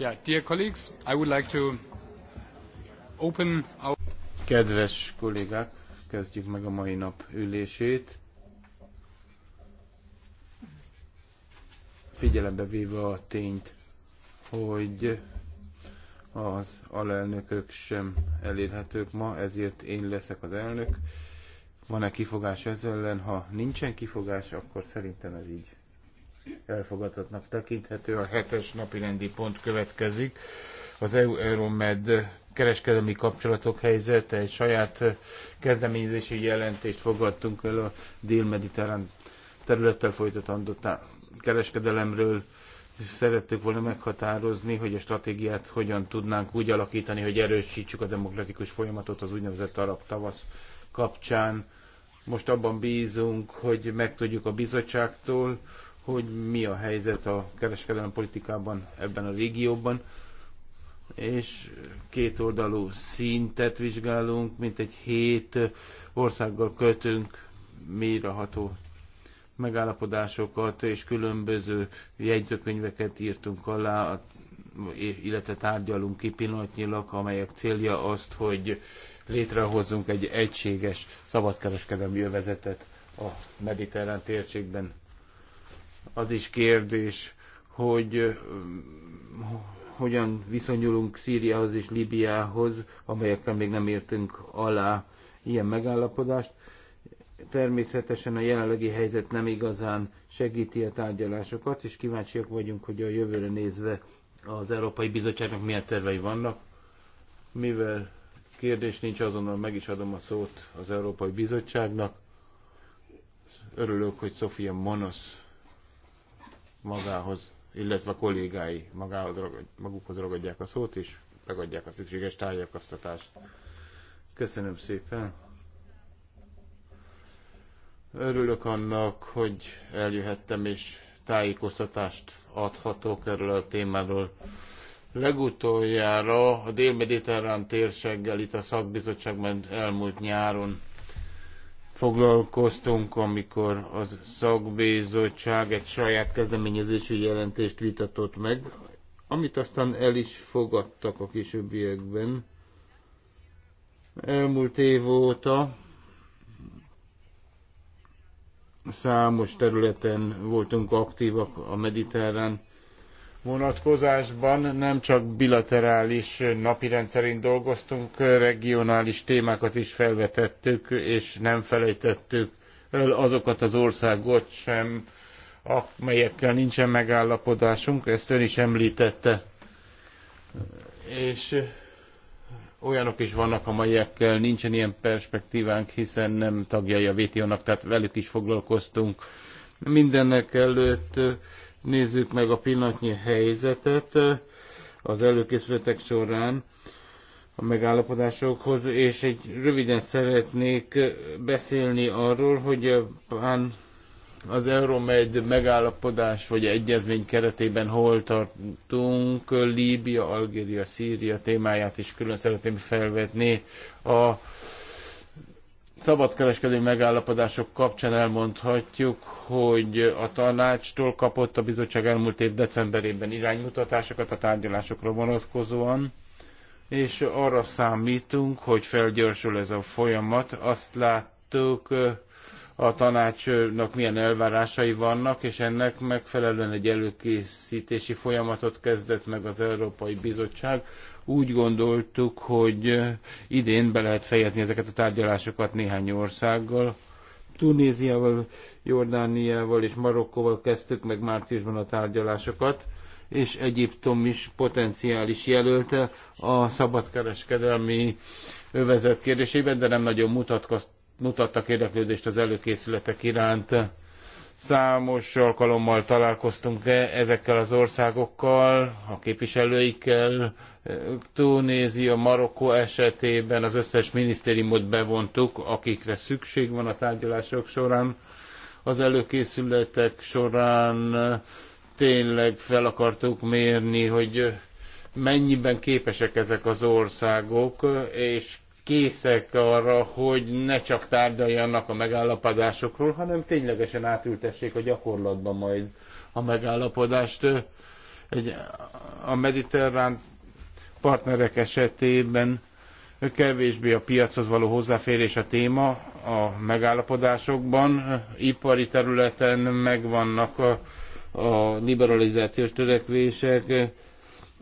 Yeah, dear colleagues, I would like to open our... Kedves kollégák, kezdjük meg a mai nap ülését. Figyelembe véve a tényt, hogy az alelnökök sem elérhetők ma, ezért én leszek az elnök. Van-e kifogás ezzel ellen? Ha nincsen kifogás, akkor szerintem ez így elfogadhatnak tekinthető. A hetes napi rendi pont következik. Az EU-Euromed kereskedelmi kapcsolatok helyzete, egy saját kezdeményezési jelentést fogadtunk el a dél-mediterrán területtel folytatandó kereskedelemről. Szerettük volna meghatározni, hogy a stratégiát hogyan tudnánk úgy alakítani, hogy erősítsük a demokratikus folyamatot az úgynevezett arab tavasz kapcsán. Most abban bízunk, hogy megtudjuk a bizottságtól, hogy mi a helyzet a kereskedelem politikában ebben a régióban, és kétoldalú szintet vizsgálunk, mint egy hét országgal kötünk mélyreható megállapodásokat, és különböző jegyzőkönyveket írtunk alá, illetve tárgyalunk ki pillanatnyilag, amelyek célja azt, hogy létrehozzunk egy egységes szabadkereskedelmi övezetet a mediterrán térségben az is kérdés, hogy hogyan viszonyulunk Szíriához és Libiához, amelyekkel még nem értünk alá ilyen megállapodást. Természetesen a jelenlegi helyzet nem igazán segíti a tárgyalásokat, és kíváncsiak vagyunk, hogy a jövőre nézve az Európai Bizottságnak milyen tervei vannak, mivel kérdés nincs, azonnal meg is adom a szót az Európai Bizottságnak. Örülök, hogy Sofia manos magához, illetve a kollégái magához ragad, magukhoz ragadják a szót, és megadják a szükséges tájékoztatást. Köszönöm szépen! Örülök annak, hogy eljöhettem és tájékoztatást adhatok erről a témáról. Legutoljára a dél-mediterrán térséggel itt a szakbizottságban elmúlt nyáron foglalkoztunk, amikor az szakbizottság egy saját kezdeményezésű jelentést vitatott meg, amit aztán el is fogadtak a későbbiekben. Elmúlt év óta számos területen voltunk aktívak a mediterrán vonatkozásban nem csak bilaterális napirend szerint dolgoztunk, regionális témákat is felvetettük, és nem felejtettük el azokat az országot sem, amelyekkel nincsen megállapodásunk, ezt ön is említette. És olyanok is vannak, amelyekkel nincsen ilyen perspektívánk, hiszen nem tagjai a WTO-nak, tehát velük is foglalkoztunk. Mindenek előtt Nézzük meg a pillanatnyi helyzetet eh, az előkészületek során a megállapodásokhoz, és egy röviden szeretnék eh, beszélni arról, hogy eh, pán az Euromed megállapodás vagy egyezmény keretében hol tartunk, Líbia, Algéria, Szíria témáját is külön szeretném felvetni. A szabadkereskedő megállapodások kapcsán elmondhatjuk, hogy a tanácstól kapott a bizottság elmúlt év decemberében iránymutatásokat a tárgyalásokra vonatkozóan, és arra számítunk, hogy felgyorsul ez a folyamat. Azt láttuk, a tanácsnak milyen elvárásai vannak, és ennek megfelelően egy előkészítési folyamatot kezdett meg az Európai Bizottság úgy gondoltuk, hogy eh, idén be lehet fejezni ezeket a tárgyalásokat néhány országgal. Tunéziával, Jordániával és Marokkóval kezdtük meg márciusban a tárgyalásokat és Egyiptom is potenciális jelölte a szabadkereskedelmi övezet kérdésében, de nem nagyon mutatkoztak mutattak érdeklődést az előkészületek iránt. Számos alkalommal találkoztunk ezekkel az országokkal, a képviselőikkel, Tunézia, Marokkó esetében az összes minisztériumot bevontuk, akikre szükség van a tárgyalások során. Az előkészületek során tényleg fel akartuk mérni, hogy mennyiben képesek ezek az országok, és készek arra, hogy ne csak tárgyaljanak a megállapodásokról, hanem ténylegesen átültessék a gyakorlatban majd a megállapodást. Egy, a mediterrán partnerek esetében kevésbé a piachoz való hozzáférés a téma a megállapodásokban. Ipari területen megvannak a, a liberalizációs törekvések,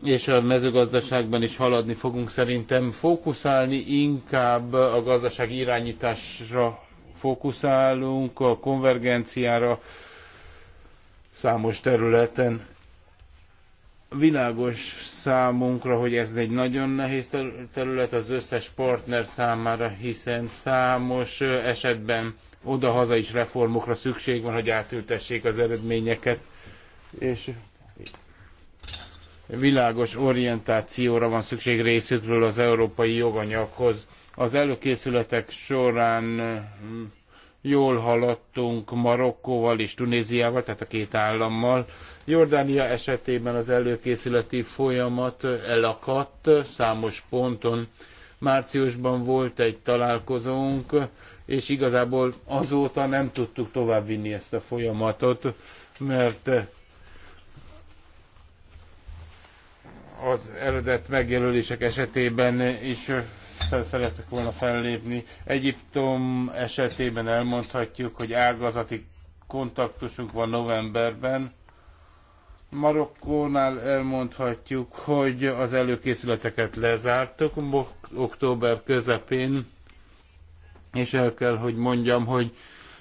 és a mezőgazdaságban is haladni fogunk szerintem. Fókuszálni inkább a gazdaság irányításra fókuszálunk, a konvergenciára számos területen. Világos számunkra, hogy ez egy nagyon nehéz terület az összes partner számára, hiszen számos esetben oda-haza is reformokra szükség van, hogy átültessék az eredményeket. És világos orientációra van szükség részükről az európai joganyaghoz. Az előkészületek során hm, jól haladtunk Marokkóval és Tunéziával, tehát a két állammal. Jordánia esetében az előkészületi folyamat elakadt számos ponton. Márciusban volt egy találkozónk, és igazából azóta nem tudtuk továbbvinni ezt a folyamatot, mert az eredet megjelölések esetében is szeretek volna fellépni. Egyiptom esetében elmondhatjuk, hogy ágazati kontaktusunk van novemberben. Marokkónál elmondhatjuk, hogy az előkészületeket lezártuk október közepén, és el kell, hogy mondjam, hogy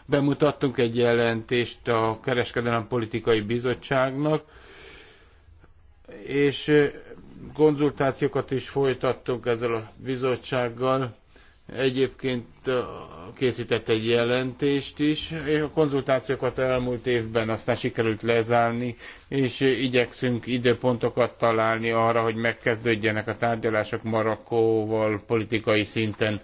bemutattunk egy jelentést a Kereskedelem Politikai Bizottságnak, és konzultációkat is folytattunk ezzel a bizottsággal. Egyébként készített egy jelentést is. A konzultációkat elmúlt évben aztán sikerült lezárni, és igyekszünk időpontokat találni arra, hogy megkezdődjenek a tárgyalások Marokkóval politikai szinten.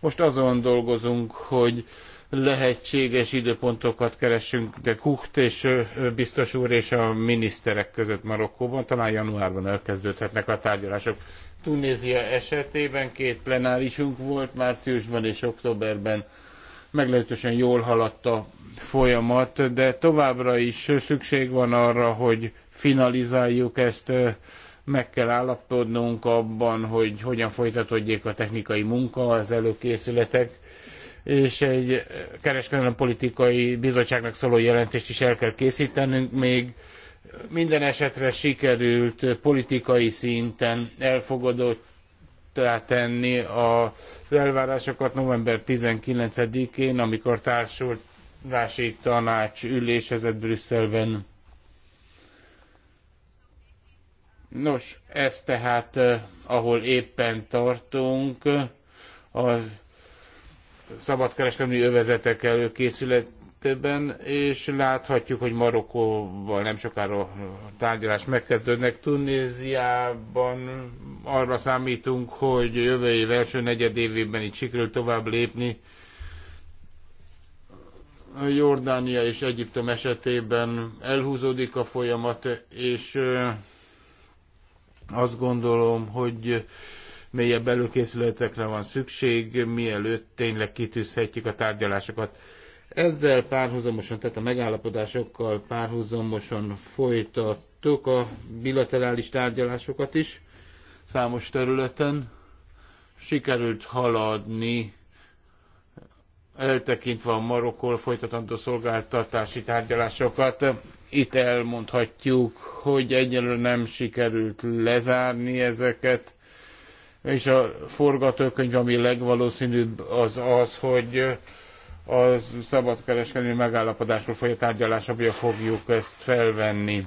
Most azon dolgozunk, hogy lehetséges időpontokat keressünk, de Kucht és biztos úr és a miniszterek között Marokkóban, talán januárban elkezdődhetnek a tárgyalások. Tunézia esetében két plenárisunk volt márciusban és októberben, meglehetősen jól haladt a folyamat, de továbbra is szükség van arra, hogy finalizáljuk ezt, meg kell állapodnunk abban, hogy hogyan folytatódjék a technikai munka, az előkészületek, és egy kereskedelmi politikai bizottságnak szóló jelentést is el kell készítenünk még. Minden esetre sikerült politikai szinten elfogadottá tenni az elvárásokat november 19-én, amikor társulási tanács ülésezett Brüsszelben. Nos, ez tehát, eh, ahol éppen tartunk, az szabadkereskedelmi övezetek előkészületében, és láthatjuk, hogy Marokkóval nem sokára a tárgyalás megkezdődnek. Tunéziában arra számítunk, hogy jövő év első negyedévében itt sikerül tovább lépni. Jordánia és Egyiptom esetében elhúzódik a folyamat, és azt gondolom, hogy mélyebb előkészületekre van szükség, mielőtt tényleg kitűzhetjük a tárgyalásokat. Ezzel párhuzamosan, tehát a megállapodásokkal párhuzamosan folytattuk a bilaterális tárgyalásokat is számos területen. Sikerült haladni eltekintve a Marokkol folytatandó szolgáltatási tárgyalásokat, itt elmondhatjuk, hogy egyelőre nem sikerült lezárni ezeket, és a forgatókönyv, ami legvalószínűbb az az, hogy az szabadkereskedelmi megállapodásról folyó tárgyalásokra fogjuk ezt felvenni.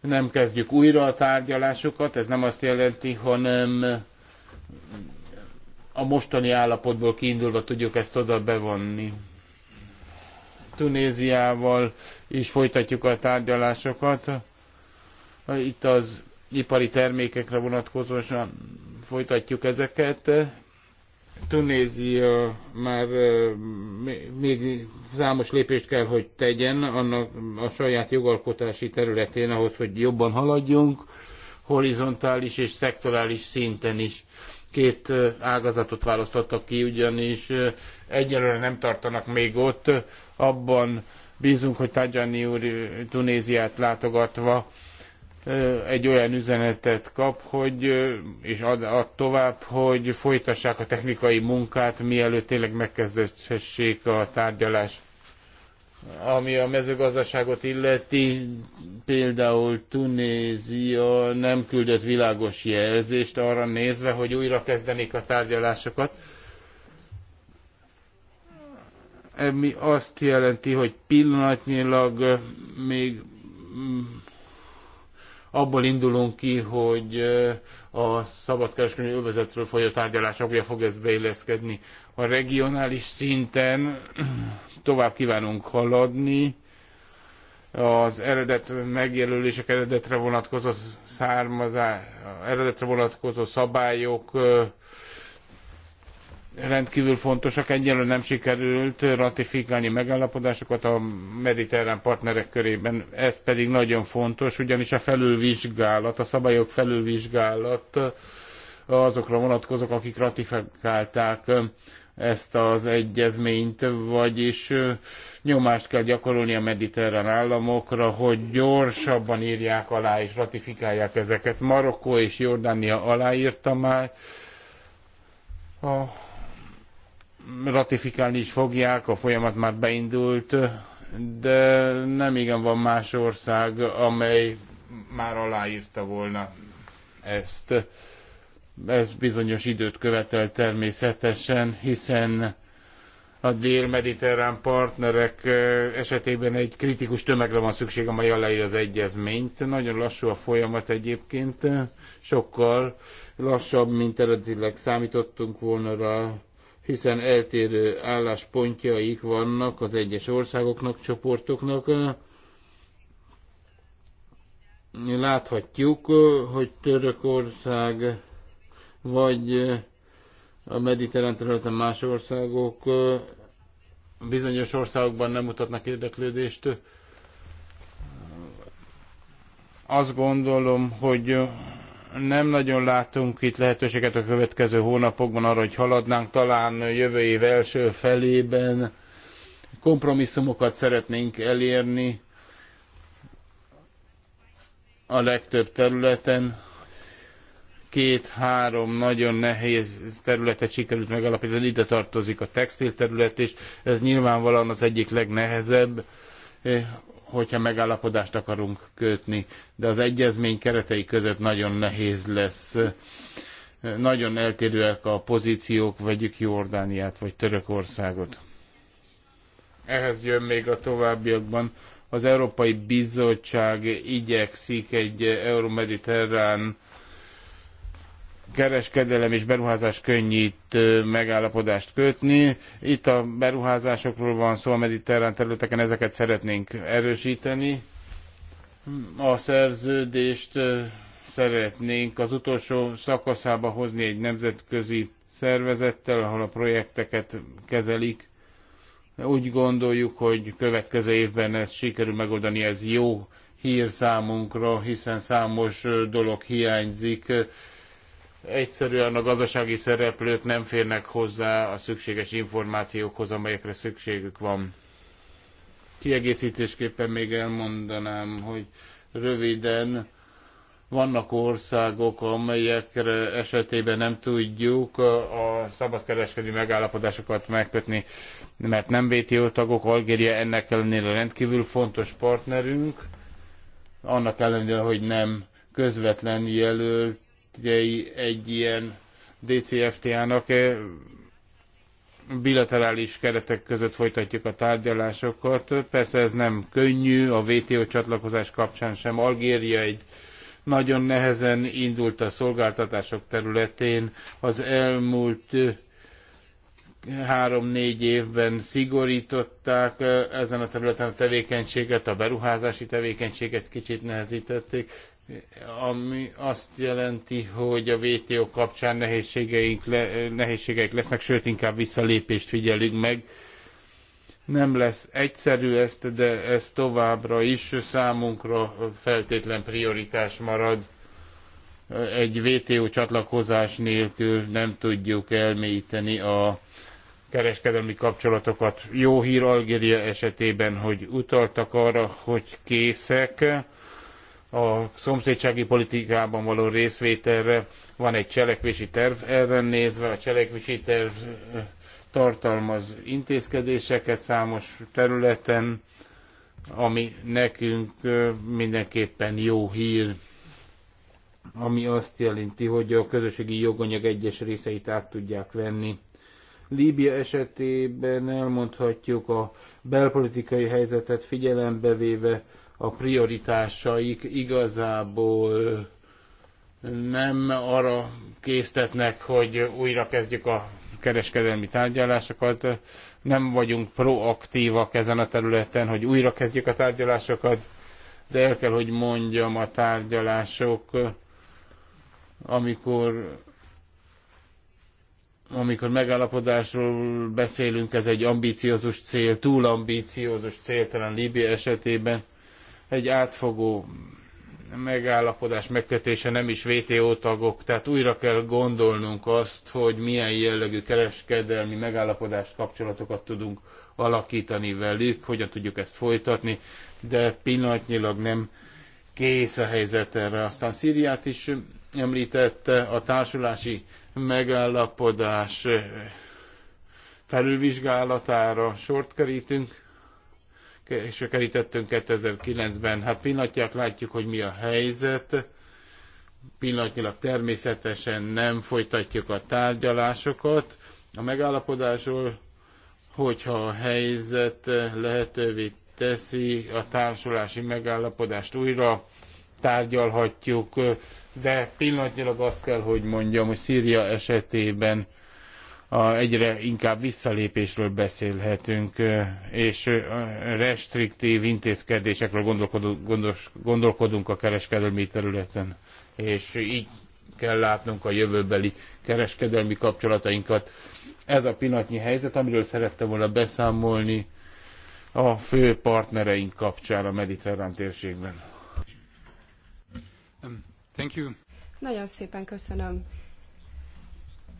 Nem kezdjük újra a tárgyalásokat, ez nem azt jelenti, hanem a mostani állapotból kiindulva tudjuk ezt oda bevonni. Tunéziával is folytatjuk a tárgyalásokat. Itt az ipari termékekre vonatkozóan folytatjuk ezeket. Tunézia már még számos lépést kell, hogy tegyen annak a saját jogalkotási területén ahhoz, hogy jobban haladjunk, horizontális és szektorális szinten is. Két ágazatot választottak ki, ugyanis egyelőre nem tartanak még ott, abban bízunk, hogy Tajani úr Tunéziát látogatva egy olyan üzenetet kap, hogy, és ad, ad tovább, hogy folytassák a technikai munkát, mielőtt tényleg megkezdhessék a tárgyalás. Ami a mezőgazdaságot illeti, például Tunézia nem küldött világos jelzést arra nézve, hogy újra kezdenék a tárgyalásokat. Ami azt jelenti, hogy pillanatnyilag még abból indulunk ki, hogy a szabadkereskedelmi övezetről folyó tárgyalás hogyan fog ez beilleszkedni. A regionális szinten tovább kívánunk haladni, az eredet megjelölések eredetre vonatkozó származás, eredetre vonatkozó szabályok rendkívül fontosak. Egyelőre nem sikerült ratifikálni megállapodásokat a mediterrán partnerek körében, ez pedig nagyon fontos, ugyanis a felülvizsgálat, a szabályok felülvizsgálat azokra vonatkozok, akik ratifikálták ezt az egyezményt, vagyis nyomást kell gyakorolni a mediterrán államokra, hogy gyorsabban írják alá és ratifikálják ezeket. Marokkó és Jordánia aláírta már a ratifikálni is fogják, a folyamat már beindult, de nem igen van más ország, amely már aláírta volna ezt. Ez bizonyos időt követel természetesen, hiszen a dél-mediterrán partnerek esetében egy kritikus tömegre van szükség, amely aláír az egyezményt. Nagyon lassú a folyamat egyébként, sokkal lassabb, mint eredetileg számítottunk volna rá hiszen eltérő álláspontjaik vannak az egyes országoknak, csoportoknak. Láthatjuk, hogy Törökország vagy a mediterrán területen más országok bizonyos országokban nem mutatnak érdeklődést. Azt gondolom, hogy nem nagyon látunk itt lehetőséget a következő hónapokban arra, hogy haladnánk. Talán jövő év első felében kompromisszumokat szeretnénk elérni a legtöbb területen. Két-három nagyon nehéz területet sikerült megalapítani, ide tartozik a textil terület, is. ez nyilvánvalóan az egyik legnehezebb hogyha megállapodást akarunk kötni, de az egyezmény keretei között nagyon nehéz lesz. Nagyon eltérőek a pozíciók, vegyük Jordániát vagy Törökországot. Ehhez jön még a továbbiakban. Az Európai Bizottság igyekszik egy euromediterrán kereskedelem és beruházás könnyít megállapodást kötni. Itt a beruházásokról van szó a mediterrán területeken, ezeket szeretnénk erősíteni. A szerződést szeretnénk az utolsó szakaszába hozni egy nemzetközi szervezettel, ahol a projekteket kezelik. Úgy gondoljuk, hogy következő évben ezt sikerül megoldani, ez jó hír számunkra, hiszen számos dolog hiányzik egyszerűen a gazdasági szereplők nem férnek hozzá a szükséges információkhoz, amelyekre szükségük van. Kiegészítésképpen még elmondanám, hogy röviden vannak országok, amelyek esetében nem tudjuk a szabadkereskedelmi megállapodásokat megkötni, mert nem WTO tagok, Algéria ennek ellenére rendkívül fontos partnerünk, annak ellenére, hogy nem közvetlen jelölt projektjei egy ilyen DCFTA-nak eh, bilaterális keretek között folytatjuk a tárgyalásokat. Persze ez nem könnyű, a WTO csatlakozás kapcsán sem. Algéria egy nagyon nehezen indult a szolgáltatások területén. Az elmúlt eh, három-négy évben szigorították eh, ezen a területen a tevékenységet, a beruházási tevékenységet kicsit nehezítették, ami azt jelenti, hogy a WTO kapcsán nehézségeink le, nehézségeik lesznek, sőt inkább visszalépést figyelünk meg. Nem lesz egyszerű ezt, de ez továbbra is számunkra feltétlen prioritás marad. Egy WTO csatlakozás nélkül nem tudjuk elmélyíteni a kereskedelmi kapcsolatokat. Jó hír Algéria esetében, hogy utaltak arra, hogy készek a szomszédsági politikában való részvételre. Van egy cselekvési terv erre nézve, a cselekvési terv tartalmaz intézkedéseket számos területen, ami nekünk mindenképpen jó hír, ami azt jelenti, hogy a közösségi joganyag egyes részeit át tudják venni. Líbia esetében elmondhatjuk a belpolitikai helyzetet figyelembe véve, a prioritásaik igazából nem arra késztetnek, hogy újra kezdjük a kereskedelmi tárgyalásokat, nem vagyunk proaktívak ezen a területen, hogy újra kezdjük a tárgyalásokat, de el kell, hogy mondjam, a tárgyalások, amikor amikor megállapodásról beszélünk, ez egy ambíciózus cél, túl ambíciózus cél, talán Líbia esetében egy átfogó megállapodás megkötése nem is WTO tagok, tehát újra kell gondolnunk azt, hogy milyen jellegű kereskedelmi megállapodás kapcsolatokat tudunk alakítani velük, hogyan tudjuk ezt folytatni, de pillanatnyilag nem kész a helyzet erre. Aztán Szíriát is említette a társulási megállapodás felülvizsgálatára sort kerítünk, és kerítettünk 2009-ben. Hát pillanatják látjuk, hogy mi a helyzet. Pillanatnyilag természetesen nem folytatjuk a tárgyalásokat a megállapodásról, hogyha a helyzet lehetővé teszi a társulási megállapodást újra, tárgyalhatjuk, de pillanatnyilag azt kell, hogy mondjam, hogy Szíria esetében a, egyre inkább visszalépésről beszélhetünk, és restriktív intézkedésekről gondolkodunk, a kereskedelmi területen, és így kell látnunk a jövőbeli kereskedelmi kapcsolatainkat. Ez a pillanatnyi helyzet, amiről szerettem volna beszámolni a fő partnereink kapcsán a mediterrán térségben. Um, thank you. Nagyon szépen köszönöm.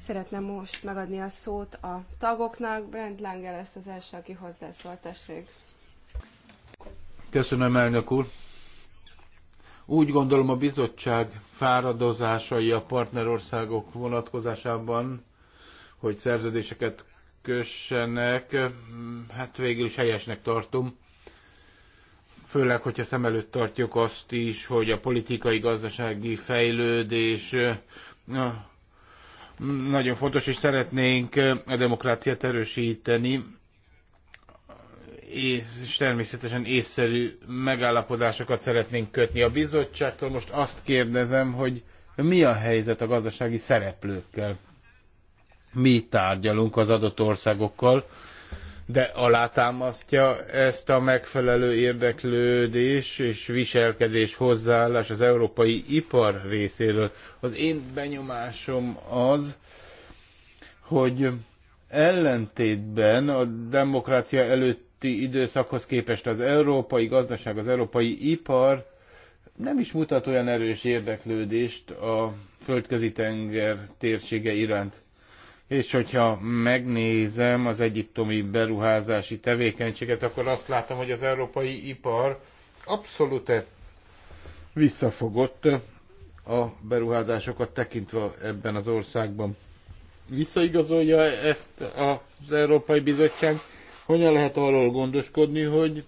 Szeretném most megadni a szót a tagoknak. Brent Lange lesz az első, aki hozzászól. Tessék. Köszönöm, elnök úr. Úgy gondolom a bizottság fáradozásai a partnerországok vonatkozásában, hogy szerződéseket kössenek, hát végül is helyesnek tartom. Főleg, hogyha szem előtt tartjuk azt is, hogy a politikai-gazdasági fejlődés nagyon fontos, és szeretnénk a demokráciát erősíteni, és természetesen észszerű megállapodásokat szeretnénk kötni. A bizottságtól most azt kérdezem, hogy mi a helyzet a gazdasági szereplőkkel? Mi tárgyalunk az adott országokkal, de alátámasztja ezt a megfelelő érdeklődés és viselkedés hozzáállás az európai ipar részéről. Az én benyomásom az, hogy ellentétben a demokrácia előtti időszakhoz képest az európai gazdaság, az európai ipar nem is mutat olyan erős érdeklődést a földközi tenger térsége iránt és hogyha megnézem az egyiptomi beruházási tevékenységet, akkor azt látom, hogy az európai ipar abszolút e- visszafogott a beruházásokat tekintve ebben az országban. Visszaigazolja ezt az Európai Bizottság, hogyan lehet arról gondoskodni, hogy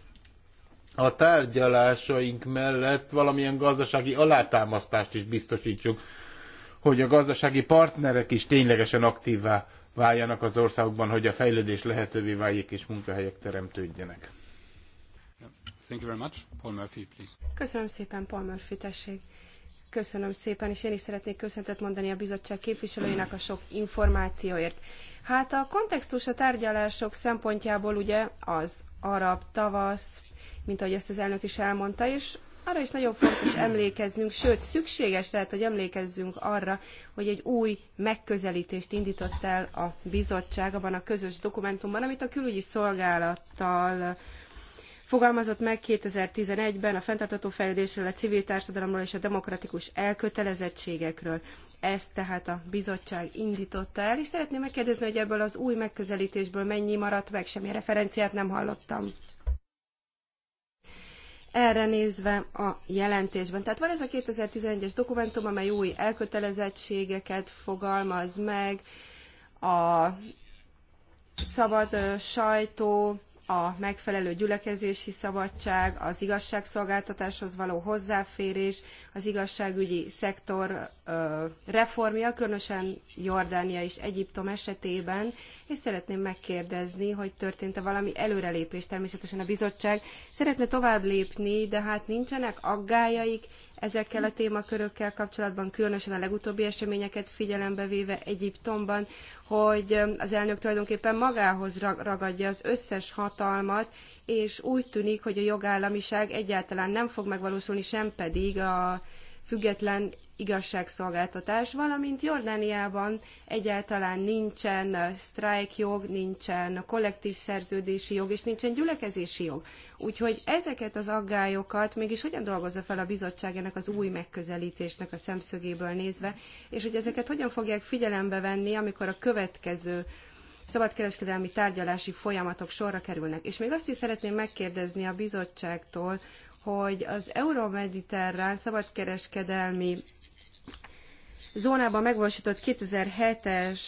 a tárgyalásaink mellett valamilyen gazdasági alátámasztást is biztosítsunk hogy a gazdasági partnerek is ténylegesen aktívvá váljanak az országban, hogy a fejlődés lehetővé váljék és munkahelyek teremtődjenek. Thank you very much. Paul Murphy, please. Köszönöm szépen, Paul Murphy, tessék. Köszönöm szépen, és én is szeretnék köszöntet mondani a bizottság képviselőinek a sok információért. Hát a kontextus a tárgyalások szempontjából ugye az arab tavasz, mint ahogy ezt az elnök is elmondta, és arra is nagyon fontos emlékeznünk, sőt, szükséges lehet, hogy emlékezzünk arra, hogy egy új megközelítést indított el a bizottság abban a közös dokumentumban, amit a külügyi szolgálattal fogalmazott meg 2011-ben a fenntartató fejlődésről, a civil társadalomról és a demokratikus elkötelezettségekről. Ezt tehát a bizottság indította el, és szeretném megkérdezni, hogy ebből az új megközelítésből mennyi maradt meg, semmi referenciát nem hallottam erre nézve a jelentésben. Tehát van ez a 2011-es dokumentum, amely új elkötelezettségeket fogalmaz meg, a szabad sajtó a megfelelő gyülekezési szabadság, az igazságszolgáltatáshoz való hozzáférés, az igazságügyi szektor reformja, különösen Jordánia és Egyiptom esetében, és szeretném megkérdezni, hogy történt-e valami előrelépés. Természetesen a bizottság szeretne tovább lépni, de hát nincsenek aggájaik, ezekkel a témakörökkel kapcsolatban, különösen a legutóbbi eseményeket figyelembe véve Egyiptomban, hogy az elnök tulajdonképpen magához ragadja az összes hatalmat, és úgy tűnik, hogy a jogállamiság egyáltalán nem fog megvalósulni, sem pedig a független igazságszolgáltatás, valamint Jordániában egyáltalán nincsen eh, sztrájkjog, nincsen kollektív szerződési jog, és nincsen gyülekezési jog. Úgyhogy ezeket az aggályokat mégis hogyan dolgozza fel a bizottság ennek az új megközelítésnek a szemszögéből nézve, és hogy ezeket hogyan fogják figyelembe venni, amikor a következő szabadkereskedelmi tárgyalási folyamatok sorra kerülnek. És még azt is szeretném megkérdezni a bizottságtól, hogy az euromediterrán szabadkereskedelmi zónában megvalósított 2007-es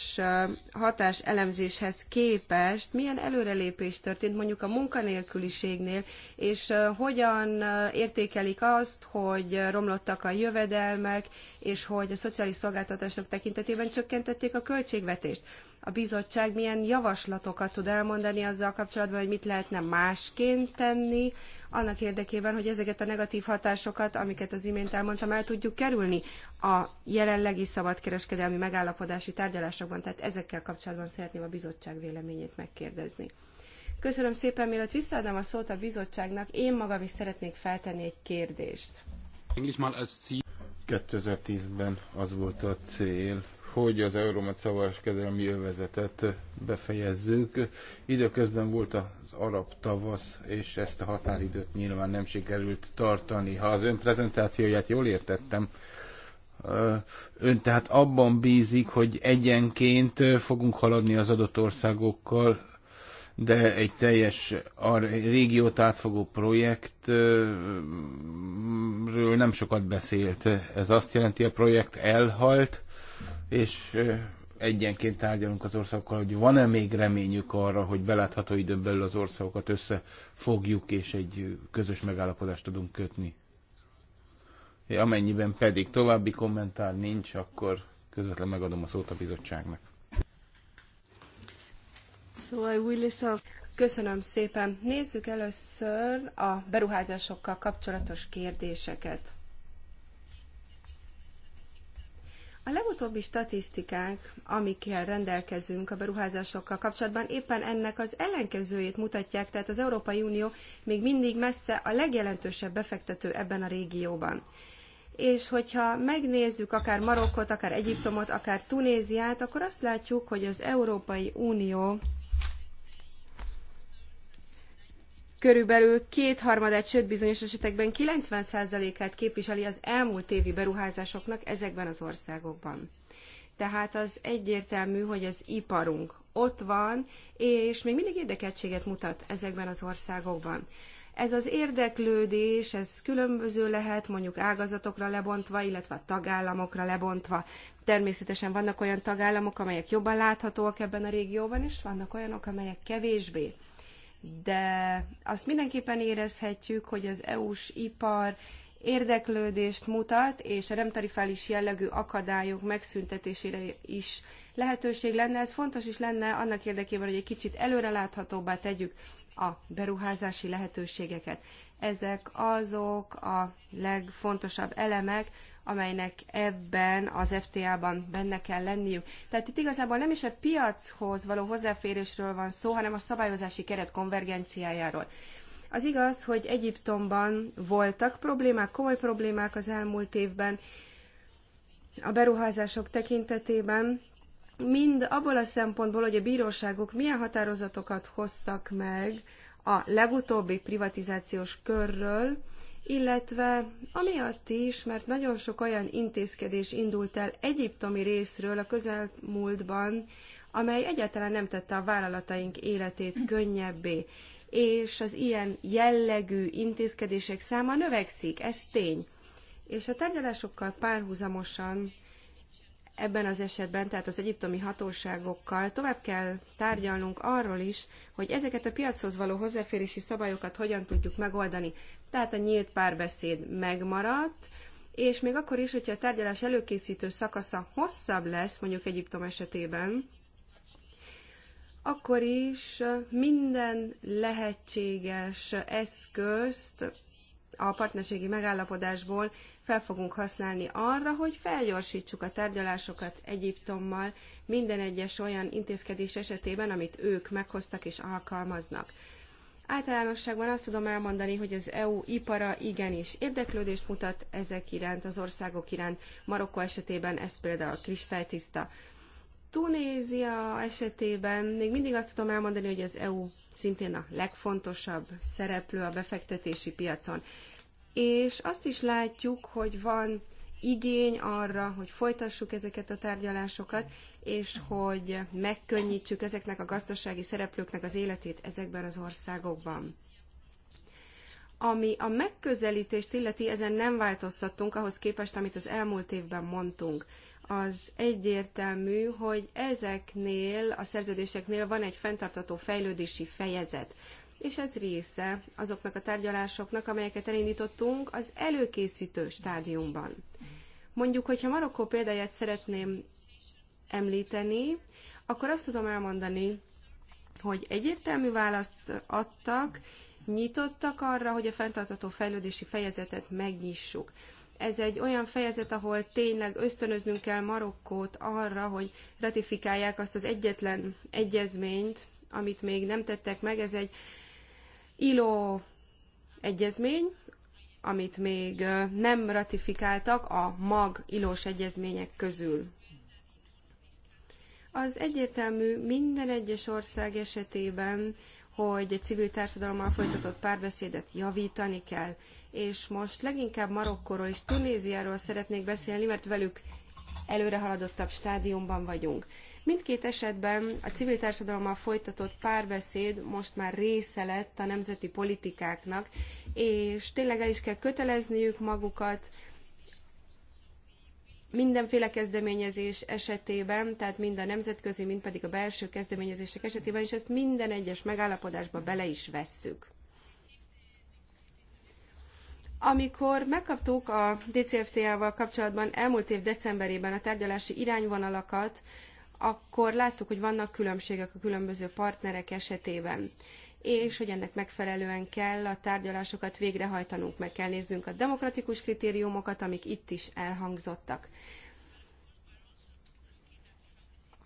hatás elemzéshez képest milyen előrelépés történt mondjuk a munkanélküliségnél, és hogyan értékelik azt, hogy romlottak a jövedelmek, és hogy a szociális szolgáltatások tekintetében csökkentették a költségvetést a bizottság milyen javaslatokat tud elmondani azzal kapcsolatban, hogy mit lehetne másként tenni, annak érdekében, hogy ezeket a negatív hatásokat, amiket az imént elmondtam, el tudjuk kerülni a jelenlegi szabadkereskedelmi megállapodási tárgyalásokban. Tehát ezekkel kapcsolatban szeretném a bizottság véleményét megkérdezni. Köszönöm szépen, mielőtt visszaadnám a szót a bizottságnak, én magam is szeretnék feltenni egy kérdést. 2010-ben az volt a cél, hogy az Euromat szabadkedelmi övezetet befejezzük. Időközben volt az arab tavasz, és ezt a határidőt nyilván nem sikerült tartani. Ha az ön prezentációját jól értettem, ön tehát abban bízik, hogy egyenként fogunk haladni az adott országokkal, de egy teljes a régiót átfogó projektről nem sokat beszélt. Ez azt jelenti, a projekt elhalt, és egyenként tárgyalunk az országokkal, hogy van-e még reményük arra, hogy belátható időn belül az országokat összefogjuk, és egy közös megállapodást tudunk kötni. Amennyiben pedig további kommentár nincs, akkor közvetlen megadom a szót a bizottságnak. So I will Köszönöm szépen. Nézzük először a beruházásokkal kapcsolatos kérdéseket. A legutóbbi statisztikák, amikkel rendelkezünk a beruházásokkal kapcsolatban, éppen ennek az ellenkezőjét mutatják, tehát az Európai Unió még mindig messze a legjelentősebb befektető ebben a régióban. És hogyha megnézzük akár Marokkot, akár Egyiptomot, akár Tunéziát, akkor azt látjuk, hogy az Európai Unió körülbelül kétharmadát, sőt bizonyos esetekben 90%-át képviseli az elmúlt évi beruházásoknak ezekben az országokban. Tehát az egyértelmű, hogy az iparunk ott van, és még mindig érdekeltséget mutat ezekben az országokban. Ez az érdeklődés, ez különböző lehet, mondjuk ágazatokra lebontva, illetve a tagállamokra lebontva. Természetesen vannak olyan tagállamok, amelyek jobban láthatóak ebben a régióban, és vannak olyanok, amelyek kevésbé de azt mindenképpen érezhetjük, hogy az EU-s ipar érdeklődést mutat, és a remtarifális jellegű akadályok megszüntetésére is lehetőség lenne. Ez fontos is lenne annak érdekében, hogy egy kicsit előreláthatóbbá tegyük a beruházási lehetőségeket. Ezek azok a legfontosabb elemek, amelynek ebben az FTA-ban benne kell lenniük. Tehát itt igazából nem is a piachoz való hozzáférésről van szó, hanem a szabályozási keret konvergenciájáról. Az igaz, hogy Egyiptomban voltak problémák, komoly problémák az elmúlt évben a beruházások tekintetében, mind abból a szempontból, hogy a bíróságok milyen határozatokat hoztak meg a legutóbbi privatizációs körről, illetve amiatt is, mert nagyon sok olyan intézkedés indult el egyiptomi részről a közelmúltban, amely egyáltalán nem tette a vállalataink életét könnyebbé, és az ilyen jellegű intézkedések száma növekszik, ez tény. És a tárgyalásokkal párhuzamosan ebben az esetben, tehát az egyiptomi hatóságokkal tovább kell tárgyalnunk arról is, hogy ezeket a piachoz való hozzáférési szabályokat hogyan tudjuk megoldani. Tehát a nyílt párbeszéd megmaradt, és még akkor is, hogyha a tárgyalás előkészítő szakasza hosszabb lesz, mondjuk Egyiptom esetében, akkor is minden lehetséges eszközt a partnerségi megállapodásból fel fogunk használni arra, hogy felgyorsítsuk a tárgyalásokat Egyiptommal minden egyes olyan intézkedés esetében, amit ők meghoztak és alkalmaznak. Általánosságban azt tudom elmondani, hogy az EU ipara igenis érdeklődést mutat ezek iránt, az országok iránt. Marokko esetében ez például a kristálytiszta. Tunézia esetében még mindig azt tudom elmondani, hogy az EU szintén a legfontosabb szereplő a befektetési piacon. És azt is látjuk, hogy van igény arra, hogy folytassuk ezeket a tárgyalásokat, és hogy megkönnyítsük ezeknek a gazdasági szereplőknek az életét ezekben az országokban. Ami a megközelítést illeti, ezen nem változtattunk ahhoz képest, amit az elmúlt évben mondtunk az egyértelmű, hogy ezeknél a szerződéseknél van egy fenntartató fejlődési fejezet, és ez része azoknak a tárgyalásoknak, amelyeket elindítottunk az előkészítő stádiumban. Mondjuk, hogyha Marokkó példáját szeretném említeni, akkor azt tudom elmondani, hogy egyértelmű választ adtak, nyitottak arra, hogy a fenntartató fejlődési fejezetet megnyissuk ez egy olyan fejezet, ahol tényleg ösztönöznünk kell Marokkót arra, hogy ratifikálják azt az egyetlen egyezményt, amit még nem tettek meg. Ez egy ILO egyezmény, amit még nem ratifikáltak a mag ilós egyezmények közül. Az egyértelmű minden egyes ország esetében hogy egy civil társadalommal folytatott párbeszédet javítani kell. És most leginkább Marokkóról és Tunéziáról szeretnék beszélni, mert velük előrehaladottabb stádiumban vagyunk. Mindkét esetben a civil társadalommal folytatott párbeszéd most már része lett a nemzeti politikáknak, és tényleg el is kell kötelezniük magukat, mindenféle kezdeményezés esetében, tehát mind a nemzetközi, mind pedig a belső kezdeményezések esetében, és ezt minden egyes megállapodásba bele is vesszük. Amikor megkaptuk a DCFTA-val kapcsolatban elmúlt év decemberében a tárgyalási irányvonalakat, akkor láttuk, hogy vannak különbségek a különböző partnerek esetében és hogy ennek megfelelően kell a tárgyalásokat végrehajtanunk, meg kell néznünk a demokratikus kritériumokat, amik itt is elhangzottak.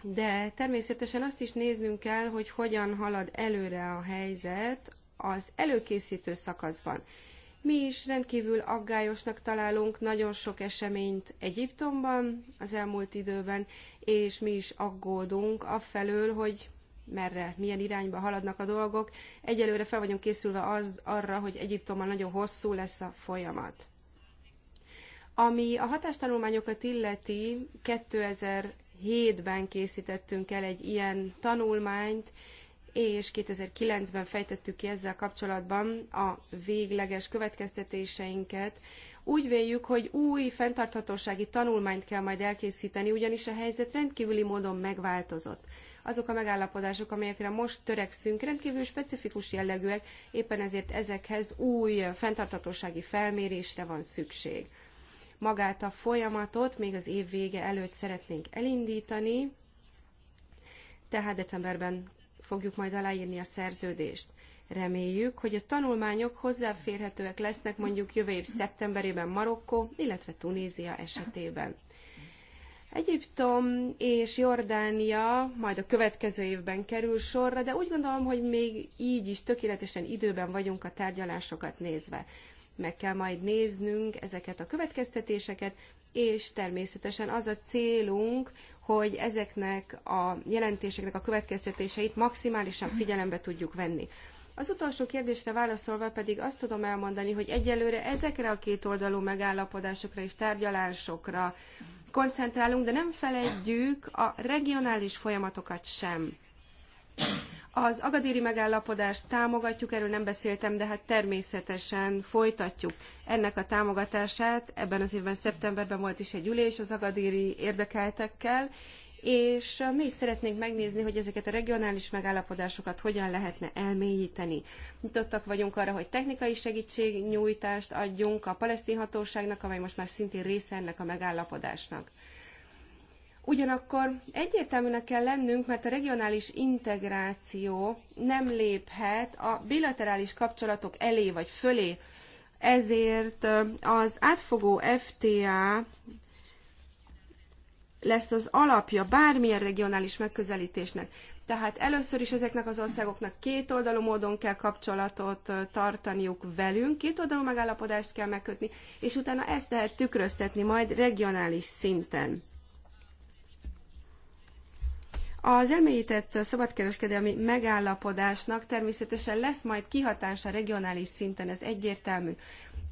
De természetesen azt is néznünk kell, hogy hogyan halad előre a helyzet az előkészítő szakaszban. Mi is rendkívül aggályosnak találunk nagyon sok eseményt Egyiptomban az elmúlt időben, és mi is aggódunk afelől, hogy merre, milyen irányba haladnak a dolgok. Egyelőre fel vagyunk készülve az arra, hogy Egyiptommal nagyon hosszú lesz a folyamat. Ami a hatástanulmányokat illeti, 2007-ben készítettünk el egy ilyen tanulmányt, és 2009-ben fejtettük ki ezzel kapcsolatban a végleges következtetéseinket. Úgy véljük, hogy új fenntarthatósági tanulmányt kell majd elkészíteni, ugyanis a helyzet rendkívüli módon megváltozott azok a megállapodások, amelyekre most törekszünk, rendkívül specifikus jellegűek, éppen ezért ezekhez új fenntarthatósági felmérésre van szükség. Magát a folyamatot még az év vége előtt szeretnénk elindítani, tehát decemberben fogjuk majd aláírni a szerződést. Reméljük, hogy a tanulmányok hozzáférhetőek lesznek mondjuk jövő év szeptemberében Marokkó, illetve Tunézia esetében. Egyiptom és Jordánia majd a következő évben kerül sorra, de úgy gondolom, hogy még így is tökéletesen időben vagyunk a tárgyalásokat nézve. Meg kell majd néznünk ezeket a következtetéseket, és természetesen az a célunk, hogy ezeknek a jelentéseknek a következtetéseit maximálisan figyelembe tudjuk venni. Az utolsó kérdésre válaszolva pedig azt tudom elmondani, hogy egyelőre ezekre a két oldalú megállapodásokra és tárgyalásokra koncentrálunk, de nem felejtjük a regionális folyamatokat sem. Az agadéri megállapodást támogatjuk, erről nem beszéltem, de hát természetesen folytatjuk ennek a támogatását. Ebben az évben szeptemberben volt is egy ülés az agadéri érdekeltekkel, és eh, mi is szeretnénk megnézni, hogy ezeket a regionális megállapodásokat hogyan lehetne elmélyíteni. Nyitottak vagyunk arra, hogy technikai segítségnyújtást adjunk a palesztin hatóságnak, amely most már szintén része ennek a megállapodásnak. Ugyanakkor egyértelműnek kell lennünk, mert a regionális integráció nem léphet a bilaterális kapcsolatok elé vagy fölé. Ezért eh, az átfogó FTA lesz az alapja bármilyen regionális megközelítésnek. Tehát először is ezeknek az országoknak kétoldalú módon kell kapcsolatot tartaniuk velünk, kétoldalú megállapodást kell megkötni, és utána ezt lehet tükröztetni majd regionális szinten. Az elmélyített szabadkereskedelmi megállapodásnak természetesen lesz majd kihatása regionális szinten, ez egyértelmű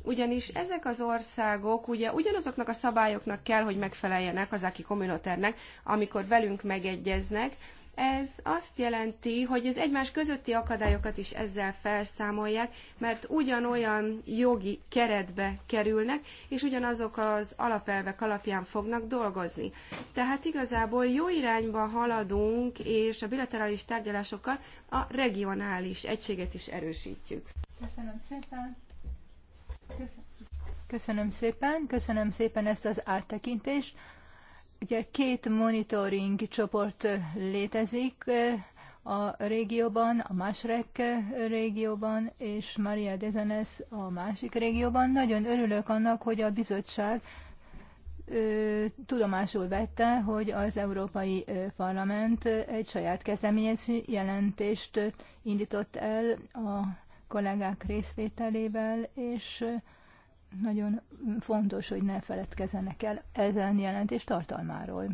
ugyanis ezek az országok ugye ugyanazoknak a szabályoknak kell, hogy megfeleljenek az aki kommunoternek, amikor velünk megegyeznek. Ez azt jelenti, hogy az egymás közötti akadályokat is ezzel felszámolják, mert ugyanolyan jogi keretbe kerülnek, és ugyanazok az alapelvek alapján fognak dolgozni. Tehát igazából jó irányba haladunk, és a bilaterális tárgyalásokkal a regionális egységet is erősítjük. Köszönöm szépen! Köszönöm szépen, köszönöm szépen ezt az áttekintést. Ugye két monitoring csoport létezik a régióban, a Másrek régióban, és Maria Dezenes a másik régióban. Nagyon örülök annak, hogy a bizottság tudomásul vette, hogy az Európai Parlament egy saját kezdeményező jelentést indított el a kollégák részvételével, és nagyon fontos, hogy ne feledkezzenek el ezen jelentés tartalmáról.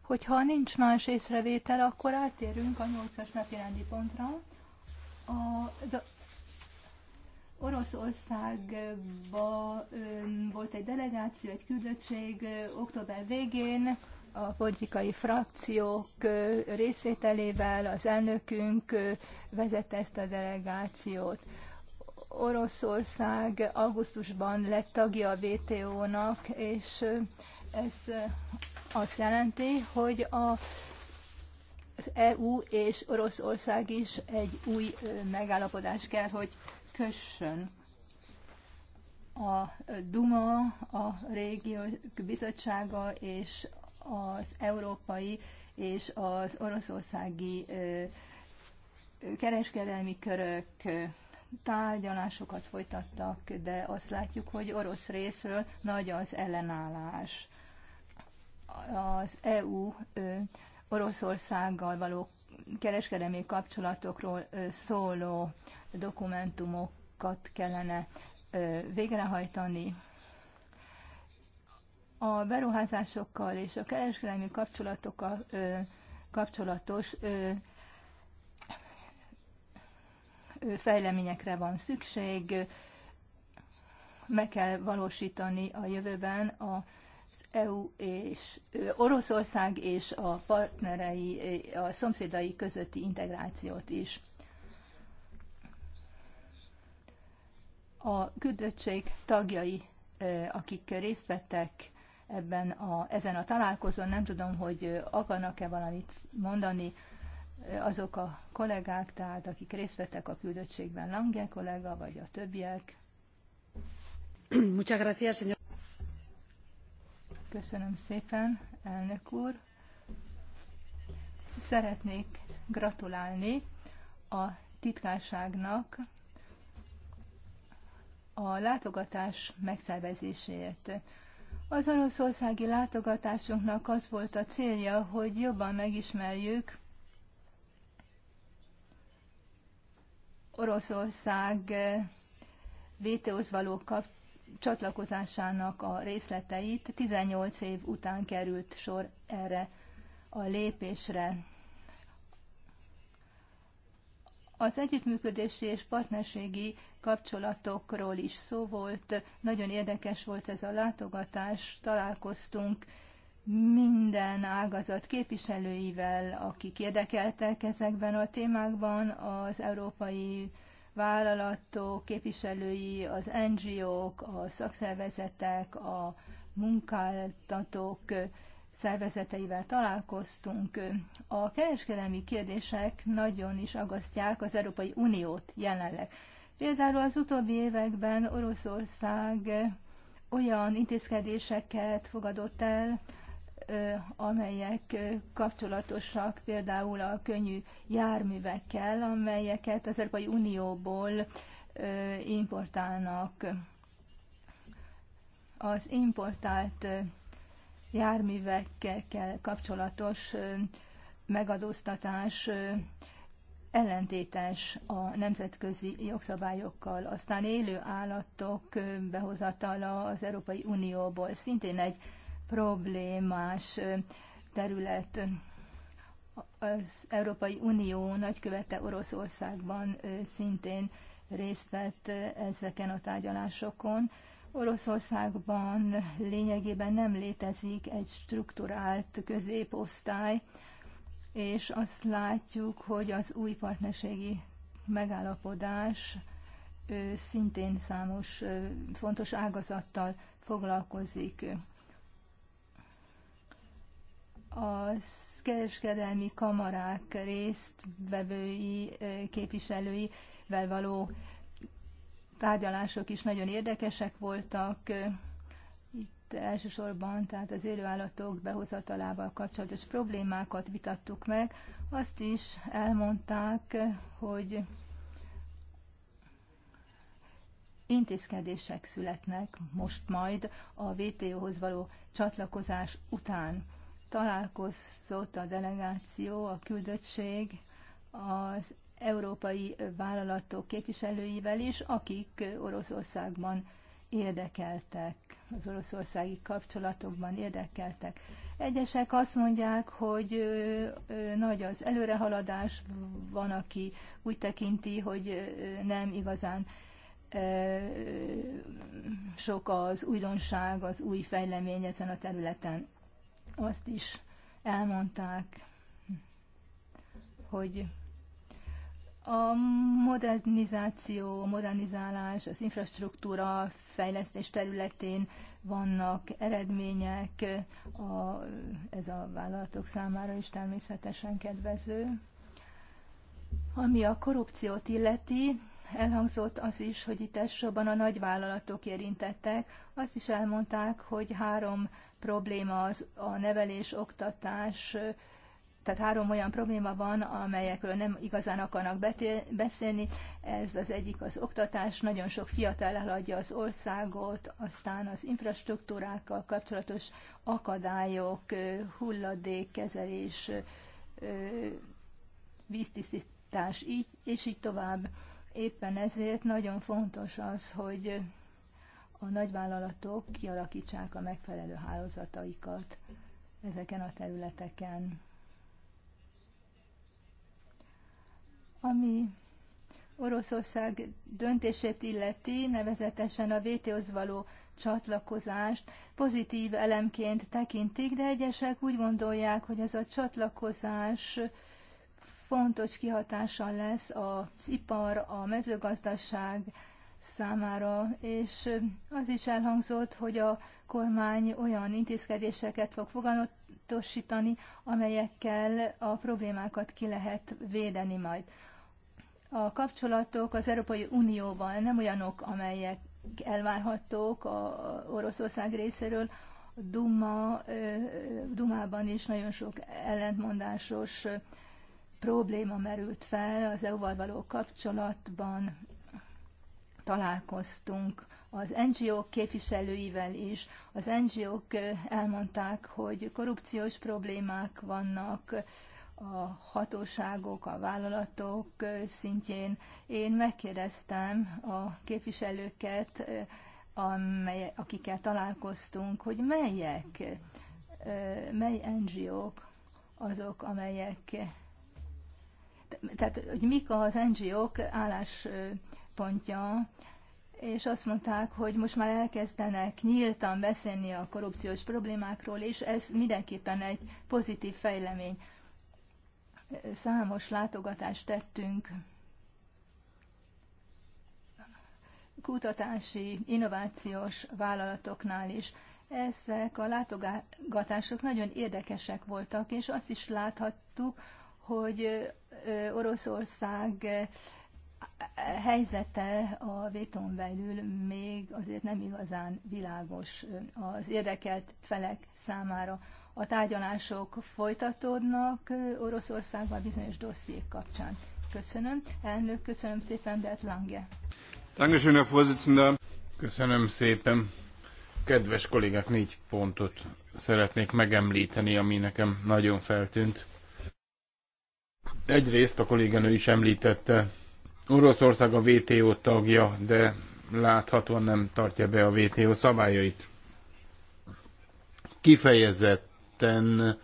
Hogyha nincs más észrevétel, akkor átérünk a 8-as napirendi pontra. A, de Oroszországba volt egy delegáció, egy küldöttség október végén, a politikai frakciók részvételével az elnökünk vezette ezt a delegációt. Oroszország augusztusban lett tagja a WTO-nak, és ez azt jelenti, hogy a az EU és Oroszország is egy új megállapodás kell, hogy kössön. A Duma, a régiók bizottsága és az európai és az oroszországi kereskedelmi körök tárgyalásokat folytattak, de azt látjuk, hogy orosz részről nagy az ellenállás. Az EU Oroszországgal való kereskedelmi kapcsolatokról szóló dokumentumokat kellene végrehajtani, a beruházásokkal és a kereskedelmi kapcsolatokkal kapcsolatos fejleményekre van szükség, meg kell valósítani a jövőben a EU és Oroszország és a partnerei, a szomszédai közötti integrációt is. A küldöttség tagjai, akik részt vettek ebben a, ezen a találkozón. Nem tudom, hogy akarnak-e valamit mondani azok a kollégák, tehát akik részt vettek a küldöttségben, Lange kollega, vagy a többiek. Muchas gracias, señor. Köszönöm szépen, elnök úr. Szeretnék gratulálni a titkárságnak a látogatás megszervezéséért. Az oroszországi látogatásunknak az volt a célja, hogy jobban megismerjük Oroszország VTO-hoz eh, való csatlakozásának a részleteit. 18 év után került sor erre a lépésre. Az együttműködési és partnerségi kapcsolatokról is szó volt, nagyon érdekes volt ez a látogatás, találkoztunk minden ágazat képviselőivel, akik érdekeltek ezekben a témákban, az európai vállalatok képviselői, az NGO-k, a szakszervezetek, a munkáltatók szervezeteivel találkoztunk. A kereskedelmi kérdések nagyon is agasztják az Európai Uniót jelenleg. Például az utóbbi években Oroszország olyan intézkedéseket fogadott el, amelyek kapcsolatosak például a könnyű járművekkel, amelyeket az Európai Unióból importálnak. Az importált járművekkel kapcsolatos megadóztatás ellentétes a nemzetközi jogszabályokkal. Aztán élő állatok behozatala az Európai Unióból szintén egy problémás terület. Az Európai Unió nagykövete Oroszországban szintén részt vett ezeken a tárgyalásokon. Oroszországban lényegében nem létezik egy strukturált középosztály, és azt látjuk, hogy az új partnerségi megállapodás szintén számos fontos ágazattal foglalkozik. A kereskedelmi kamarák képviselői képviselőivel való tárgyalások is nagyon érdekesek voltak. Itt elsősorban tehát az élőállatok behozatalával kapcsolatos problémákat vitattuk meg. Azt is elmondták, hogy intézkedések születnek most majd a WTO-hoz való csatlakozás után. Találkozott a delegáció, a küldöttség az európai vállalatok képviselőivel is, akik Oroszországban érdekeltek, az oroszországi kapcsolatokban érdekeltek. Egyesek azt mondják, hogy nagy az előrehaladás, van, aki úgy tekinti, hogy nem igazán sok az újdonság, az új fejlemény ezen a területen. Azt is elmondták, hogy a modernizáció, modernizálás, az infrastruktúra fejlesztés területén vannak eredmények, a, ez a vállalatok számára is természetesen kedvező. Ami a korrupciót illeti, elhangzott az is, hogy itt elsősorban a nagyvállalatok érintettek. Azt is elmondták, hogy három probléma az a nevelés, oktatás, tehát három olyan probléma van, amelyekről nem igazán akarnak beszélni. Ez az egyik az oktatás, nagyon sok fiatal elhagyja az országot, aztán az infrastruktúrákkal kapcsolatos akadályok, hulladékkezelés, víztisztítás, így, és így tovább. Éppen ezért nagyon fontos az, hogy a nagyvállalatok kialakítsák a megfelelő hálózataikat ezeken a területeken. Ami Oroszország döntését illeti, nevezetesen a WTO-hoz való csatlakozást pozitív elemként tekintik, de egyesek úgy gondolják, hogy ez a csatlakozás fontos kihatással lesz az ipar, a mezőgazdaság számára, és az is elhangzott, hogy a kormány olyan intézkedéseket fog fogalmatosítani, amelyekkel a problémákat ki lehet védeni majd. A kapcsolatok az Európai Unióban nem olyanok, amelyek elvárhatók a Oroszország részéről. A Duma, Dumában is nagyon sok ellentmondásos probléma merült fel az EU-val való kapcsolatban. Találkoztunk az ngo képviselőivel is. Az NGO-k elmondták, hogy korrupciós problémák vannak, a hatóságok, a vállalatok szintjén. Én megkérdeztem a képviselőket, amely, akikkel találkoztunk, hogy melyek, mely NGO-k azok, amelyek, tehát hogy mik az NGO-k álláspontja, és azt mondták, hogy most már elkezdenek nyíltan beszélni a korrupciós problémákról, és ez mindenképpen egy pozitív fejlemény. Számos látogatást tettünk kutatási, innovációs vállalatoknál is. Ezek a látogatások nagyon érdekesek voltak, és azt is láthattuk, hogy Oroszország helyzete a véton belül még azért nem igazán világos az érdekelt felek számára a tárgyalások folytatódnak Oroszországban bizonyos dossziék kapcsán. Köszönöm. Elnök, köszönöm szépen, Bert Lange. Köszönöm szépen. Kedves kollégák, négy pontot szeretnék megemlíteni, ami nekem nagyon feltűnt. Egyrészt a kolléganő is említette, Oroszország a WTO tagja, de láthatóan nem tartja be a WTO szabályait. Kifejezett kifejezetten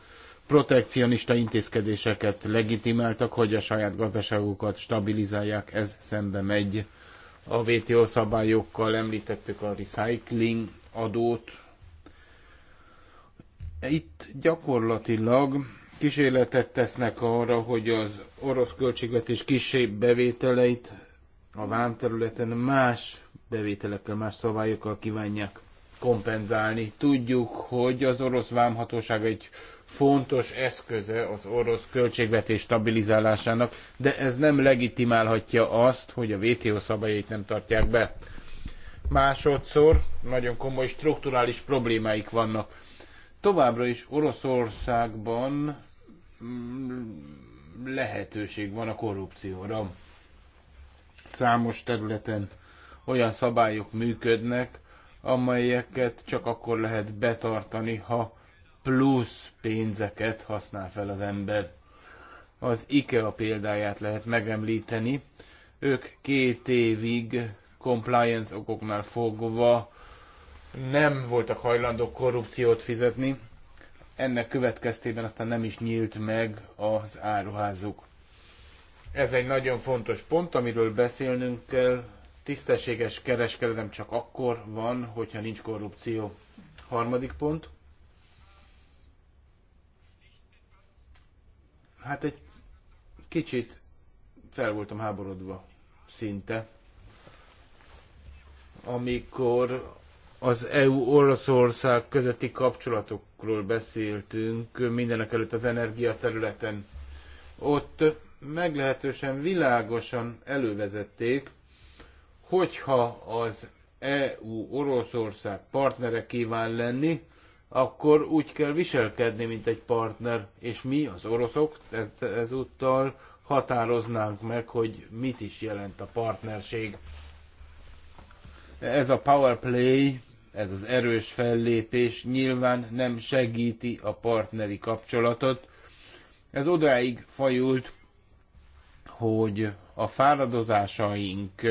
protekcionista intézkedéseket legitimáltak, hogy a saját gazdaságukat stabilizálják, ez szembe megy a WTO szabályokkal, említettük a recycling adót. Itt gyakorlatilag kísérletet tesznek arra, hogy az orosz költségvetés kisebb bevételeit a vámterületen más bevételekkel, más szabályokkal kívánják kompenzálni. Tudjuk, hogy az orosz vámhatóság egy fontos eszköze az orosz költségvetés stabilizálásának, de ez nem legitimálhatja azt, hogy a WTO szabályait nem tartják be. Másodszor nagyon komoly strukturális problémáik vannak. Továbbra is Oroszországban mm, lehetőség van a korrupcióra. Számos területen olyan szabályok működnek, amelyeket csak akkor lehet betartani, ha plusz pénzeket használ fel az ember. Az IKEA példáját lehet megemlíteni. Ők két évig compliance okoknál fogva nem voltak hajlandók korrupciót fizetni. Ennek következtében aztán nem is nyílt meg az áruházuk. Ez egy nagyon fontos pont, amiről beszélnünk kell, tisztességes kereskedelem csak akkor van, hogyha nincs korrupció. Harmadik pont. Hát egy kicsit fel voltam háborodva szinte, amikor az EU-Oroszország közötti kapcsolatokról beszéltünk, mindenek előtt az energia területen. Ott meglehetősen világosan elővezették, hogyha az EU-Oroszország partnere kíván lenni, akkor úgy kell viselkedni, mint egy partner, és mi, az oroszok, ez, ezúttal határoznánk meg, hogy mit is jelent a partnerség. Ez a power play, ez az erős fellépés nyilván nem segíti a partneri kapcsolatot. Ez odáig fajult, hogy a fáradozásaink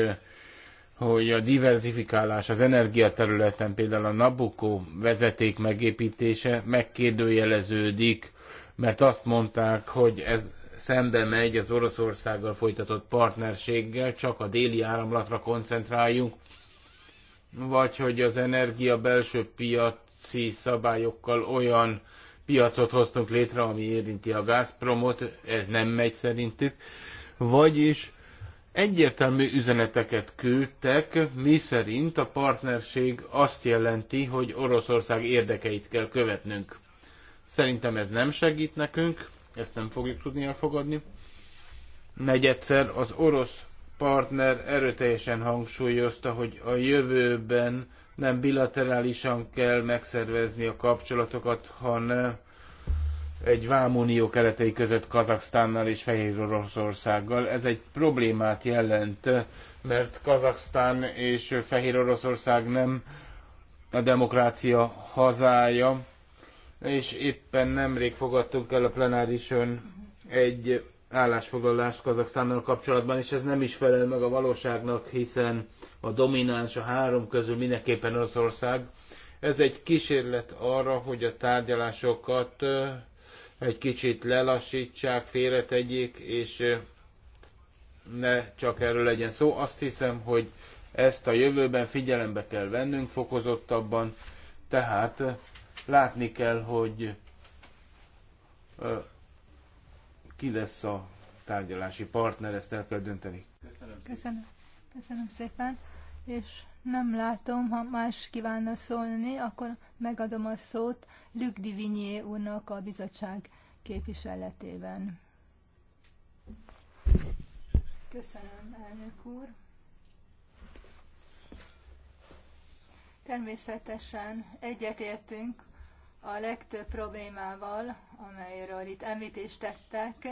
hogy a diversifikálás az energiaterületen, például a Nabucco vezeték megépítése megkérdőjeleződik, mert azt mondták, hogy ez szembe megy az Oroszországgal folytatott partnerséggel, csak a déli áramlatra koncentráljunk, vagy hogy az energia belső piaci szabályokkal olyan piacot hoztunk létre, ami érinti a Gazpromot, ez nem megy szerintük, vagyis egyértelmű üzeneteket küldtek, miszerint a partnerség azt jelenti, hogy Oroszország érdekeit kell követnünk. Szerintem ez nem segít nekünk, ezt nem fogjuk tudni elfogadni. Negyedszer az orosz partner erőteljesen hangsúlyozta, hogy a jövőben nem bilaterálisan kell megszervezni a kapcsolatokat, hanem egy vámunió keretei között Kazaksztánnal és Fehér Oroszországgal. Ez egy problémát jelent, mert Kazaksztán és Fehér Oroszország nem a demokrácia hazája, és éppen nemrég fogadtunk el a plenárison egy állásfoglalást Kazaksztánnal kapcsolatban, és ez nem is felel meg a valóságnak, hiszen a domináns a három közül mindenképpen Oroszország. Ez egy kísérlet arra, hogy a tárgyalásokat egy kicsit lelassítsák, félretegyék, és ne csak erről legyen szó. Azt hiszem, hogy ezt a jövőben figyelembe kell vennünk fokozottabban, tehát látni kell, hogy ki lesz a tárgyalási partner, ezt el kell dönteni. Köszönöm szépen. Köszönöm, Köszönöm szépen, és nem látom, ha más kívánna szólni, akkor megadom a szót Luc Divigné úrnak a bizottság képviseletében. Köszönöm, elnök úr. Természetesen egyetértünk a legtöbb problémával, amelyről itt említést tettek,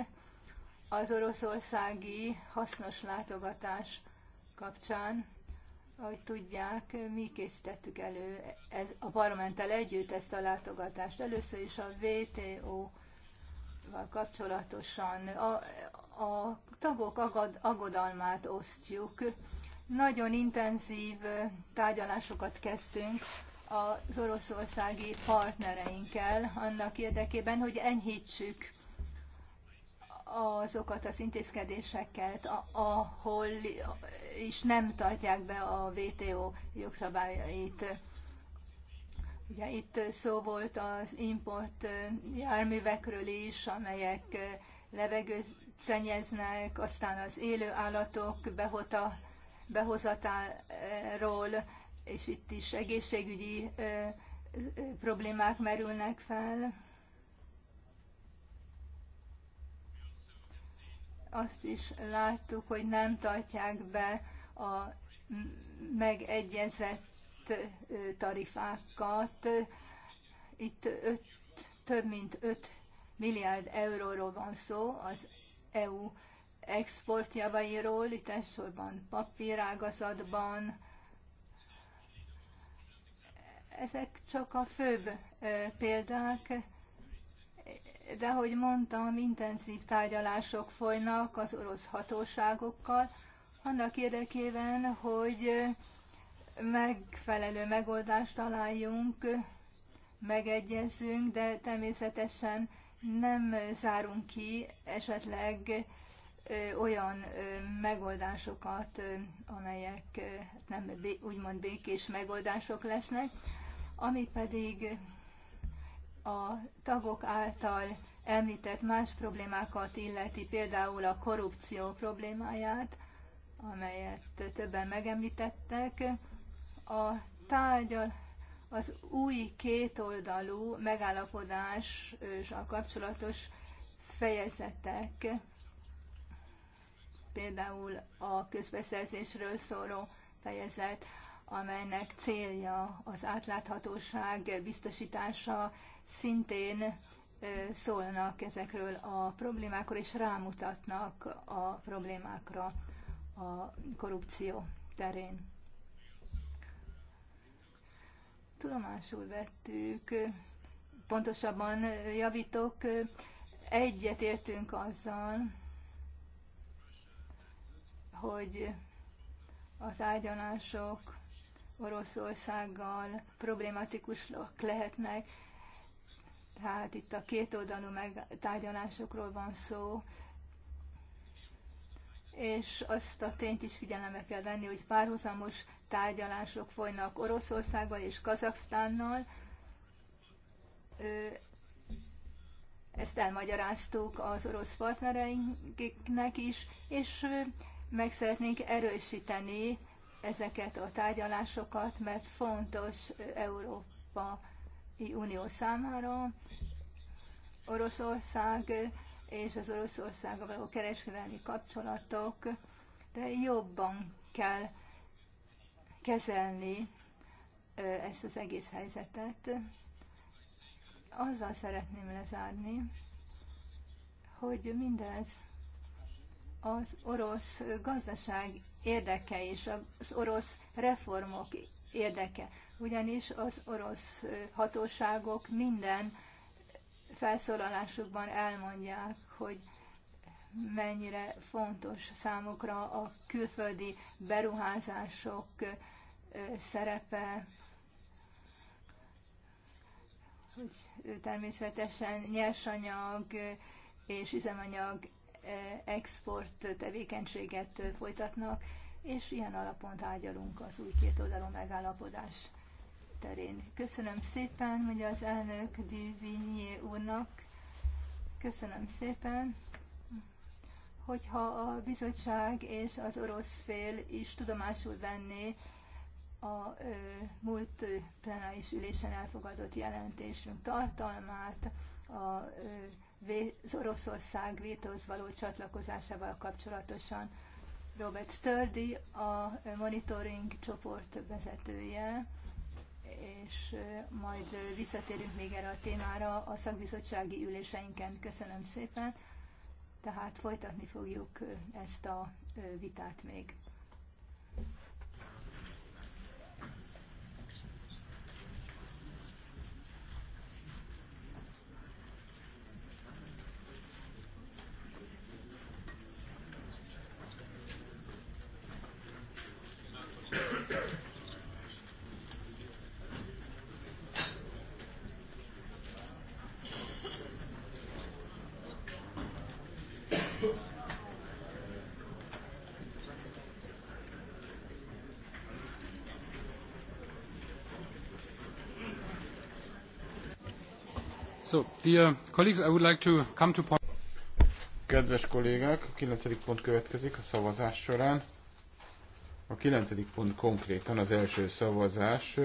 az oroszországi hasznos látogatás kapcsán ahogy tudják, mi készítettük elő ez, a parlamenttel együtt ezt a látogatást. Először is a VTO-val kapcsolatosan a, a tagok agad, agodalmát osztjuk. Nagyon intenzív tárgyalásokat kezdtünk az oroszországi partnereinkkel annak érdekében, hogy enyhítsük azokat az intézkedéseket, ahol is nem tartják be a WTO jogszabályait. Ugye itt szó volt az import járművekről is, amelyek levegőt szennyeznek, aztán az élő állatok behota, behozatáról, és itt is egészségügyi problémák merülnek fel. azt is láttuk, hogy nem tartják be a megegyezett tarifákat. Itt öt, több mint 5 milliárd euróról van szó az EU exportjavairól, itt elsősorban papírágazatban. Ezek csak a főbb példák, de ahogy mondtam, intenzív tárgyalások folynak az orosz hatóságokkal, annak érdekében, hogy megfelelő megoldást találjunk, megegyezzünk, de természetesen nem zárunk ki esetleg olyan megoldásokat, amelyek nem úgymond békés megoldások lesznek, ami pedig a tagok által említett más problémákat illeti, például a korrupció problémáját, amelyet többen megemlítettek, a tárgyal az új kétoldalú megállapodás a kapcsolatos fejezetek, például a közbeszerzésről szóló fejezet, amelynek célja az átláthatóság biztosítása, szintén szólnak ezekről a problémákról, és rámutatnak a problémákra a korrupció terén. Tudomásul vettük, pontosabban javítok, egyetértünk azzal, hogy az ágyalások Oroszországgal problematikusak lehetnek, tehát itt a kétoldalú megtárgyalásokról van szó, és azt a tényt is figyelembe kell venni, hogy párhuzamos tárgyalások folynak Oroszországgal és Kazaksztánnal. Ezt elmagyaráztuk az orosz partnereinknek is, és meg szeretnénk erősíteni ezeket a tárgyalásokat, mert fontos Európa Unió számára, Oroszország és az Oroszországgal való kereskedelmi kapcsolatok, de jobban kell kezelni ezt az egész helyzetet. Azzal szeretném lezárni, hogy mindez az orosz gazdaság érdeke és az orosz reformok érdeke ugyanis az orosz hatóságok minden felszólalásukban elmondják, hogy mennyire fontos számukra a külföldi beruházások szerepe, hogy természetesen nyersanyag és üzemanyag export tevékenységet folytatnak, és ilyen alapon tárgyalunk az új két oldalú megállapodás terén. Köszönöm szépen, hogy az elnök Divinyé úrnak. Köszönöm szépen hogyha a bizottság és az orosz fél is tudomásul venné a ö, múlt plenáris ülésen elfogadott jelentésünk tartalmát, a, ö, az Oroszország vétóz való csatlakozásával kapcsolatosan. Robert Sturdy, a monitoring csoport vezetője, és majd visszatérünk még erre a témára a szakbizottsági üléseinken. Köszönöm szépen. Tehát folytatni fogjuk ezt a vitát még. Kedves kollégák, a kilencedik pont következik a szavazás során. A kilencedik pont konkrétan az első szavazás.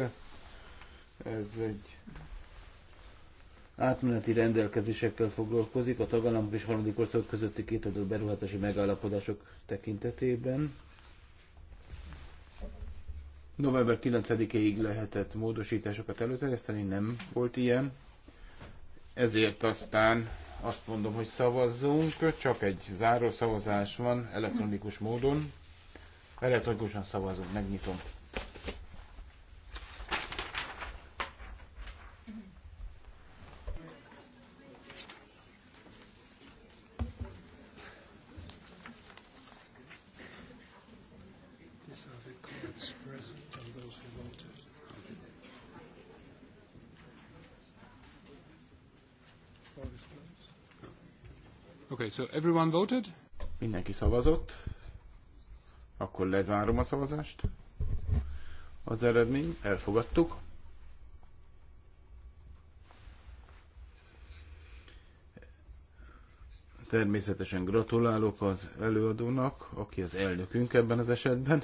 Ez egy átmeneti rendelkezésekkel foglalkozik a tagállamok és harmadik ország közötti kétoldalú beruházási megállapodások tekintetében. November 9-ig lehetett módosításokat előterjeszteni, nem volt ilyen. Ezért aztán azt mondom, hogy szavazzunk, csak egy záró szavazás van elektronikus módon. Elektronikusan szavazunk, megnyitom. So everyone voted? Mindenki szavazott. Akkor lezárom a szavazást. Az eredmény, elfogadtuk. Természetesen gratulálok az előadónak, aki az elnökünk ebben az esetben.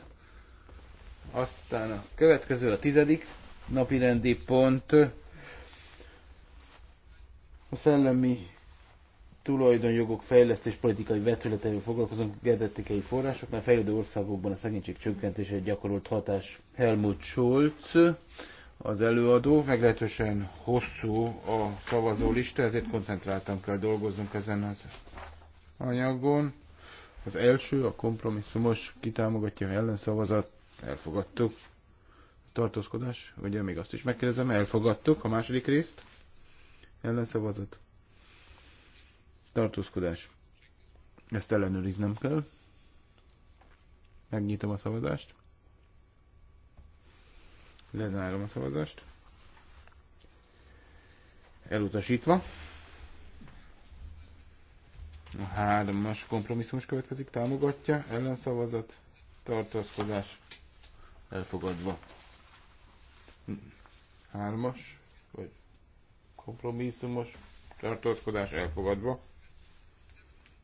Aztán a következő a tizedik napirendi pont. A szellemi tulajdonjogok fejlesztés politikai vetületeivel foglalkozunk források, forrásoknál, fejlődő országokban a szegénység csökkentése gyakorolt hatás. Helmut Scholz az előadó, meglehetősen hosszú a szavazó lista, ezért koncentráltam kell dolgoznunk ezen az anyagon. Az első, a kompromisszumos, kitámogatja ellenszavazat, elfogadtuk. Tartózkodás, ugye még azt is megkérdezem, elfogadtuk a második részt, ellenszavazat, tartózkodás. Ezt ellenőriznem kell. Megnyitom a szavazást. Lezárom a szavazást. Elutasítva. A hármas is következik, támogatja, ellenszavazat, tartózkodás, elfogadva. Hármas, vagy kompromisszumos, tartózkodás, elfogadva.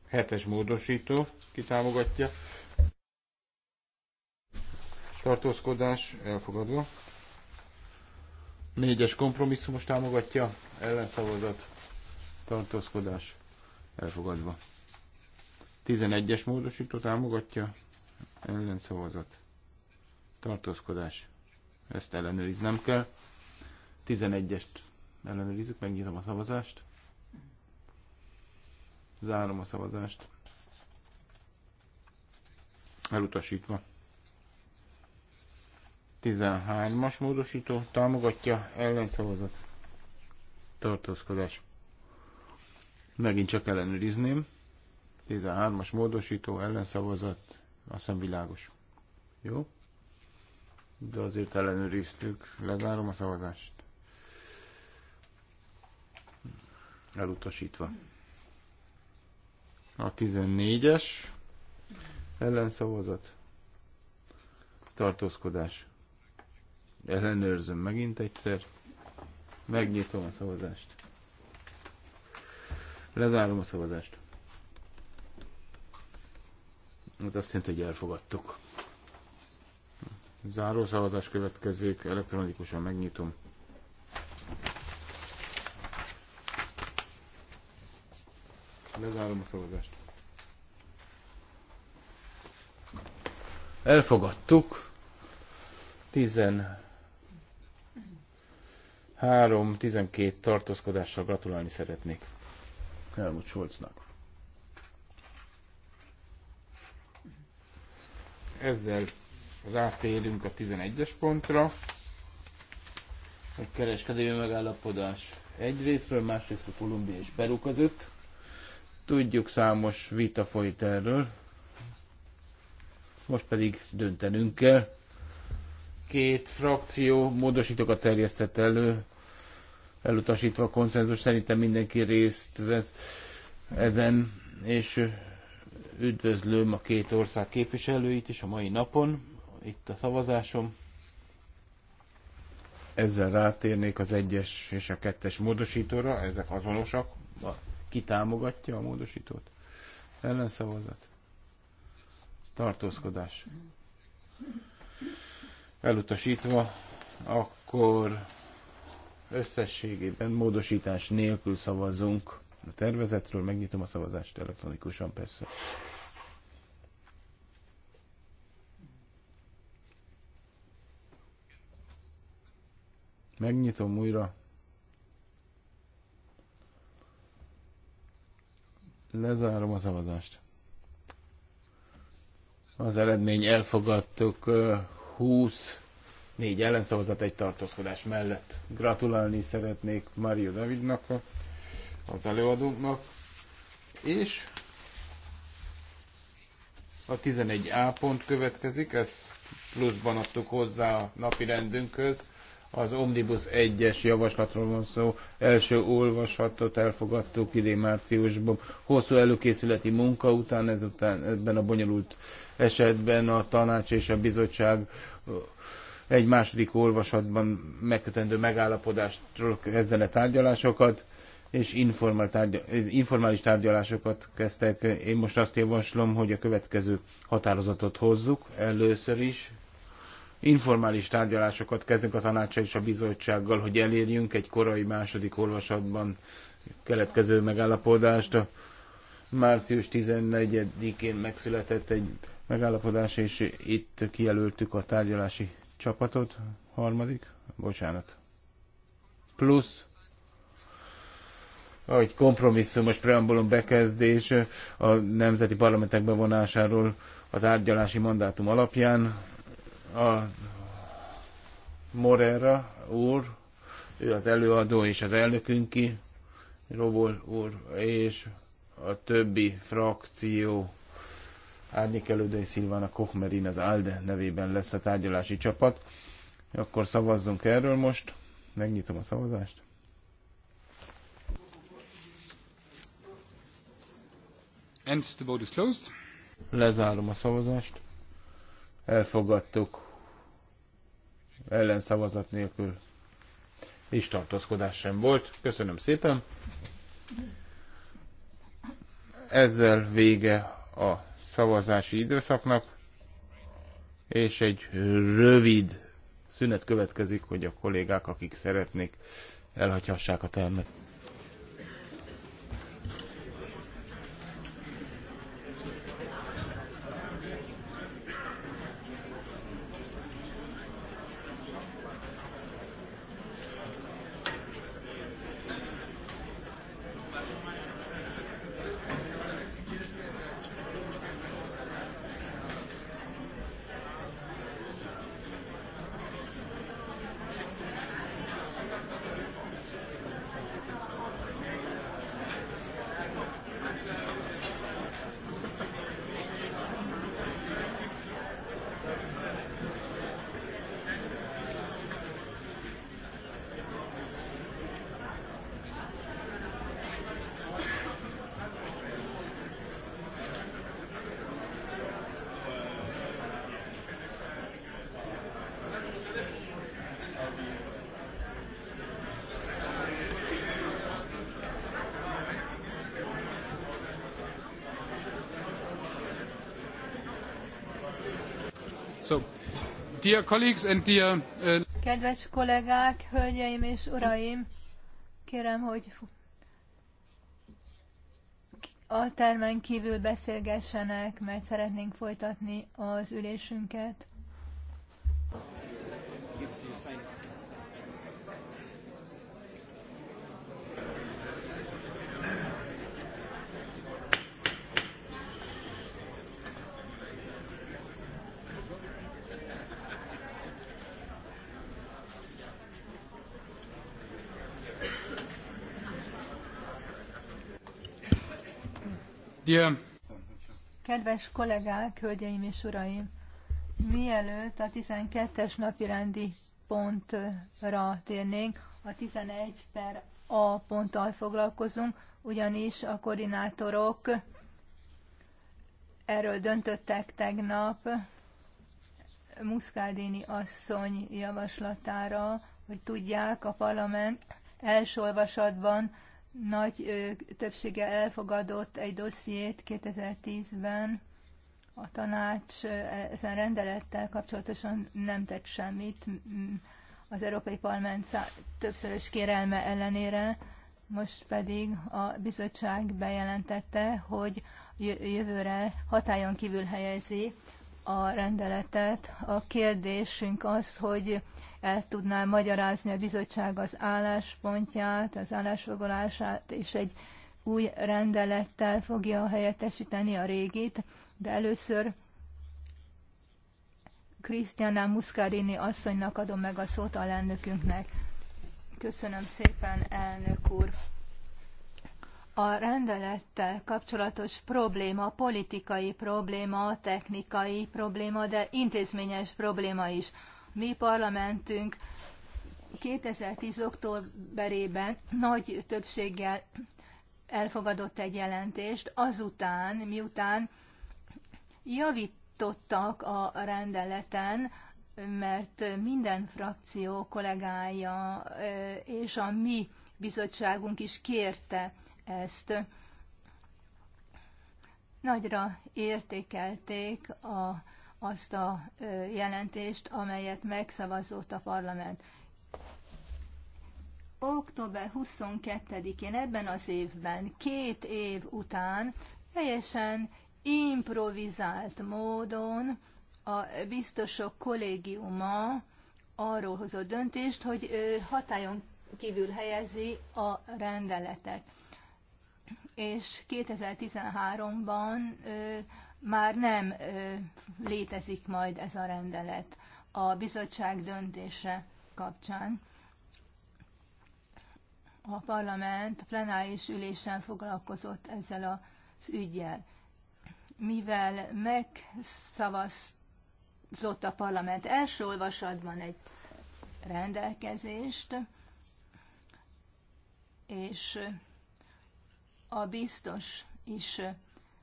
Hetes módosító, kitámogatja. Tartózkodás elfogadva. Négyes kompromisszumos támogatja, ellenszavazat, tartózkodás elfogadva. 11-es módosító támogatja, ellenszavazat, tartózkodás. Ezt ellenőriznem kell. 11-est ellenőrizzük, megnyitom a szavazást. Zárom a szavazást. Elutasítva. 13-as módosító támogatja ellenszavazat. Tartózkodás. Megint csak ellenőrizném. 13-as módosító ellenszavazat. Azt hiszem világos. Jó? De azért ellenőriztük. Lezárom a szavazást. Elutasítva. A 14-es ellenszavazat. Tartózkodás. Ellenőrzöm megint egyszer. Megnyitom a szavazást. Lezárom a szavazást. Az azt jelenti, hogy elfogadtuk. Záró szavazás következik, elektronikusan megnyitom. Lezárom a szavazást. Elfogadtuk. 13-12 tartózkodással gratulálni szeretnék Helmut Scholznak. Ezzel rátérünk a 11-es pontra. A kereskedelmi megállapodás egyrésztről, másrésztről Kolumbia és Peru között. Tudjuk, számos vita folyt erről. Most pedig döntenünk kell. Két frakció módosítókat terjesztett elő, elutasítva a konszenzus. Szerintem mindenki részt vesz ezen, és üdvözlöm a két ország képviselőit is a mai napon, itt a szavazásom. Ezzel rátérnék az egyes és a kettes módosítóra, ezek azonosak, ki támogatja a módosítót? Ellenszavazat. Tartózkodás. Elutasítva, akkor összességében módosítás nélkül szavazunk a tervezetről. Megnyitom a szavazást elektronikusan persze. Megnyitom újra. Lezárom a szavazást. Az eredmény elfogadtuk 20 négy ellenszavazat egy tartózkodás mellett. Gratulálni szeretnék Mario Davidnak, az előadónknak, és a 11A pont következik, ezt pluszban adtuk hozzá a napi rendünkhöz. Az Omnibus 1-es javaslatról van szó, első olvasatot elfogadtuk idén márciusban. Hosszú előkészületi munka után, ezután ebben a bonyolult esetben a tanács és a bizottság egy második olvasatban megkötendő megállapodástról kezdene tárgyalásokat, és informál tárgyal, informális tárgyalásokat kezdtek. Én most azt javaslom, hogy a következő határozatot hozzuk először is, informális tárgyalásokat kezdünk a tanácsa és a bizottsággal, hogy elérjünk egy korai második olvasatban keletkező megállapodást. A Március 14-én megszületett egy megállapodás, és itt kijelöltük a tárgyalási csapatot. Harmadik, bocsánat. Plusz egy kompromisszumos preambulum bekezdés a nemzeti parlamentek bevonásáról a tárgyalási mandátum alapján a Morera úr, ő az előadó és az elnökünki, Robol úr, és a többi frakció árnyékelődői Szilván a Kochmerin az ALDE nevében lesz a tárgyalási csapat. Akkor szavazzunk erről most. Megnyitom a szavazást. And the vote is closed. Lezárom a szavazást elfogadtuk ellenszavazat nélkül, és tartózkodás sem volt. Köszönöm szépen! Ezzel vége a szavazási időszaknak, és egy rövid szünet következik, hogy a kollégák, akik szeretnék, elhagyhassák a termet. Dear colleagues and dear, uh, Kedves kollégák, hölgyeim és uraim, kérem, hogy a termen kívül beszélgessenek, mert szeretnénk folytatni az ülésünket. Kedves kollégák, hölgyeim és uraim! Mielőtt a 12-es napirendi pontra térnénk, a 11 per A ponttal foglalkozunk, ugyanis a koordinátorok erről döntöttek tegnap Muszkádini asszony javaslatára, hogy tudják, a parlament első olvasatban nagy többsége elfogadott egy dossziét 2010-ben, a tanács ezen rendelettel kapcsolatosan nem tett semmit az Európai Parlament többszörös kérelme ellenére, most pedig a bizottság bejelentette, hogy jövőre hatályon kívül helyezi a rendeletet. A kérdésünk az, hogy el tudná magyarázni a bizottság az álláspontját, az állásfogolását, és egy új rendelettel fogja helyettesíteni a régit, de először Krisztiana Muscarini asszonynak adom meg a szót a elnökünknek. Köszönöm szépen, elnök úr. A rendelettel kapcsolatos probléma, politikai probléma, technikai probléma, de intézményes probléma is mi parlamentünk 2010. októberében nagy többséggel elfogadott egy jelentést, azután, miután javítottak a rendeleten, mert minden frakció kollégája és a mi bizottságunk is kérte ezt. Nagyra értékelték a azt a jelentést, amelyet megszavazott a parlament. Október 22-én ebben az évben, két év után teljesen improvizált módon a biztosok kollégiuma arról hozott döntést, hogy hatályon kívül helyezi a rendeletet. És 2013-ban már nem létezik majd ez a rendelet a bizottság döntése kapcsán. A parlament plenáris ülésen foglalkozott ezzel az ügyjel. Mivel megszavazott a parlament első olvasatban egy rendelkezést, és a biztos is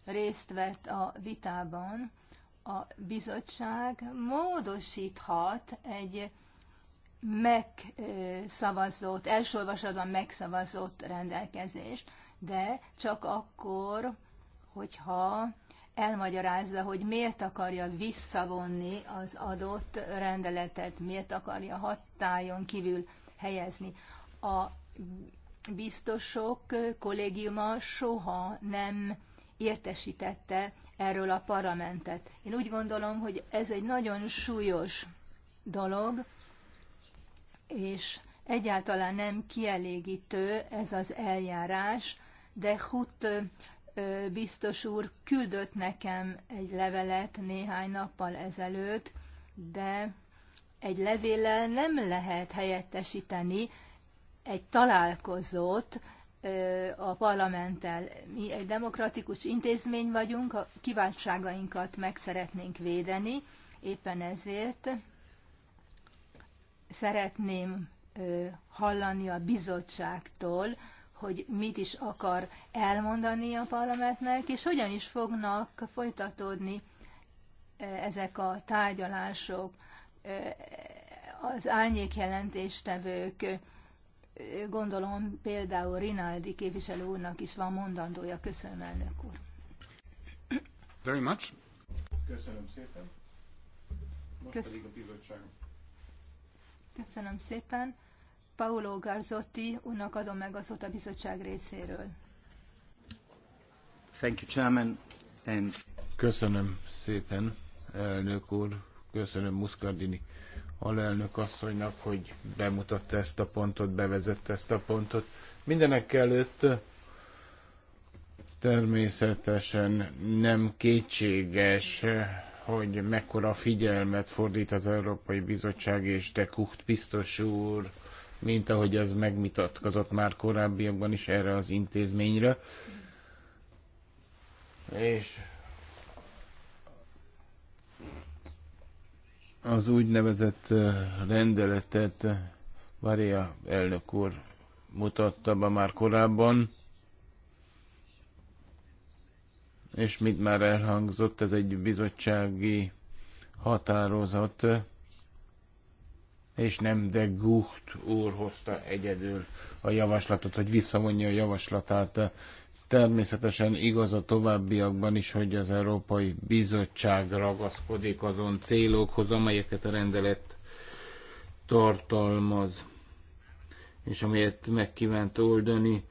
részt vett a vitában, a bizottság módosíthat egy megszavazott, első megszavazott rendelkezést, de csak akkor, hogyha elmagyarázza, hogy miért akarja visszavonni az adott rendeletet, miért akarja hatályon kívül helyezni. A biztosok kollégiuma soha nem értesítette erről a parlamentet. Én úgy gondolom, hogy ez egy nagyon súlyos dolog, és egyáltalán nem kielégítő ez az eljárás, de Hutt biztos úr küldött nekem egy levelet néhány nappal ezelőtt, de egy levéllel nem lehet helyettesíteni egy találkozót, a parlamenttel. Mi egy demokratikus intézmény vagyunk, a kiváltságainkat meg szeretnénk védeni, éppen ezért szeretném hallani a bizottságtól, hogy mit is akar elmondani a parlamentnek, és hogyan is fognak folytatódni ezek a tárgyalások, az árnyékjelentéstevők gondolom például Rinaldi képviselő úrnak is van mondandója. Köszönöm, elnök úr. Very much. Köszönöm szépen. Most Kösz... pedig a bizottság. Köszönöm szépen. Paolo Garzotti úrnak adom meg az a bizottság részéről. Thank you, Chairman. And... Köszönöm szépen, elnök úr. Köszönöm Muscardini alelnök asszonynak, hogy bemutatta ezt a pontot, bevezette ezt a pontot. Mindenek előtt természetesen nem kétséges, hogy mekkora figyelmet fordít az Európai Bizottság és de Kucht biztos úr, mint ahogy ez megmitatkozott már korábbiakban is erre az intézményre. És az úgynevezett rendeletet Varia elnök úr mutatta be már korábban, és mit már elhangzott, ez egy bizottsági határozat, és nem de Gucht úr hozta egyedül a javaslatot, hogy visszavonja a javaslatát, Természetesen igaz a továbbiakban is, hogy az Európai Bizottság ragaszkodik azon célokhoz, amelyeket a rendelet tartalmaz, és amelyet megkívánt oldani.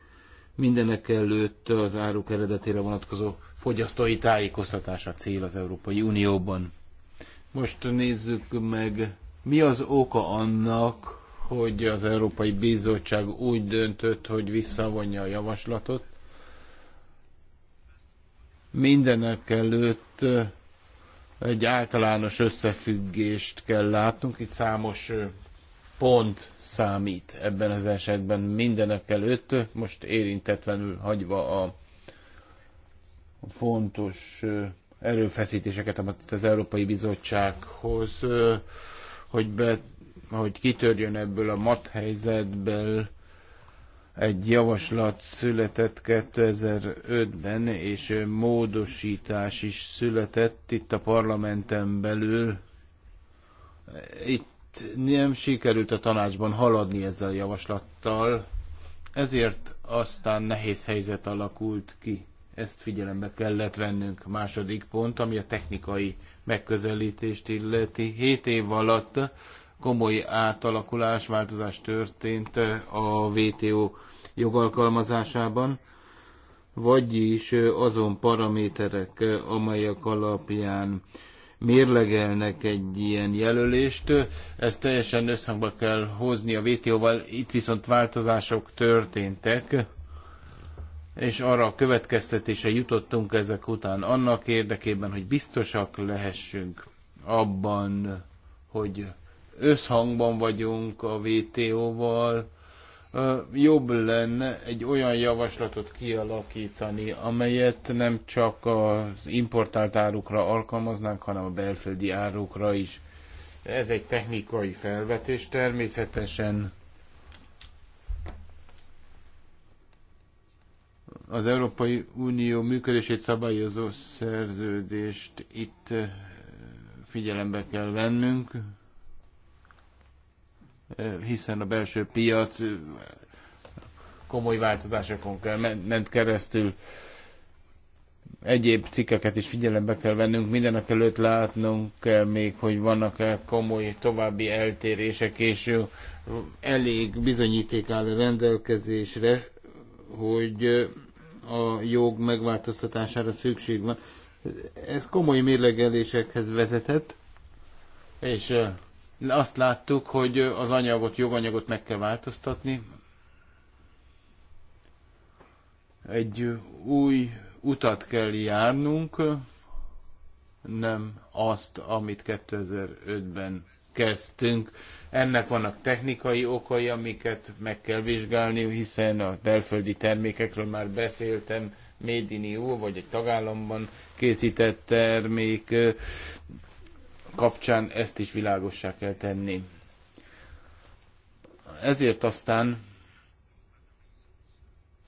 Mindenek előtt az áruk eredetére vonatkozó fogyasztói tájékoztatás a cél az Európai Unióban. Most nézzük meg, mi az oka annak, hogy az Európai Bizottság úgy döntött, hogy visszavonja a javaslatot, Mindenek előtt egy általános összefüggést kell látnunk, itt számos pont számít ebben az esetben mindenek előtt, most érintetlenül hagyva a fontos erőfeszítéseket, amit az Európai Bizottsághoz, hogy, be, hogy kitörjön ebből a mat helyzetből, egy javaslat született 2005-ben, és módosítás is született itt a parlamenten belül. Itt nem sikerült a tanácsban haladni ezzel a javaslattal, ezért aztán nehéz helyzet alakult ki ezt figyelembe kellett vennünk. Második pont, ami a technikai megközelítést illeti. 7 év alatt komoly átalakulás, változás történt eh, a WTO jogalkalmazásában, vagyis eh, azon paraméterek, eh, amelyek alapján mérlegelnek egy ilyen jelölést. Ezt teljesen összhangba kell hozni a VTO-val, itt viszont változások történtek, és arra a következtetésre jutottunk ezek után annak érdekében, hogy biztosak lehessünk abban, hogy összhangban vagyunk a WTO-val, jobb lenne egy olyan javaslatot kialakítani, amelyet nem csak az importált árukra alkalmaznánk, hanem a belföldi árukra is. Ez egy technikai felvetés természetesen. Az Európai Unió működését szabályozó szerződést itt figyelembe kell vennünk, hiszen a belső piac komoly változásokon kell ment keresztül. Egyéb cikkeket is figyelembe kell vennünk, mindenek előtt látnunk kell még, hogy vannak-e komoly további eltérések, és elég bizonyíték áll a rendelkezésre, hogy a jog megváltoztatására szükség van. Ez komoly mérlegelésekhez vezetett, és azt láttuk, hogy az anyagot, joganyagot meg kell változtatni. Egy új utat kell járnunk, nem azt, amit 2005-ben kezdtünk. Ennek vannak technikai okai, amiket meg kell vizsgálni, hiszen a belföldi termékekről már beszéltem, Made in EU, vagy egy tagállamban készített termék kapcsán ezt is világossá kell tenni. Ezért aztán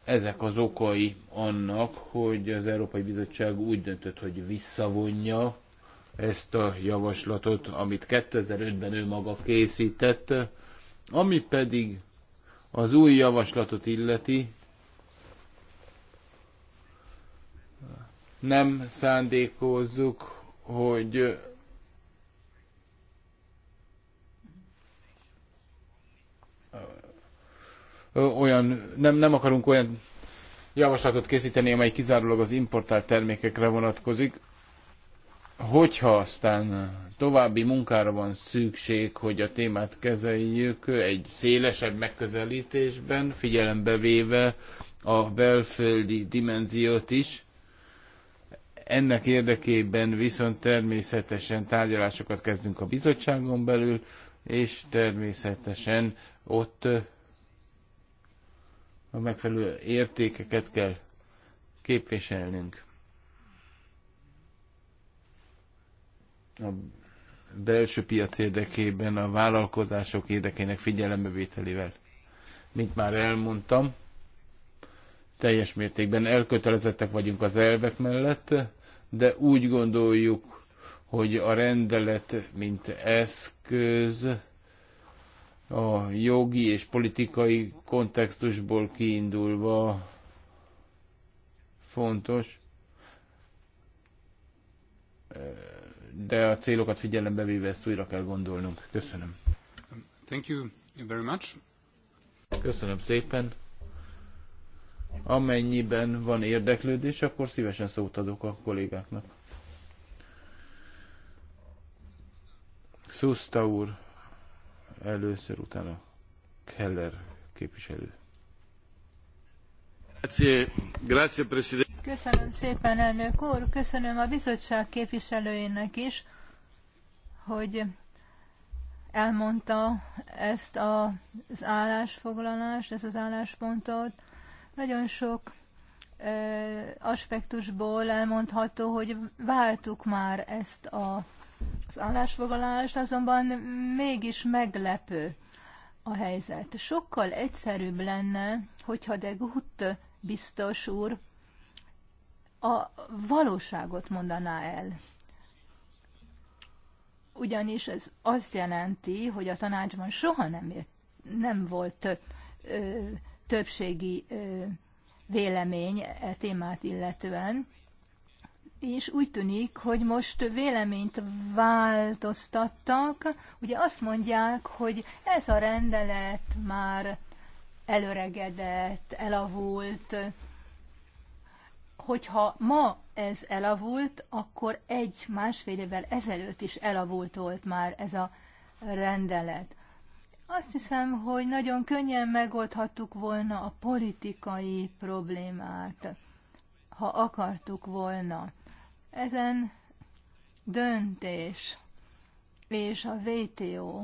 ezek az okai annak, hogy az Európai Bizottság úgy döntött, hogy visszavonja ezt a javaslatot, amit 2005-ben ő maga készített, ami pedig az új javaslatot illeti, nem szándékozzuk, hogy olyan, nem, nem akarunk olyan javaslatot készíteni, amely kizárólag az importált termékekre vonatkozik. Hogyha aztán további munkára van szükség, hogy a témát kezeljük egy szélesebb megközelítésben, figyelembe véve a belföldi dimenziót is, ennek érdekében viszont természetesen tárgyalásokat kezdünk a bizottságon belül, és természetesen ott a megfelelő értékeket kell képviselnünk. A belső piac érdekében, a vállalkozások érdekének figyelembevételével. Mint már elmondtam, teljes mértékben elkötelezettek vagyunk az elvek mellett, de úgy gondoljuk, hogy a rendelet, mint eszköz a jogi és politikai kontextusból kiindulva fontos, de a célokat figyelembe véve ezt újra kell gondolnunk. Köszönöm. Thank you very much. Köszönöm szépen. Amennyiben van érdeklődés, akkor szívesen szót adok a kollégáknak. Szuszta úr. Először, utána Keller képviselő. Köszönöm szépen, elnök úr! Köszönöm a bizottság képviselőjének is, hogy elmondta ezt az állásfoglalást, ezt az álláspontot. Nagyon sok eh, aspektusból elmondható, hogy vártuk már ezt a az állásfoglalás azonban mégis meglepő a helyzet. Sokkal egyszerűbb lenne, hogyha de Gutt biztos úr a valóságot mondaná el. Ugyanis ez azt jelenti, hogy a tanácsban soha nem, ért, nem volt ö, többségi ö, vélemény e témát illetően, és úgy tűnik, hogy most véleményt változtattak. Ugye azt mondják, hogy ez a rendelet már előregedett, elavult. Hogyha ma ez elavult, akkor egy-másfél évvel ezelőtt is elavult volt már ez a rendelet. Azt hiszem, hogy nagyon könnyen megoldhattuk volna a politikai problémát, ha akartuk volna. Ezen döntés és a WTO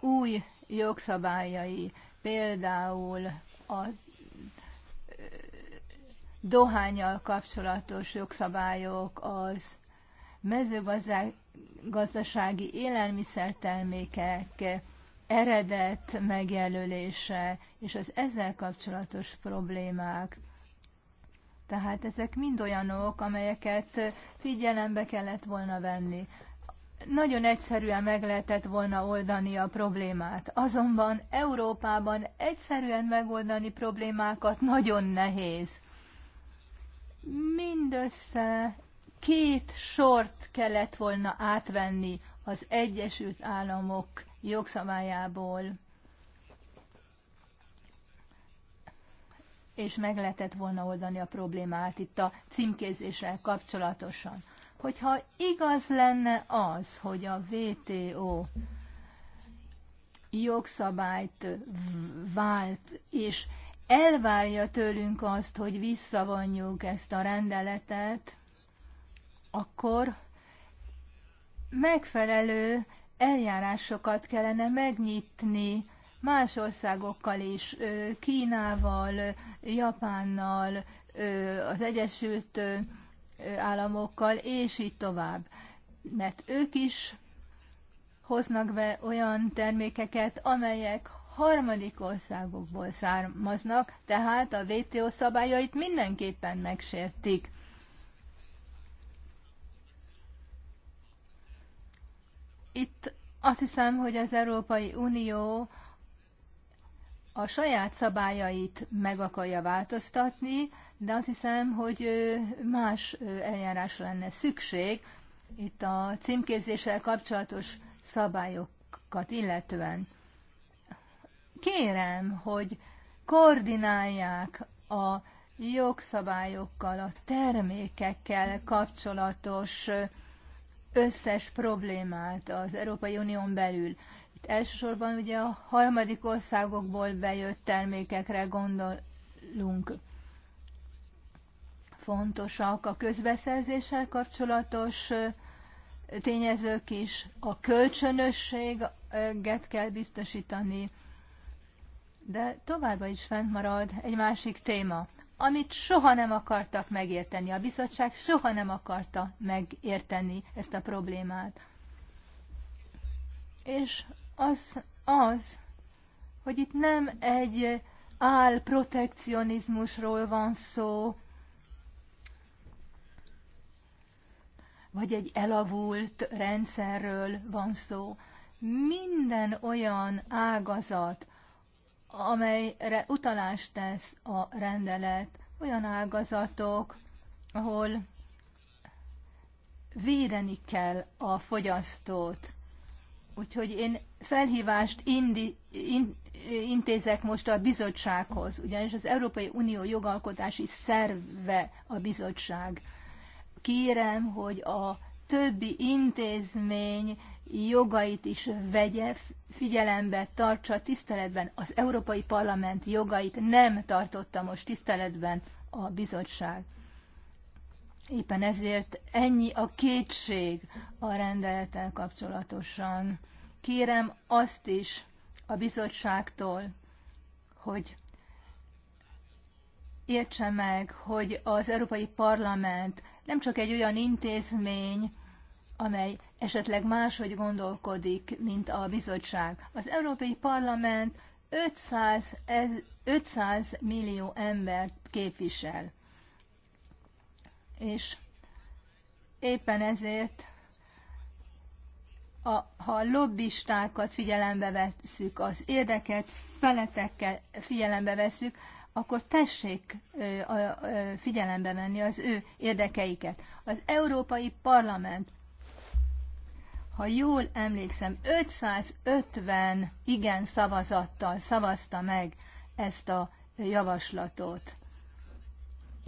új jogszabályai, például a dohányal kapcsolatos jogszabályok, az mezőgazdasági élelmiszertermékek eredet megjelölése és az ezzel kapcsolatos problémák, tehát ezek mind olyanok, amelyeket figyelembe kellett volna venni. Nagyon egyszerűen meg lehetett volna oldani a problémát. Azonban Európában egyszerűen megoldani problémákat nagyon nehéz. Mindössze két sort kellett volna átvenni az Egyesült Államok jogszabályából. és meg lehetett volna oldani a problémát itt a címkézéssel kapcsolatosan. Hogyha igaz lenne az, hogy a VTO jogszabályt vált, és elvárja tőlünk azt, hogy visszavonjuk ezt a rendeletet, akkor megfelelő eljárásokat kellene megnyitni más országokkal is, Kínával, Japánnal, az Egyesült Államokkal, és így tovább. Mert ők is hoznak be olyan termékeket, amelyek harmadik országokból származnak, tehát a WTO szabályait mindenképpen megsértik. Itt azt hiszem, hogy az Európai Unió a saját szabályait meg akarja változtatni, de azt hiszem, hogy más eljárásra lenne szükség itt a címkézéssel kapcsolatos szabályokat illetően. Kérem, hogy koordinálják a jogszabályokkal, a termékekkel kapcsolatos összes problémát az Európai Unión belül. Itt elsősorban ugye a harmadik országokból bejött termékekre gondolunk. Fontosak a közbeszerzéssel kapcsolatos tényezők is, a kölcsönösséget kell biztosítani, de továbbá is fent marad egy másik téma, amit soha nem akartak megérteni. A bizottság soha nem akarta megérteni ezt a problémát. És az, az hogy itt nem egy áll protekcionizmusról van szó, vagy egy elavult rendszerről van szó. Minden olyan ágazat, amelyre utalást tesz a rendelet, olyan ágazatok, ahol védeni kell a fogyasztót. Úgyhogy én felhívást indi, in, intézek most a bizottsághoz, ugyanis az Európai Unió jogalkotási szerve a bizottság. Kérem, hogy a többi intézmény jogait is vegye figyelembe, tartsa tiszteletben. Az Európai Parlament jogait nem tartotta most tiszteletben a bizottság. Éppen ezért ennyi a kétség a rendelettel kapcsolatosan. Kérem azt is a bizottságtól, hogy értse meg, hogy az Európai Parlament nem csak egy olyan intézmény, amely esetleg máshogy gondolkodik, mint a bizottság. Az Európai Parlament 500, 500 millió embert képvisel és éppen ezért a, ha a lobbistákat figyelembe vesszük, az érdeket feletekkel figyelembe vesszük, akkor tessék figyelembe venni az ő érdekeiket. Az Európai Parlament, ha jól emlékszem, 550 igen szavazattal szavazta meg ezt a javaslatot.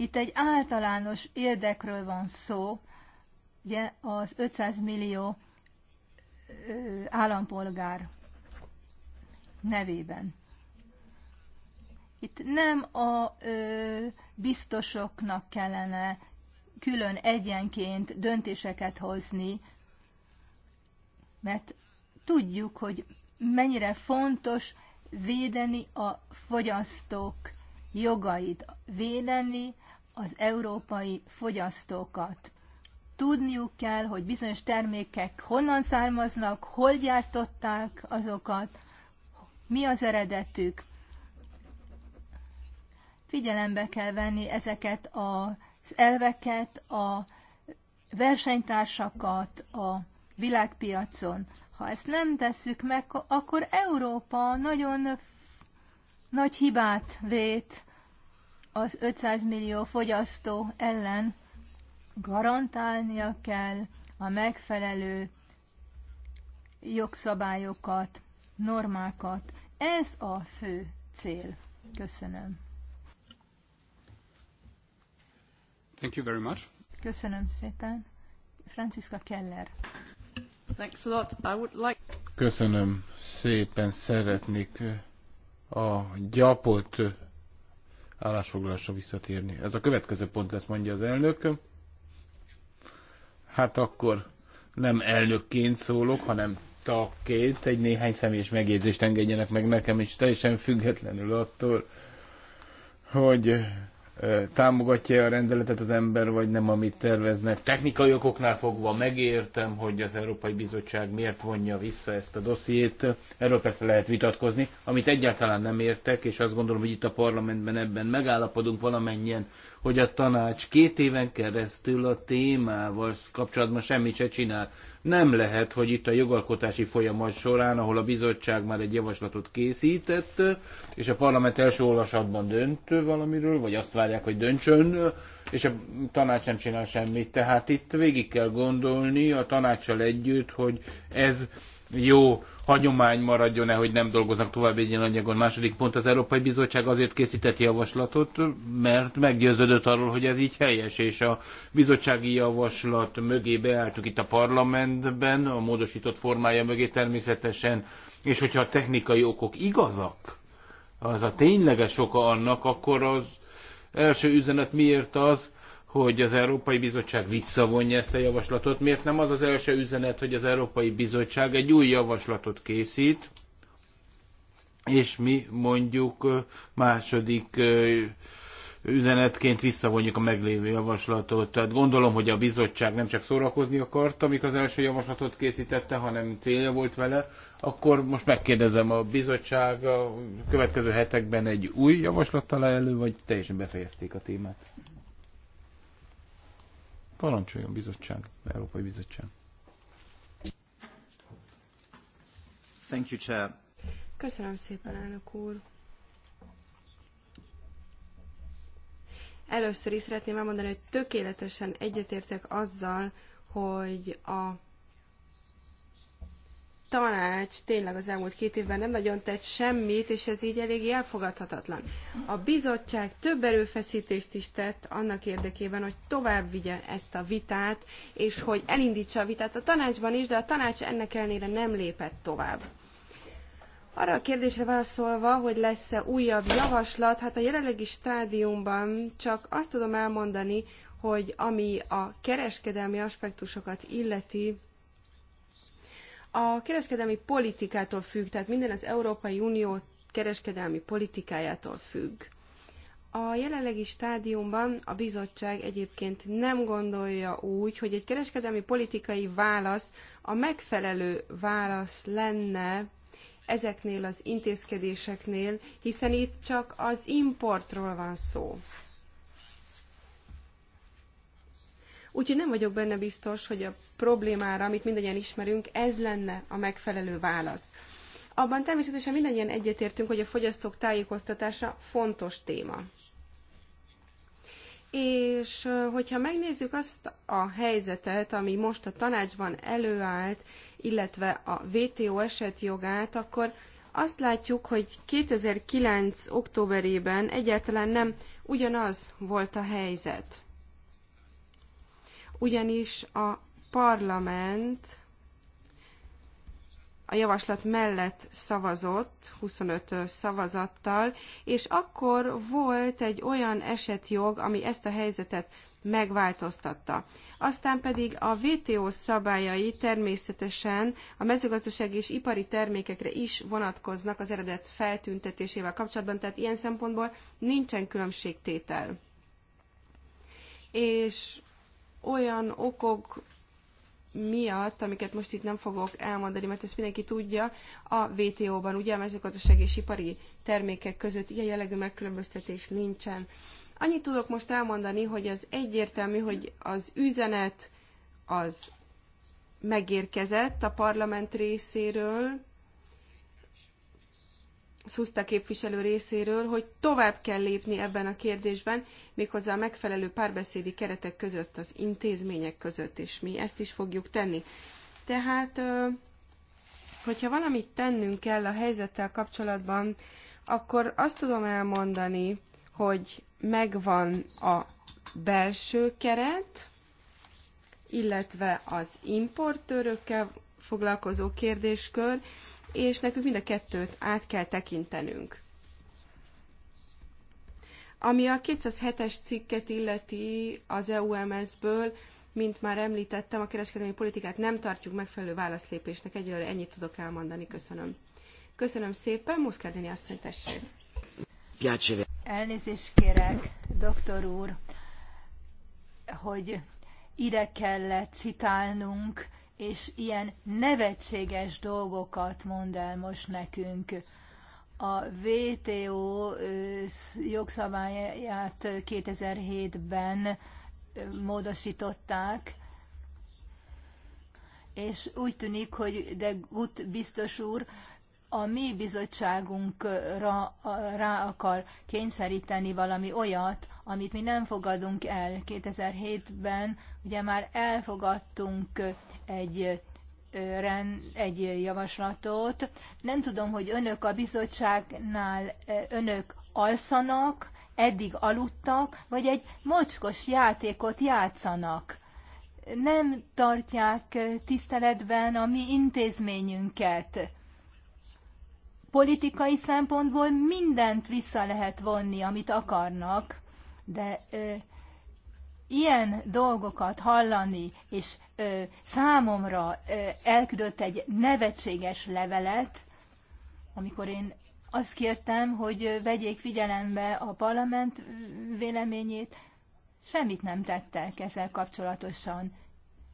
Itt egy általános érdekről van szó, ugye az 500 millió állampolgár nevében. Itt nem a ö, biztosoknak kellene külön egyenként döntéseket hozni, mert tudjuk, hogy mennyire fontos védeni a fogyasztók jogait, védeni az európai fogyasztókat. Tudniuk kell, hogy bizonyos termékek honnan származnak, hol gyártották azokat, mi az eredetük. Figyelembe kell venni ezeket az elveket, a versenytársakat a világpiacon. Ha ezt nem tesszük meg, akkor Európa nagyon nagy hibát vét, az 500 millió fogyasztó ellen garantálnia kell a megfelelő jogszabályokat, normákat. Ez a fő cél. Köszönöm. Thank you very much. Köszönöm szépen. Franciska Keller. Thanks a lot. I would like... Köszönöm szépen. Szeretnék a gyapot állásfoglalásra visszatérni. Ez a következő pont lesz, mondja az elnök. Hát akkor nem elnökként szólok, hanem tagként egy néhány személyes megjegyzést engedjenek meg nekem és teljesen függetlenül attól, hogy támogatja a rendeletet az ember, vagy nem, amit terveznek. Technikai okoknál fogva megértem, hogy az Európai Bizottság miért vonja vissza ezt a dossziét. Erről persze lehet vitatkozni, amit egyáltalán nem értek, és azt gondolom, hogy itt a parlamentben ebben megállapodunk valamennyien, hogy a tanács két éven keresztül a témával kapcsolatban semmit se csinál. Nem lehet, hogy itt a jogalkotási folyamat során, ahol a bizottság már egy javaslatot készített, és a parlament első olvasatban dönt valamiről, vagy azt várják, hogy döntsön, és a tanács nem csinál semmit. Tehát itt végig kell gondolni a tanácssal együtt, hogy ez jó hagyomány maradjon-e, hogy nem dolgoznak tovább egy ilyen anyagon. Második pont, az Európai Bizottság azért készített javaslatot, mert meggyőződött arról, hogy ez így helyes, és a bizottsági javaslat mögé beálltuk itt a parlamentben, a módosított formája mögé természetesen, és hogyha a technikai okok igazak, az a tényleges oka annak, akkor az első üzenet miért az, hogy az Európai Bizottság visszavonja ezt a javaslatot. Miért nem az az első üzenet, hogy az Európai Bizottság egy új javaslatot készít, és mi mondjuk második üzenetként visszavonjuk a meglévő javaslatot. Tehát gondolom, hogy a bizottság nem csak szórakozni akart, amikor az első javaslatot készítette, hanem célja volt vele. Akkor most megkérdezem, a bizottság a következő hetekben egy új javaslattal elő, vagy teljesen befejezték a témát? Parancsoljon bizottság, Európai Bizottság. Thank you, Chair. Köszönöm szépen, elnök úr. Először is szeretném elmondani, hogy tökéletesen egyetértek azzal, hogy a tanács tényleg az elmúlt két évben nem nagyon tett semmit, és ez így eléggé elfogadhatatlan. A bizottság több erőfeszítést is tett annak érdekében, hogy tovább vigye ezt a vitát, és hogy elindítsa a vitát a tanácsban is, de a tanács ennek ellenére nem lépett tovább. Arra a kérdésre válaszolva, hogy lesz-e újabb javaslat, hát a jelenlegi stádiumban csak azt tudom elmondani, hogy ami a kereskedelmi aspektusokat illeti, a kereskedelmi politikától függ, tehát minden az Európai Unió kereskedelmi politikájától függ. A jelenlegi stádiumban a bizottság egyébként nem gondolja úgy, hogy egy kereskedelmi politikai válasz a megfelelő válasz lenne ezeknél az intézkedéseknél, hiszen itt csak az importról van szó. Úgyhogy nem vagyok benne biztos, hogy a problémára, amit mindannyian ismerünk, ez lenne a megfelelő válasz. Abban természetesen mindannyian egyetértünk, hogy a fogyasztók tájékoztatása fontos téma. És hogyha megnézzük azt a helyzetet, ami most a tanácsban előállt, illetve a WTO esetjogát, akkor azt látjuk, hogy 2009. októberében egyáltalán nem ugyanaz volt a helyzet ugyanis a parlament a javaslat mellett szavazott 25 szavazattal, és akkor volt egy olyan esetjog, ami ezt a helyzetet megváltoztatta. Aztán pedig a WTO szabályai természetesen a mezőgazdasági és ipari termékekre is vonatkoznak az eredet feltüntetésével kapcsolatban, tehát ilyen szempontból nincsen különbségtétel. És olyan okok miatt, amiket most itt nem fogok elmondani, mert ezt mindenki tudja, a WTO-ban, ugye, mezőgazdaság és ipari termékek között ilyen jellegű megkülönböztetés nincsen. Annyit tudok most elmondani, hogy az egyértelmű, hogy az üzenet az megérkezett a parlament részéről, Szuszta képviselő részéről, hogy tovább kell lépni ebben a kérdésben, méghozzá a megfelelő párbeszédi keretek között, az intézmények között, és mi ezt is fogjuk tenni. Tehát, hogyha valamit tennünk kell a helyzettel kapcsolatban, akkor azt tudom elmondani, hogy megvan a belső keret, illetve az importőrökkel foglalkozó kérdéskör, és nekünk mind a kettőt át kell tekintenünk. Ami a 207-es cikket illeti az EUMS-ből, mint már említettem, a kereskedelmi politikát nem tartjuk megfelelő válaszlépésnek. Egyelőre ennyit tudok elmondani. Köszönöm. Köszönöm szépen. Muszkárdini asszony, tessék. Elnézést kérek, doktor úr, hogy ide kellett citálnunk és ilyen nevetséges dolgokat mond el most nekünk. A WTO jogszabályát 2007-ben módosították, és úgy tűnik, hogy de Gut biztos úr a mi bizottságunkra rá akar kényszeríteni valami olyat, amit mi nem fogadunk el. 2007-ben ugye már elfogadtunk egy egy javaslatot. Nem tudom, hogy önök a bizottságnál önök alszanak, eddig aludtak, vagy egy mocskos játékot játszanak. Nem tartják tiszteletben a mi intézményünket. Politikai szempontból mindent vissza lehet vonni, amit akarnak, de ilyen dolgokat hallani, és ö, számomra ö, elküldött egy nevetséges levelet, amikor én azt kértem, hogy vegyék figyelembe a parlament véleményét, semmit nem tettek ezzel kapcsolatosan.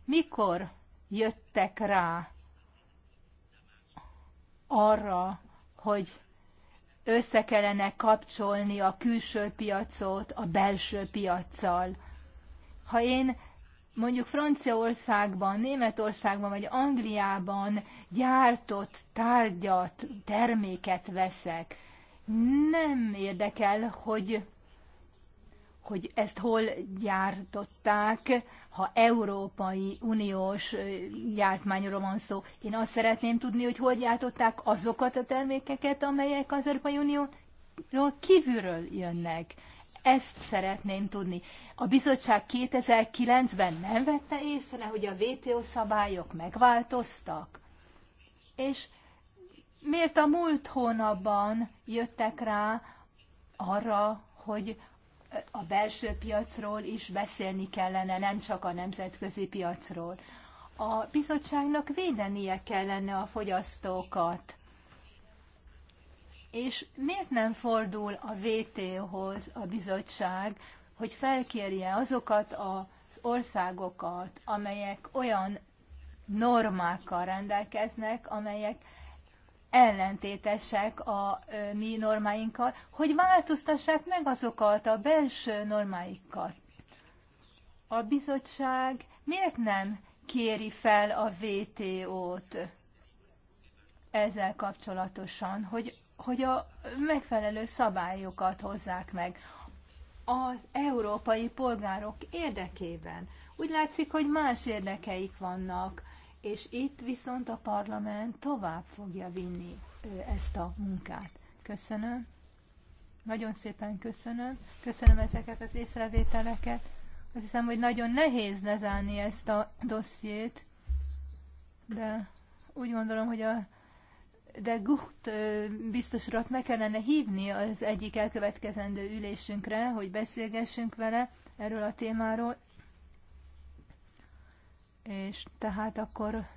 Mikor jöttek rá arra, hogy össze kellene kapcsolni a külső piacot a belső piaccal? ha én mondjuk Franciaországban, Németországban vagy Angliában gyártott tárgyat, terméket veszek, nem érdekel, hogy hogy ezt hol gyártották, ha Európai Uniós gyártmányról van szó. Én azt szeretném tudni, hogy hol gyártották azokat a termékeket, amelyek az Európai Unióról kívülről jönnek. Ezt szeretném tudni. A bizottság 2009-ben nem vette észre, hogy a WTO szabályok megváltoztak? És miért a múlt hónapban jöttek rá arra, hogy a belső piacról is beszélni kellene, nem csak a nemzetközi piacról. A bizottságnak védenie kellene a fogyasztókat és miért nem fordul a vt hoz a bizottság, hogy felkérje azokat az országokat, amelyek olyan normákkal rendelkeznek, amelyek ellentétesek a mi normáinkkal, hogy változtassák meg azokat a belső normáikat. A bizottság miért nem kéri fel a VTO-t ezzel kapcsolatosan, hogy hogy a megfelelő szabályokat hozzák meg az európai polgárok érdekében. Úgy látszik, hogy más érdekeik vannak, és itt viszont a parlament tovább fogja vinni ezt a munkát. Köszönöm. Nagyon szépen köszönöm. Köszönöm ezeket az észrevételeket. Azt hiszem, hogy nagyon nehéz lezárni ezt a dossziét, de úgy gondolom, hogy a de Gucht biztos urat meg kellene hívni az egyik elkövetkezendő ülésünkre, hogy beszélgessünk vele erről a témáról. És tehát akkor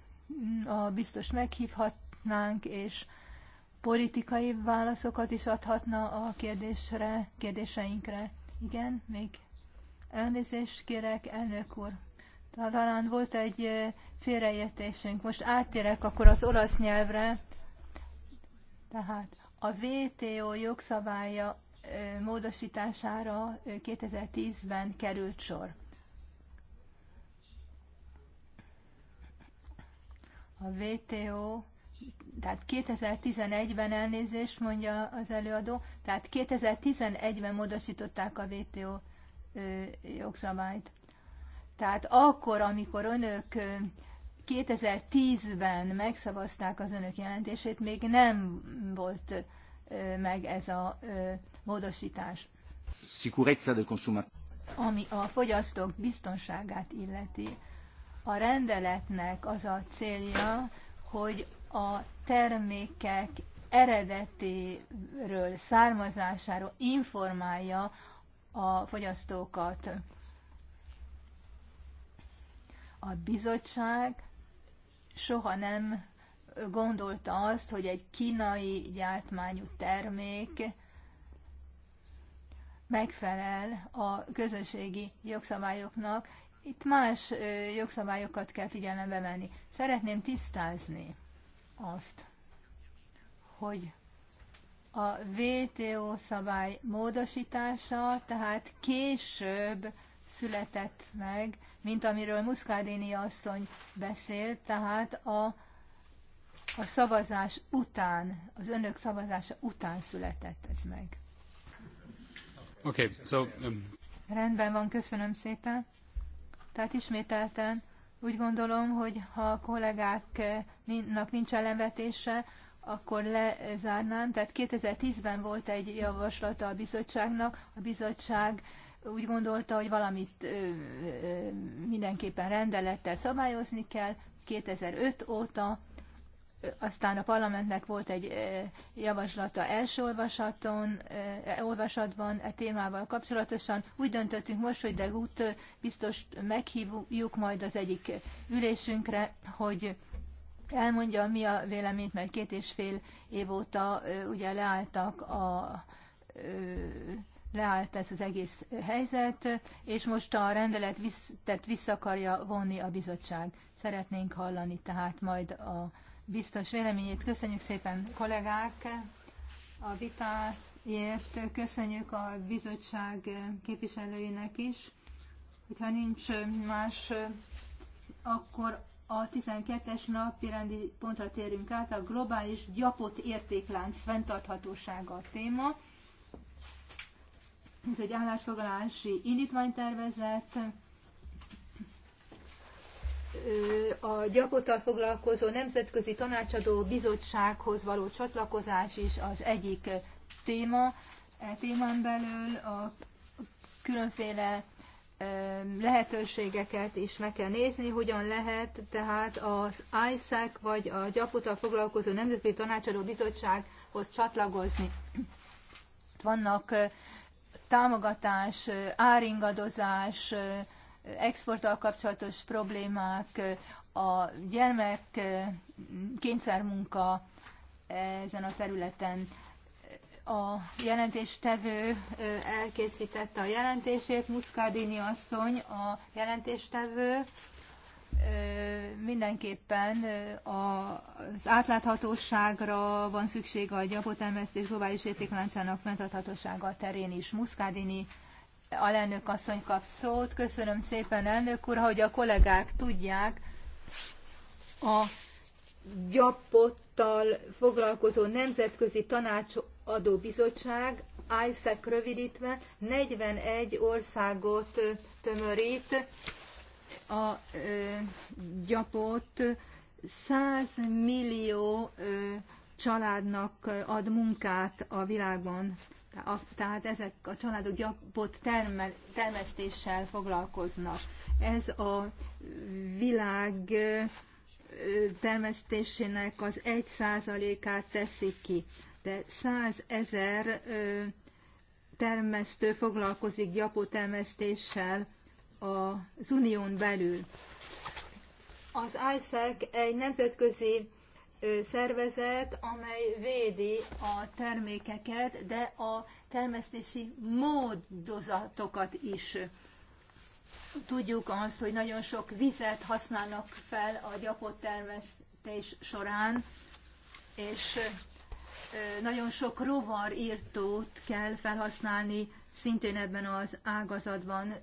mm, a biztos meghívhatnánk, és politikai válaszokat is adhatna a kérdésre, kérdéseinkre. Igen, még elnézést kérek, elnök úr. Talán volt egy félreértésünk. Most áttérek akkor az olasz nyelvre. Tehát a WTO jogszabálya módosítására 2010-ben került sor. A WTO, tehát 2011-ben elnézést mondja az előadó, tehát 2011-ben módosították a WTO jogszabályt. Tehát akkor, amikor önök 2010-ben megszavazták az önök jelentését, még nem volt meg ez a módosítás. Sicurezza del Ami a fogyasztók biztonságát illeti, a rendeletnek az a célja, hogy a termékek eredetéről, származásáról informálja a fogyasztókat. A bizottság soha nem gondolta azt, hogy egy kínai gyártmányú termék megfelel a közösségi jogszabályoknak. Itt más jogszabályokat kell figyelembe venni. Szeretném tisztázni azt, hogy a VTO szabály módosítása, tehát később született meg, mint amiről Muszkádéni asszony beszélt, tehát a, a szavazás után, az önök szavazása után született ez meg. Oké, okay, so... Um... Rendben van, köszönöm szépen. Tehát ismételten úgy gondolom, hogy ha a kollégáknak nincs ellenvetése, akkor lezárnám. Tehát 2010-ben volt egy javaslata a bizottságnak, a bizottság úgy gondolta, hogy valamit mindenképpen rendelettel szabályozni kell. 2005 óta aztán a parlamentnek volt egy javaslata első olvasaton, e, olvasatban e témával kapcsolatosan. Úgy döntöttünk most, hogy de út biztos meghívjuk majd az egyik ülésünkre, hogy elmondja, mi a véleményt, mert két és fél év óta ugye leálltak a leállt ez az egész helyzet, és most a rendelet visz, tehát vissza akarja vonni a bizottság. Szeretnénk hallani tehát majd a biztos véleményét. Köszönjük szépen kollégák a vitáért, köszönjük a bizottság képviselőinek is. Hogyha nincs más, akkor a 12-es napi rendi pontra térünk át, a globális gyapott értéklánc fenntarthatósága a téma. Ez egy állásfoglalási indítványtervezet, a gyakorlattal foglalkozó Nemzetközi Tanácsadó Bizottsághoz való csatlakozás is az egyik téma. E témán belül a különféle lehetőségeket is meg kell nézni, hogyan lehet tehát az ISAC vagy a gyapottal foglalkozó Nemzetközi Tanácsadó Bizottsághoz csatlakozni. Vannak támogatás, áringadozás, exporttal kapcsolatos problémák, a gyermek kényszermunka ezen a területen. A jelentéstevő elkészítette a jelentését, Muszkádini asszony a jelentéstevő, mindenképpen az átláthatóságra van szükség a gyapotelmesztés globális értékláncának a terén is. Muszkádini alelnök asszony kap szót. Köszönöm szépen, elnök úr, hogy a kollégák tudják, a gyapottal foglalkozó Nemzetközi Tanácsadó Bizottság, ISEC rövidítve, 41 országot tömörít, a gyapot 100 millió családnak ad munkát a világban. Tehát ezek a családok gyapot termel, termesztéssel foglalkoznak. Ez a világ termesztésének az egy százalékát teszik ki. De 100 ezer termesztő foglalkozik gyapotermesztéssel az unión belül. Az ISEC egy nemzetközi szervezet, amely védi a termékeket, de a termesztési módozatokat is. Tudjuk azt, hogy nagyon sok vizet használnak fel a gyapott termesztés során, és nagyon sok rovarírtót kell felhasználni szintén ebben az ágazatban.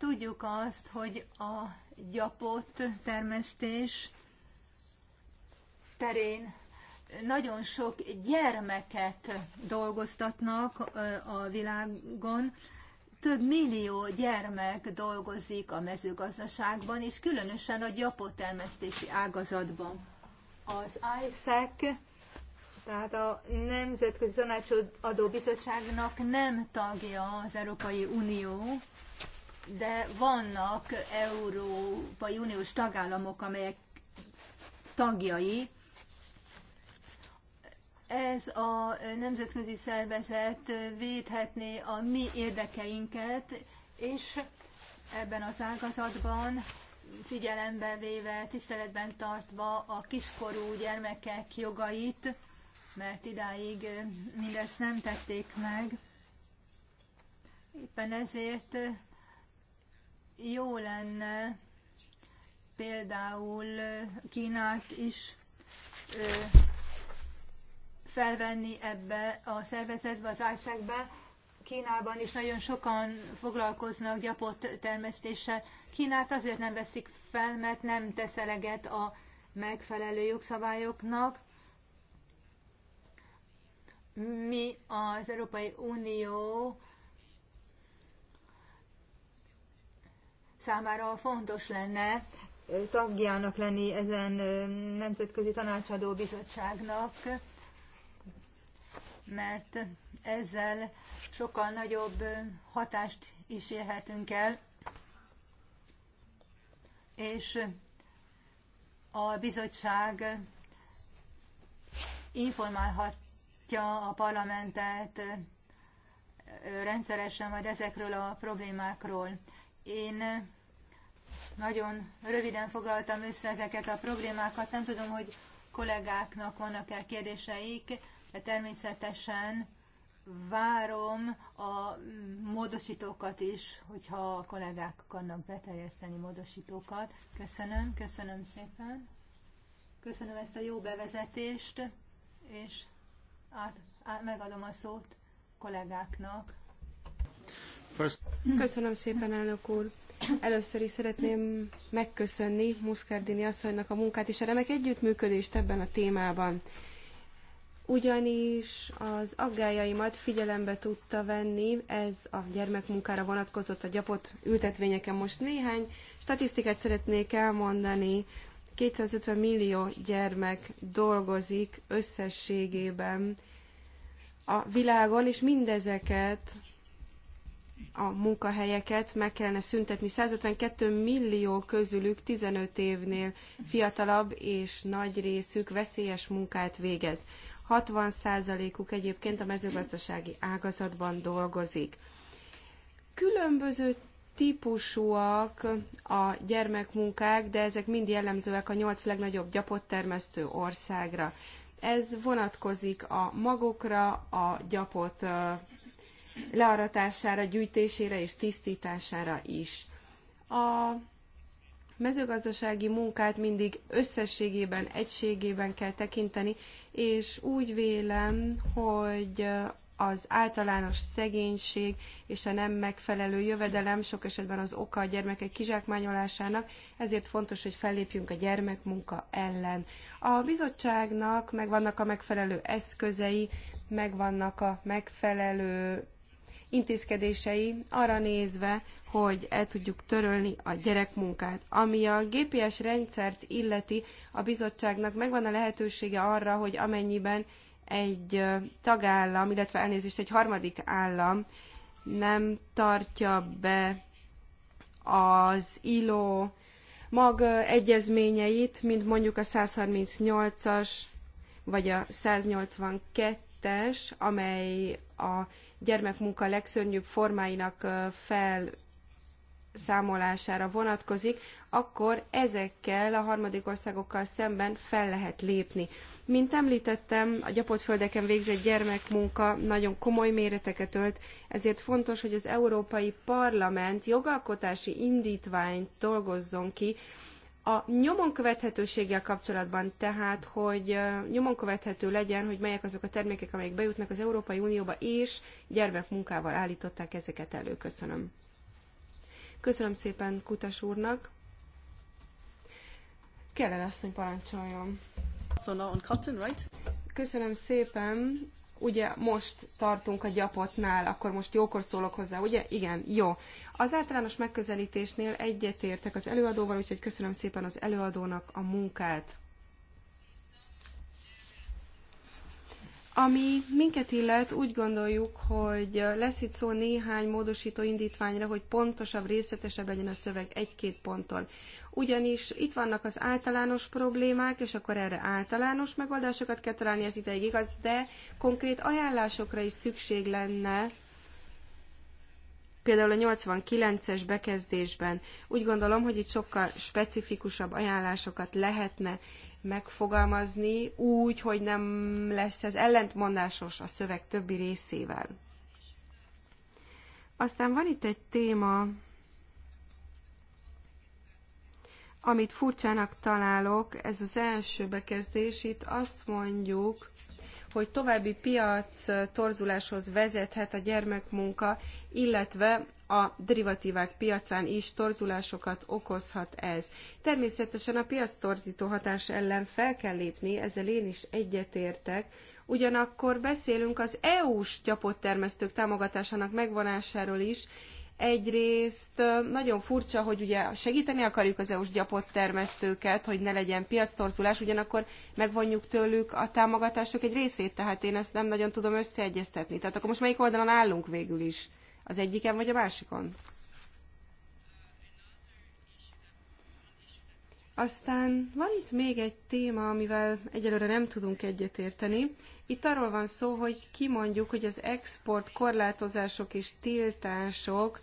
Tudjuk azt, hogy a gyapott termesztés terén nagyon sok gyermeket dolgoztatnak a világon, több millió gyermek dolgozik a mezőgazdaságban, és különösen a gyapotelmesztési ágazatban. Az ISEC, tehát a Nemzetközi Tanácsadó Bizottságnak nem tagja az Európai Unió, de vannak Európai Uniós tagállamok, amelyek tagjai. Ez a nemzetközi szervezet védhetné a mi érdekeinket, és ebben az ágazatban figyelembe véve, tiszteletben tartva a kiskorú gyermekek jogait, mert idáig mindezt nem tették meg. Éppen ezért jó lenne például Kínát is felvenni ebbe a szervezetbe, az ISEC-be. Kínában is nagyon sokan foglalkoznak gyapott termesztéssel. Kínát azért nem veszik fel, mert nem tesz eleget a megfelelő jogszabályoknak. Mi az Európai Unió számára fontos lenne tagjának lenni ezen nemzetközi tanácsadó bizottságnak, mert ezzel sokkal nagyobb hatást is érhetünk el, és a bizottság informálhatja a parlamentet rendszeresen majd ezekről a problémákról. Én nagyon röviden foglaltam össze ezeket a problémákat. Nem tudom, hogy kollégáknak vannak-e kérdéseik, de természetesen várom a módosítókat is, hogyha a kollégák akarnak beterjeszteni módosítókat. Köszönöm, köszönöm szépen. Köszönöm ezt a jó bevezetést, és át, át megadom a szót kollégáknak. Köszönöm szépen, elnök úr. Először is szeretném megköszönni Muscardini asszonynak a munkát és a remek együttműködést ebben a témában. Ugyanis az aggájaimat figyelembe tudta venni, ez a gyermekmunkára vonatkozott a gyapot ültetvényeken most néhány. Statisztikát szeretnék elmondani. 250 millió gyermek dolgozik összességében a világon, és mindezeket a munkahelyeket meg kellene szüntetni. 152 millió közülük 15 évnél fiatalabb és nagy részük veszélyes munkát végez. 60 százalékuk egyébként a mezőgazdasági ágazatban dolgozik. Különböző típusúak a gyermekmunkák, de ezek mind jellemzőek a nyolc legnagyobb termesztő országra. Ez vonatkozik a magokra, a gyapot learatására, gyűjtésére és tisztítására is. A mezőgazdasági munkát mindig összességében, egységében kell tekinteni, és úgy vélem, hogy az általános szegénység és a nem megfelelő jövedelem sok esetben az oka a gyermekek kizsákmányolásának, ezért fontos, hogy fellépjünk a gyermekmunka ellen. A bizottságnak megvannak a megfelelő eszközei, megvannak a megfelelő intézkedései arra nézve, hogy el tudjuk törölni a gyerekmunkát. Ami a GPS rendszert illeti, a bizottságnak megvan a lehetősége arra, hogy amennyiben egy tagállam, illetve elnézést egy harmadik állam nem tartja be az ILO mag egyezményeit, mint mondjuk a 138-as vagy a 182-es, amely a gyermekmunka legszörnyűbb formáinak fel számolására vonatkozik, akkor ezekkel a harmadik országokkal szemben fel lehet lépni. Mint említettem, a gyapotföldeken végzett gyermekmunka nagyon komoly méreteket ölt, ezért fontos, hogy az Európai Parlament jogalkotási indítványt dolgozzon ki, a nyomon követhetőséggel kapcsolatban, tehát, hogy nyomon követhető legyen, hogy melyek azok a termékek, amelyek bejutnak az Európai Unióba, és gyermekmunkával állították ezeket elő. Köszönöm. Köszönöm szépen Kutas úrnak. Kellen asszony parancsoljon. Köszönöm szépen ugye most tartunk a gyapotnál, akkor most jókor szólok hozzá, ugye? Igen, jó. Az általános megközelítésnél egyetértek az előadóval, úgyhogy köszönöm szépen az előadónak a munkát. Ami minket illet, úgy gondoljuk, hogy lesz itt szó néhány módosító indítványra, hogy pontosabb, részletesebb legyen a szöveg egy-két ponttól. Ugyanis itt vannak az általános problémák, és akkor erre általános megoldásokat kell találni, ez ideig igaz, de konkrét ajánlásokra is szükség lenne például a 89-es bekezdésben. Úgy gondolom, hogy itt sokkal specifikusabb ajánlásokat lehetne megfogalmazni úgy, hogy nem lesz ez ellentmondásos a szöveg többi részével. Aztán van itt egy téma, amit furcsának találok, ez az első bekezdés, itt azt mondjuk, hogy további piac torzuláshoz vezethet a gyermekmunka, illetve a derivatívák piacán is torzulásokat okozhat ez. Természetesen a piac torzító hatás ellen fel kell lépni, ezzel én is egyetértek, ugyanakkor beszélünk az EU-s gyapottermesztők támogatásának megvonásáról is, Egyrészt nagyon furcsa, hogy ugye segíteni akarjuk az EU-s termesztőket, hogy ne legyen piactorzulás, ugyanakkor megvonjuk tőlük a támogatások egy részét, tehát én ezt nem nagyon tudom összeegyeztetni. Tehát akkor most melyik oldalon állunk végül is? Az egyiken vagy a másikon? Aztán van itt még egy téma, amivel egyelőre nem tudunk egyetérteni. Itt arról van szó, hogy kimondjuk, hogy az export korlátozások és tiltások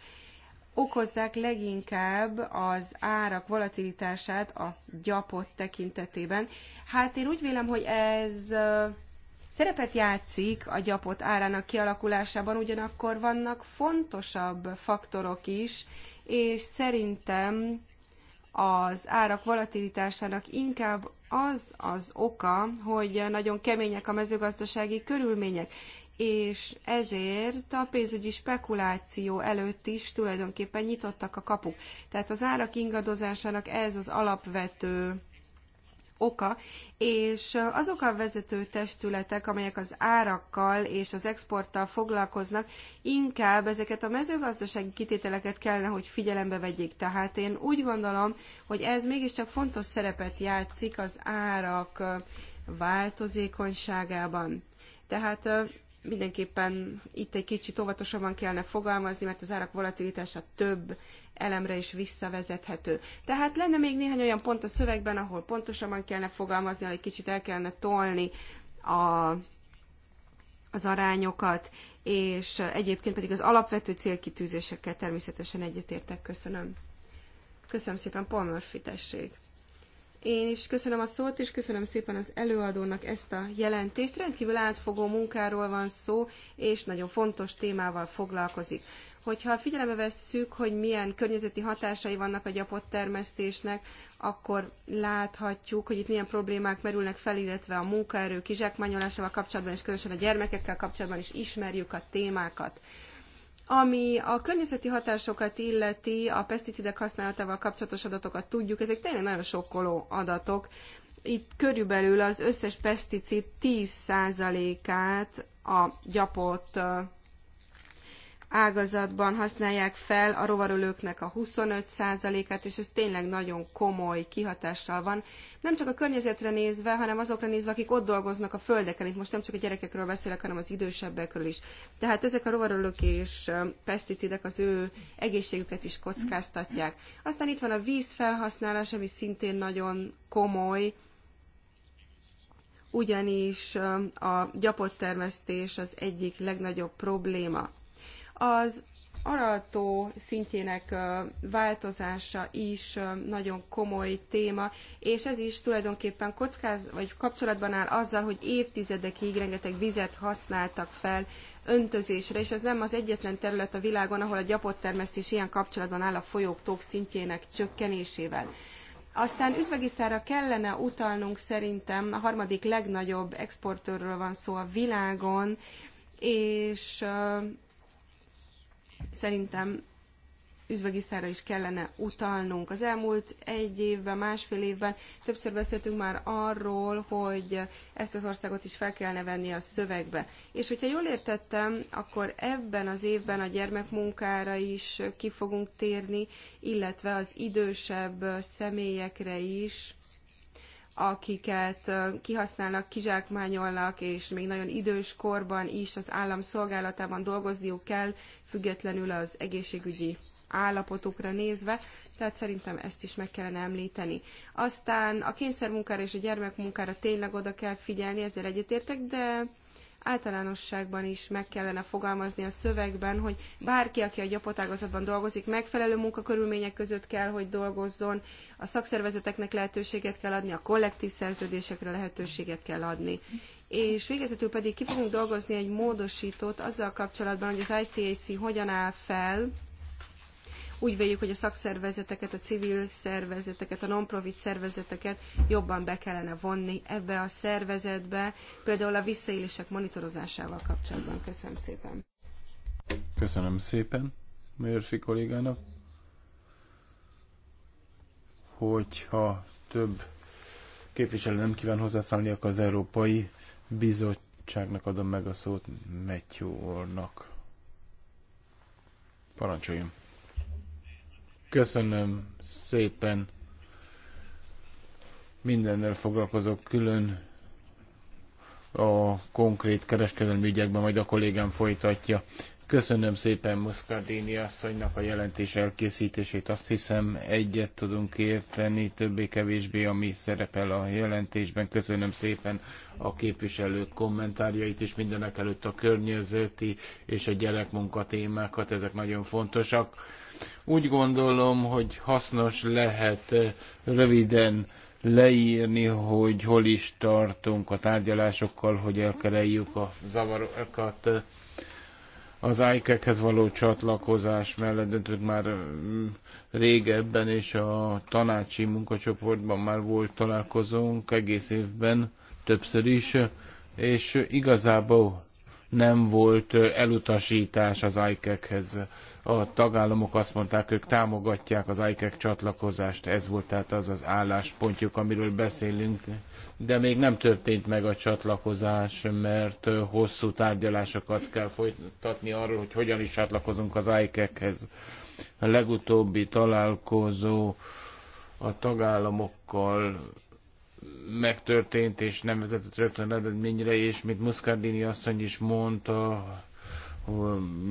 okozzák leginkább az árak volatilitását a gyapot tekintetében. Hát én úgy vélem, hogy ez szerepet játszik a gyapot árának kialakulásában, ugyanakkor vannak fontosabb faktorok is, és szerintem az árak volatilitásának inkább az az oka, hogy nagyon kemények a mezőgazdasági körülmények, és ezért a pénzügyi spekuláció előtt is tulajdonképpen nyitottak a kapuk. Tehát az árak ingadozásának ez az alapvető oka, és azok a vezető testületek, amelyek az árakkal és az exporttal foglalkoznak, inkább ezeket a mezőgazdasági kitételeket kellene, hogy figyelembe vegyék. Tehát én úgy gondolom, hogy ez mégiscsak fontos szerepet játszik az árak változékonyságában. Tehát mindenképpen itt egy kicsit óvatosabban kellene fogalmazni, mert az árak volatilitása több elemre is visszavezethető. Tehát lenne még néhány olyan pont a szövegben, ahol pontosabban kellene fogalmazni, ahol egy kicsit el kellene tolni a, az arányokat, és egyébként pedig az alapvető célkitűzésekkel természetesen egyetértek. Köszönöm. Köszönöm szépen, Paul Murphy, tessék. Én is köszönöm a szót, és köszönöm szépen az előadónak ezt a jelentést. Rendkívül átfogó munkáról van szó, és nagyon fontos témával foglalkozik. Hogyha figyelembe vesszük, hogy milyen környezeti hatásai vannak a gyapott termesztésnek, akkor láthatjuk, hogy itt milyen problémák merülnek fel, illetve a munkaerő kizsákmányolásával kapcsolatban, és különösen a gyermekekkel kapcsolatban is ismerjük a témákat. Ami a környezeti hatásokat illeti, a peszticidek használatával kapcsolatos adatokat tudjuk, ezek tényleg nagyon sokkoló adatok. Itt körülbelül az összes peszticid 10%-át a gyapott ágazatban használják fel a rovarölőknek a 25%-át, és ez tényleg nagyon komoly kihatással van. Nem csak a környezetre nézve, hanem azokra nézve, akik ott dolgoznak a földeken. Itt most nem csak a gyerekekről beszélek, hanem az idősebbekről is. Tehát ezek a rovarölők és peszticidek az ő egészségüket is kockáztatják. Aztán itt van a vízfelhasználás, ami szintén nagyon komoly, ugyanis a gyapottermesztés az egyik legnagyobb probléma. Az arató szintjének változása is nagyon komoly téma, és ez is tulajdonképpen kockáz, vagy kapcsolatban áll azzal, hogy évtizedekig rengeteg vizet használtak fel öntözésre, és ez nem az egyetlen terület a világon, ahol a gyapottermesztés ilyen kapcsolatban áll a folyók tók szintjének csökkenésével. Aztán Üzbegisztára kellene utalnunk szerintem, a harmadik legnagyobb exportőrről van szó a világon, és Szerintem üzvegisztára is kellene utalnunk. Az elmúlt egy évben, másfél évben többször beszéltünk már arról, hogy ezt az országot is fel kellene venni a szövegbe. És hogyha jól értettem, akkor ebben az évben a gyermekmunkára is ki fogunk térni, illetve az idősebb személyekre is akiket kihasználnak, kizsákmányolnak, és még nagyon idős korban is az állam szolgálatában dolgozniuk kell, függetlenül az egészségügyi állapotukra nézve, tehát szerintem ezt is meg kellene említeni. Aztán a kényszermunkára és a gyermekmunkára tényleg oda kell figyelni, ezzel egyetértek, de általánosságban is meg kellene fogalmazni a szövegben, hogy bárki, aki a gyapotágazatban dolgozik, megfelelő munkakörülmények között kell, hogy dolgozzon, a szakszervezeteknek lehetőséget kell adni, a kollektív szerződésekre lehetőséget kell adni. És végezetül pedig ki fogunk dolgozni egy módosítót azzal kapcsolatban, hogy az ICAC hogyan áll fel, úgy véljük, hogy a szakszervezeteket, a civil szervezeteket, a non-profit szervezeteket jobban be kellene vonni ebbe a szervezetbe, például a visszaélések monitorozásával kapcsolatban. Köszönöm szépen. Köszönöm szépen Mérfi kollégának. Hogyha több képviselő nem kíván hozzászállni, akkor az Európai Bizottságnak adom meg a szót Matthew Ornak. Parancsoljon! Köszönöm szépen. Mindennel foglalkozok külön a konkrét kereskedelmi ügyekben, majd a kollégám folytatja. Köszönöm szépen Muscardini asszonynak a jelentés elkészítését. Azt hiszem egyet tudunk érteni, többé-kevésbé, ami szerepel a jelentésben. Köszönöm szépen a képviselők kommentárjait is, mindenek előtt a környezeti és a gyerekmunka témákat, ezek nagyon fontosak. Úgy gondolom, hogy hasznos lehet eh, röviden leírni, hogy hol is tartunk a tárgyalásokkal, hogy elkereljük a zavarokat. Az ICEC-hez való csatlakozás mellett döntött már eh, régebben, és a tanácsi munkacsoportban már volt találkozónk egész évben többször is, és igazából nem volt elutasítás az ICEC-hez. A tagállamok azt mondták, ők támogatják az ICEC e csatlakozást, ez volt tehát az az álláspontjuk, amiről beszélünk, de még nem történt meg a csatlakozás, mert hosszú tárgyalásokat kell folytatni arról, hogy hogyan is csatlakozunk az ICEC-hez. A legutóbbi találkozó a tagállamokkal megtörtént, és nem vezetett rögtön eredményre, és mint Muscardini asszony is mondta,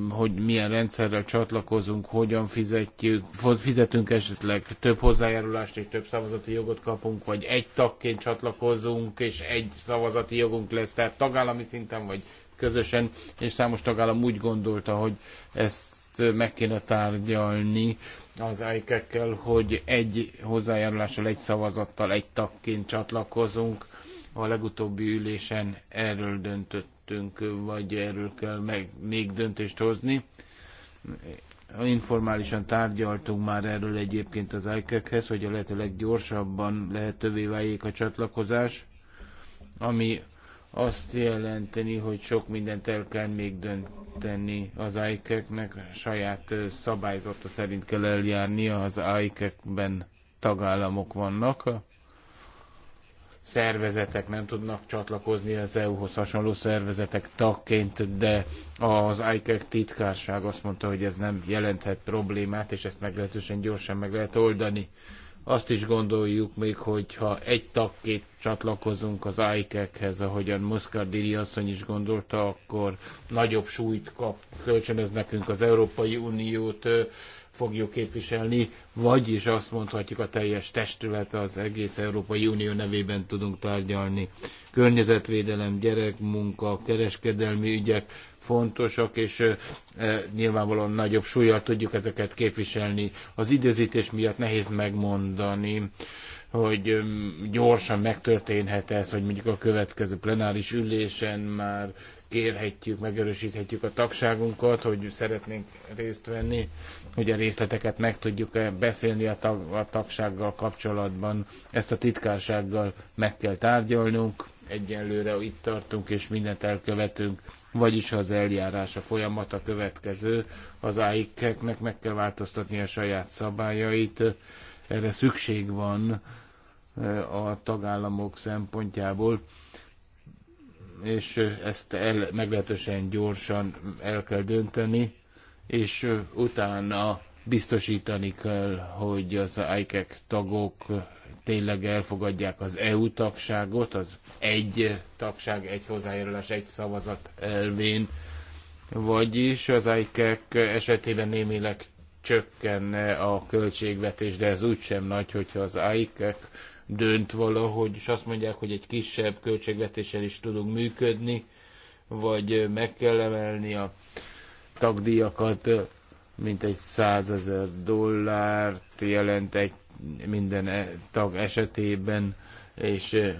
hogy milyen rendszerrel csatlakozunk, hogyan fizetjük, fizetünk esetleg több hozzájárulást, és több szavazati jogot kapunk, vagy egy tagként csatlakozunk, és egy szavazati jogunk lesz, tehát tagállami szinten, vagy közösen, és számos tagállam úgy gondolta, hogy ezt meg kéne tárgyalni az ájkekkel, hogy egy hozzájárulással, egy szavazattal, egy tagként csatlakozunk. A legutóbbi ülésen erről döntöttünk, vagy erről kell meg még döntést hozni. Informálisan tárgyaltunk már erről egyébként az ájkekhez, hogy a lehető leggyorsabban lehetővé váljék a csatlakozás, ami azt jelenteni, hogy sok mindent el kell még dönteni az ICEC-nek, saját szabályzata szerint kell eljárnia, az ICEC-ben tagállamok vannak, szervezetek nem tudnak csatlakozni az EU-hoz hasonló szervezetek tagként, de az ICAC e titkárság azt mondta, hogy ez nem jelenthet problémát, és ezt meglehetősen gyorsan meg lehet oldani. Azt is gondoljuk még, hogyha egy tagként csatlakozunk az ICEC-hez, ahogyan Muscardini asszony is gondolta, akkor nagyobb súlyt kap, kölcsönöz nekünk az Európai Uniót, fogjuk képviselni, vagyis azt mondhatjuk, a teljes testület az egész Európai Unió nevében tudunk tárgyalni. Környezetvédelem, gyerekmunka, kereskedelmi ügyek, fontosak, és nyilvánvalóan nagyobb súlyjal tudjuk ezeket képviselni. Az időzítés miatt nehéz megmondani hogy gyorsan megtörténhet ez, hogy mondjuk a következő plenáris ülésen már kérhetjük, megerősíthetjük a tagságunkat, hogy szeretnénk részt venni, hogy a részleteket meg tudjuk -e beszélni a, tag, a tagsággal kapcsolatban. Ezt a titkársággal meg kell tárgyalnunk, egyenlőre itt tartunk, és mindent elkövetünk vagyis az eljárás, a folyamat a következő, az AIK-eknek meg kell változtatni a saját szabályait, erre szükség van eh, a tagállamok szempontjából, és eh, ezt el, meglehetősen gyorsan el kell dönteni, és eh, utána biztosítani kell, hogy az ICAC tagok tényleg elfogadják az EU tagságot, az egy tagság, egy hozzájárulás, egy szavazat elvén, vagyis az IKEK esetében némileg csökkenne a költségvetés, de ez úgysem nagy, hogyha az IKEK dönt valahogy, és azt mondják, hogy egy kisebb költségvetéssel is tudunk működni, vagy meg kell emelni a tagdíjakat, mint egy százezer dollárt jelent egy minden e- tag esetében, és e,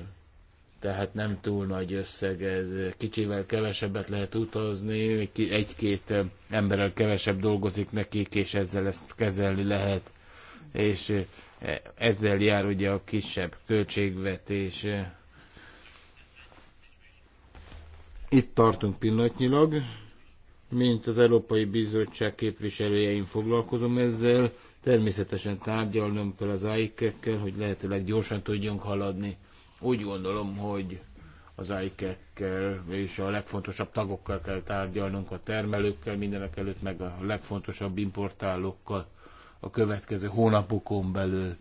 tehát nem túl nagy összeg, ez kicsivel kevesebbet lehet utazni, egy-két e, emberrel kevesebb dolgozik nekik, és ezzel ezt kezelni lehet, és ezzel jár ugye a kisebb költségvetés. Itt tartunk pillanatnyilag, mint az Európai Bizottság képviselője, foglalkozom ezzel, Természetesen tárgyalnom kell az AIKekkel, hogy lehetőleg gyorsan tudjunk haladni. Úgy gondolom, hogy az AIKekkel és a legfontosabb tagokkal kell tárgyalnunk, a termelőkkel, mindenek előtt meg a legfontosabb importálókkal a következő hónapokon belül,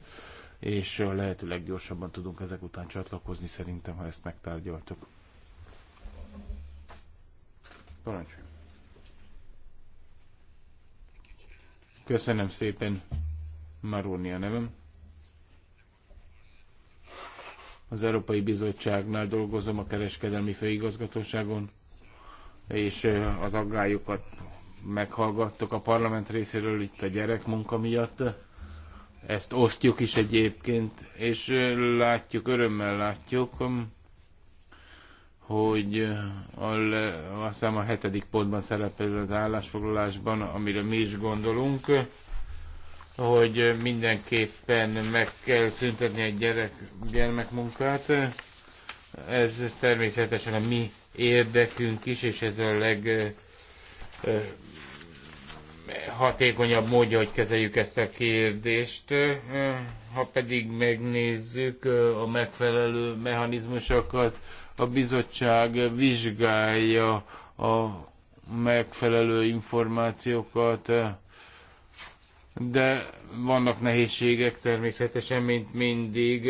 és lehetőleg gyorsabban tudunk ezek után csatlakozni szerintem, ha ezt megtárgyaltuk. Parancsolj! Köszönöm szépen, Maroni a nevem. Az Európai Bizottságnál dolgozom a kereskedelmi főigazgatóságon, és az aggályokat meghallgattok a parlament részéről itt a gyerekmunka miatt. Ezt osztjuk is egyébként, és látjuk, örömmel látjuk, hogy a, azt hiszem a hetedik pontban szerepel az állásfoglalásban, amire mi is gondolunk, hogy mindenképpen meg kell szüntetni a gyerek, gyermekmunkát. Ez természetesen a mi érdekünk is, és ez a leg hatékonyabb módja, hogy kezeljük ezt a kérdést. Ha pedig megnézzük a megfelelő mechanizmusokat, a bizottság vizsgálja a megfelelő információkat, de vannak nehézségek természetesen, mint mindig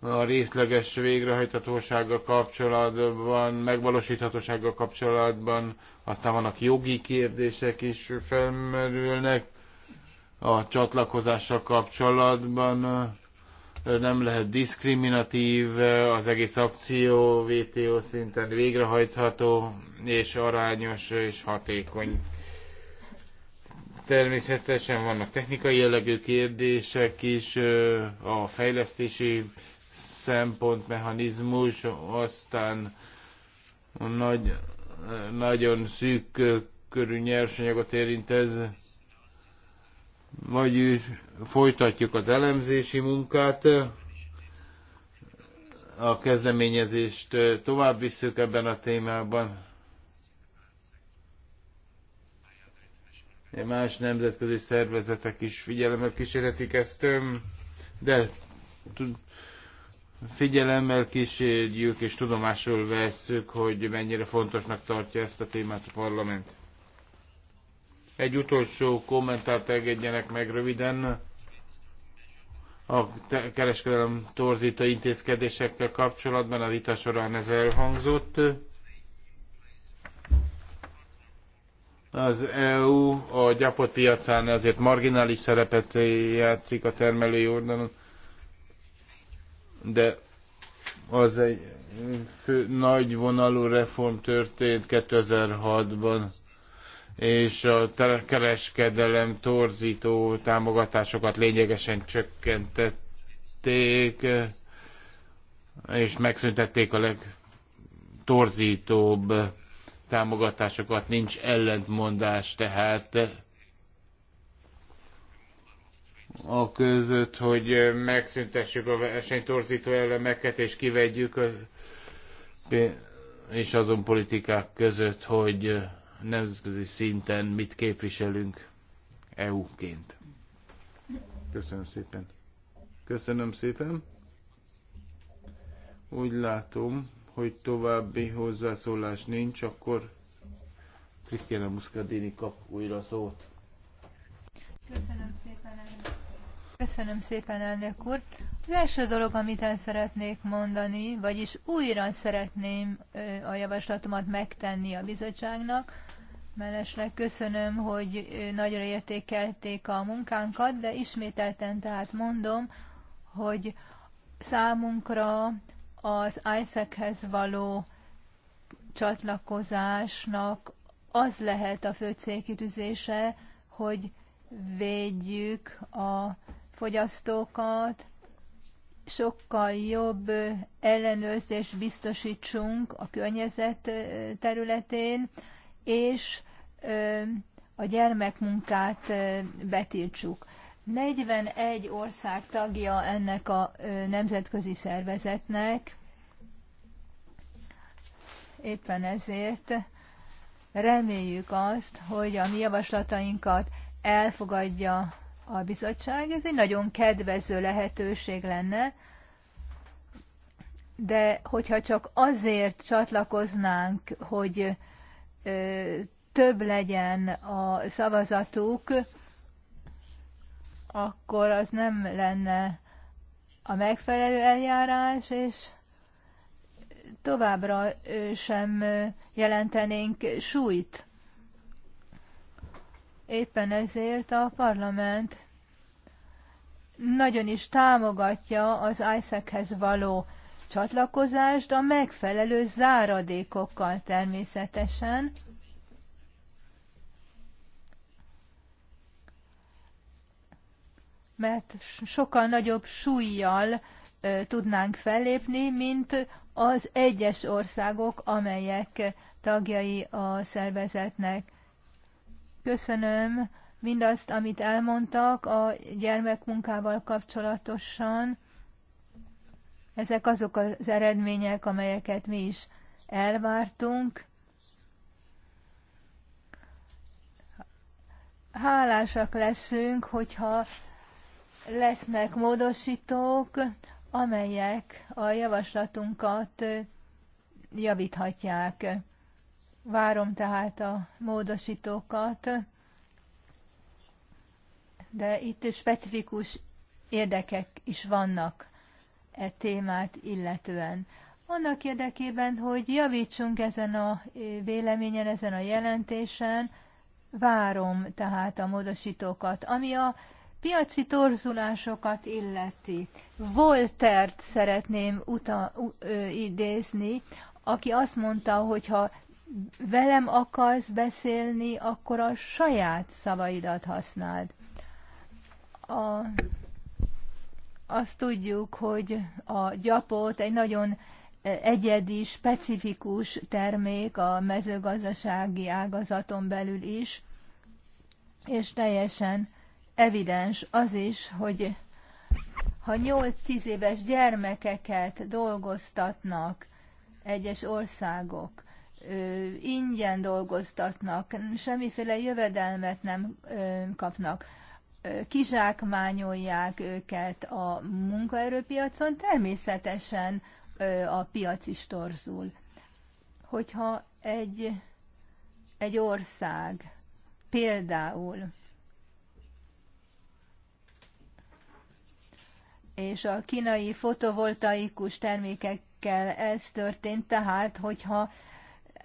a részleges végrehajthatósága kapcsolatban, megvalósíthatósággal kapcsolatban, aztán vannak jogi kérdések is felmerülnek a csatlakozással kapcsolatban nem lehet diszkriminatív, az egész akció VTO szinten végrehajtható, és arányos és hatékony. Természetesen vannak technikai jellegű kérdések is, a fejlesztési szempontmechanizmus, aztán nagy, nagyon szűk körű nyersanyagot érint ez, vagyis folytatjuk az elemzési munkát, a kezdeményezést tovább visszük ebben a témában. Más nemzetközi szervezetek is figyelemmel kísérhetik ezt, de figyelemmel kísérjük és tudomásul vesszük, hogy mennyire fontosnak tartja ezt a témát a parlament. Egy utolsó kommentárt engedjenek meg röviden a kereskedelem torzító intézkedésekkel kapcsolatban a vita során ez elhangzott. Az EU a gyapott piacán azért marginális szerepet játszik a termelői oldalon, de az egy fő, nagy vonalú reform történt 2006-ban és a kereskedelem torzító támogatásokat lényegesen csökkentették, és megszüntették a legtorzítóbb támogatásokat, nincs ellentmondás, tehát a között, hogy megszüntessük a versenytorzító elemeket, és kivegyük, és azon politikák között, hogy nemzetközi szinten mit képviselünk EU-ként. Köszönöm szépen. Köszönöm szépen. Úgy látom, hogy további hozzászólás nincs, akkor Krisztiana Muscadini kap újra szót. Köszönöm szépen, elnök. Köszönöm szépen, elnök úr. Az első dolog, amit el szeretnék mondani, vagyis újra szeretném a javaslatomat megtenni a bizottságnak, Mellesleg köszönöm, hogy nagyra értékelték a munkánkat, de ismételten tehát mondom, hogy számunkra az ISEC-hez való csatlakozásnak az lehet a fő célkitűzése, hogy védjük a fogyasztókat, sokkal jobb ellenőrzést biztosítsunk a környezet területén, és a gyermekmunkát betiltsuk. 41 ország tagja ennek a nemzetközi szervezetnek, éppen ezért reméljük azt, hogy a mi javaslatainkat elfogadja a bizottság. Ez egy nagyon kedvező lehetőség lenne, de hogyha csak azért csatlakoznánk, hogy több legyen a szavazatuk, akkor az nem lenne a megfelelő eljárás, és továbbra sem jelentenénk súlyt. Éppen ezért a parlament nagyon is támogatja az ISEC-hez való csatlakozást a megfelelő záradékokkal természetesen. mert sokkal nagyobb súlyjal ö, tudnánk fellépni, mint az egyes országok, amelyek tagjai a szervezetnek. Köszönöm mindazt, amit elmondtak a gyermekmunkával kapcsolatosan. Ezek azok az eredmények, amelyeket mi is elvártunk. Hálásak leszünk, hogyha lesznek módosítók, amelyek a javaslatunkat javíthatják. Várom tehát a módosítókat, de itt specifikus érdekek is vannak e témát illetően. Annak érdekében, hogy javítsunk ezen a e, véleményen, ezen a jelentésen, várom tehát a módosítókat. Ami a piaci torzulásokat illeti, Voltert szeretném uta, ö, idézni, aki azt mondta, hogy ha velem akarsz beszélni, akkor a saját szavaidat használd. A azt tudjuk, hogy a gyapot egy nagyon e, egyedi, specifikus termék a mezőgazdasági ágazaton belül is, és teljesen evidens az is, hogy ha 8-10 éves gyermekeket dolgoztatnak egyes országok, ingyen dolgoztatnak, semmiféle jövedelmet nem kapnak, kizsákmányolják őket a munkaerőpiacon, természetesen a piac is torzul. Hogyha egy, egy ország például és a kínai fotovoltaikus termékekkel ez történt, tehát hogyha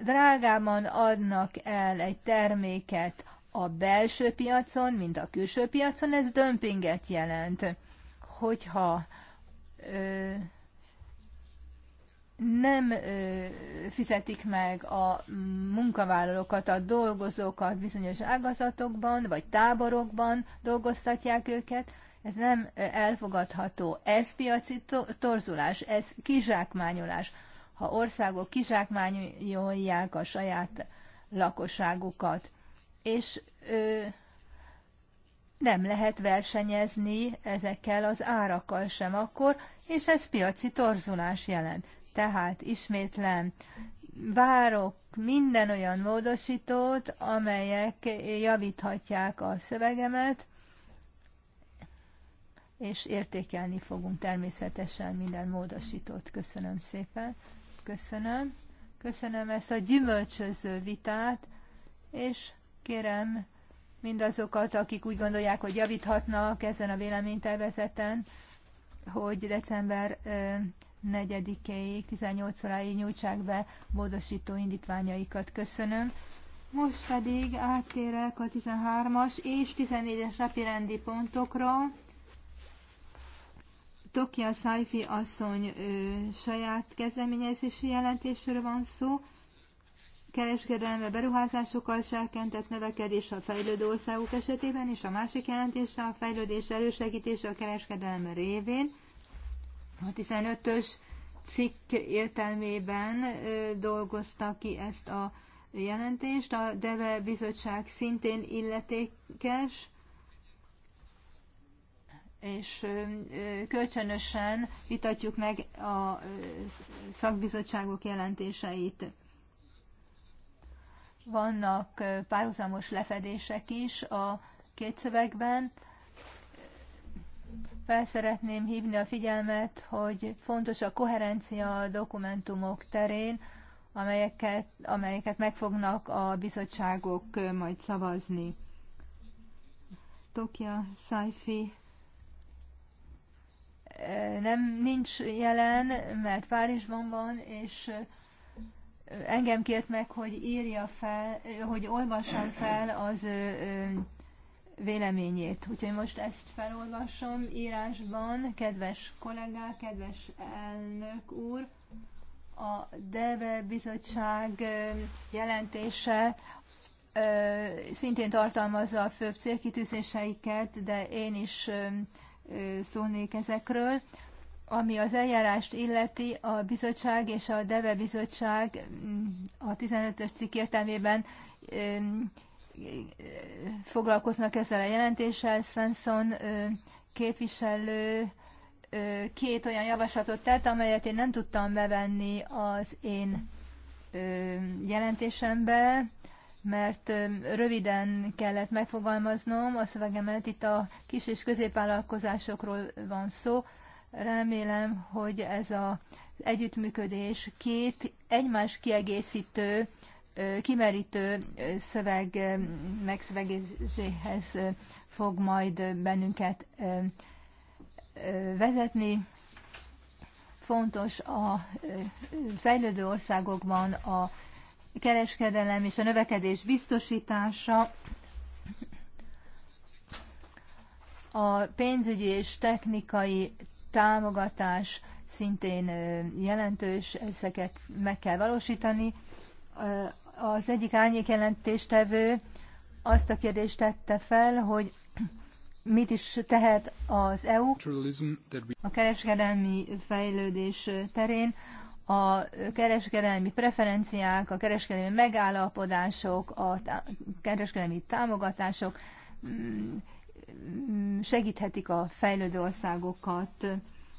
drágában adnak el egy terméket a belső piacon, mint a külső piacon, ez dömpinget jelent. Hogyha ö, nem ö, fizetik meg a munkavállalókat, a dolgozókat bizonyos ágazatokban, vagy táborokban dolgoztatják őket, ez nem elfogadható. Ez piaci torzulás, ez kizsákmányolás. Ha országok kizsákmányolják a saját lakosságukat, és nem lehet versenyezni ezekkel az árakkal sem akkor, és ez piaci torzulás jelent. Tehát ismétlen várok minden olyan módosítót, amelyek javíthatják a szövegemet, és értékelni fogunk természetesen minden módosítót. Köszönöm szépen. Köszönöm. Köszönöm ezt a gyümölcsöző vitát, és Kérem mindazokat, akik úgy gondolják, hogy javíthatnak ezen a véleménytervezeten, hogy december 4-éig, 18 óráig nyújtsák be módosító indítványaikat. Köszönöm. Most pedig áttérek a 13-as és 14-es napirendi pontokra. Tokia Szájfi asszony ö, saját kezdeményezési jelentésről van szó kereskedelme beruházásokkal serkentett növekedés a fejlődő országok esetében, és a másik jelentése a fejlődés elősegítése a kereskedelme révén. A 15-ös cikk értelmében dolgozta ki ezt a jelentést. A DEVE bizottság szintén illetékes, és kölcsönösen vitatjuk meg a szakbizottságok jelentéseit vannak párhuzamos lefedések is a két szövegben. Fel szeretném hívni a figyelmet, hogy fontos a koherencia a dokumentumok terén, amelyeket, amelyeket meg fognak a bizottságok majd szavazni. Tokia Saifi nem nincs jelen, mert Párizsban van, és engem kért meg, hogy írja fel, hogy olvassam fel az véleményét. Úgyhogy most ezt felolvasom írásban, kedves kollégák, kedves elnök úr, a DEVE bizottság jelentése szintén tartalmazza a főbb célkitűzéseiket, de én is szólnék ezekről. Ami az eljárást illeti, a bizottság és a DEVE bizottság mm, a 15-ös cikk értelmében mm, foglalkoznak ezzel a jelentéssel. Svensson mm, képviselő két olyan javaslatot tett, amelyet én nem tudtam bevenni az én jelentésembe, mert röviden kellett megfogalmaznom a szövegemet. Itt a kis és középvállalkozásokról van szó. Remélem, hogy ez a együttműködés két egymás kiegészítő, kimerítő szöveg megszövegéséhez fog majd bennünket vezetni. Fontos a fejlődő országokban a kereskedelem és a növekedés biztosítása, a pénzügyi és technikai támogatás szintén jelentős, ezeket meg kell valósítani. Az egyik árnyék jelentéstevő azt a kérdést tette fel, hogy mit is tehet az EU a kereskedelmi fejlődés terén, a kereskedelmi preferenciák, a kereskedelmi megállapodások, a kereskedelmi támogatások mm, Mm, segíthetik a fejlődő országokat.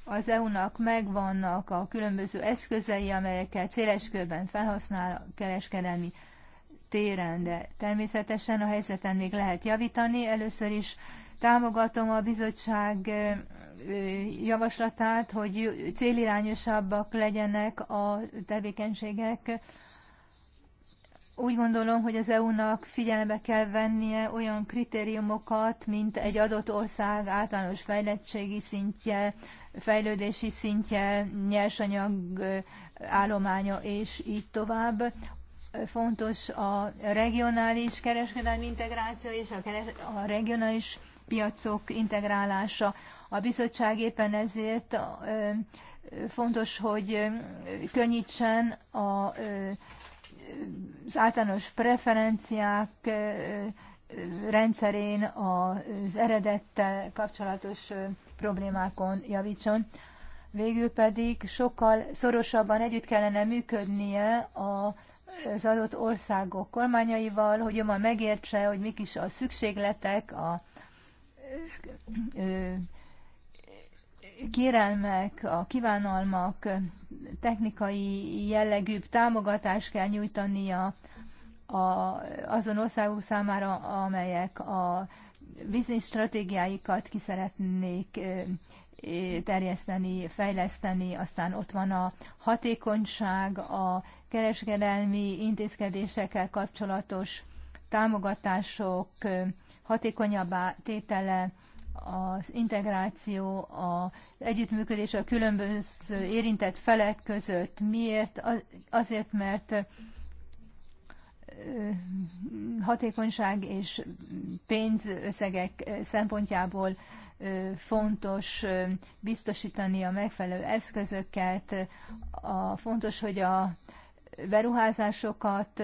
Az EU-nak megvannak a különböző eszközei, amelyeket széles körben felhasznál a kereskedelmi téren, de természetesen a helyzeten még lehet javítani. Először is támogatom a bizottság javaslatát, hogy célirányosabbak legyenek a tevékenységek úgy gondolom, hogy az EU-nak figyelembe kell vennie olyan kritériumokat, mint egy adott ország általános fejlettségi szintje, fejlődési szintje, nyersanyag állománya, és így tovább. Fontos a regionális kereskedelmi integráció és a, keres- a regionális piacok integrálása. A bizottság éppen ezért fontos, hogy könnyítsen a az általános preferenciák rendszerén az eredettel kapcsolatos problémákon javítson. Végül pedig sokkal szorosabban együtt kellene működnie a az adott országok kormányaival, hogy jobban megértse, hogy mik is a szükségletek, a kérelmek, a kívánalmak technikai jellegű támogatást kell nyújtania a, azon országok számára, amelyek a business stratégiáikat ki szeretnék terjeszteni, fejleszteni, aztán ott van a hatékonyság, a kereskedelmi intézkedésekkel kapcsolatos támogatások hatékonyabbá tétele, az integráció, az együttműködés a különböző érintett felek között. Miért? Azért, mert hatékonyság és pénzösszegek szempontjából fontos biztosítani a megfelelő eszközöket, a, fontos, hogy a beruházásokat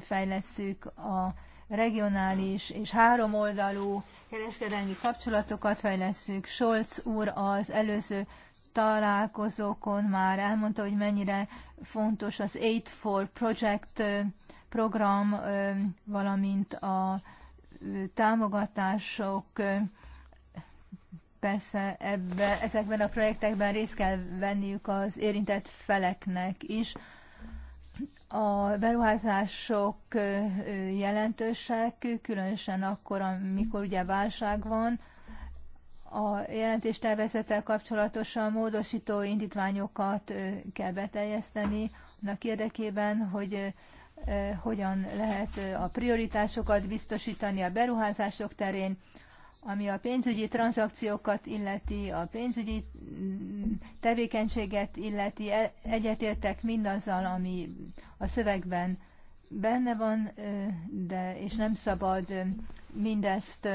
fejlesszük, a regionális és háromoldalú kereskedelmi kapcsolatokat fejlesszük. Scholz úr az előző találkozókon már elmondta, hogy mennyire fontos az Aid for Project program, valamint a támogatások persze ebbe, ezekben a projektekben részt kell venniük az érintett feleknek is. A beruházások jelentősek, különösen akkor, amikor ugye válság van. A jelentéstervezettel kapcsolatosan módosító indítványokat kell beteljeszteni, annak érdekében, hogy hogyan lehet a prioritásokat biztosítani a beruházások terén ami a pénzügyi tranzakciókat illeti, a pénzügyi mm, tevékenységet illeti, e, egyetértek mindazzal, ami a szövegben benne van, de és nem szabad mindezt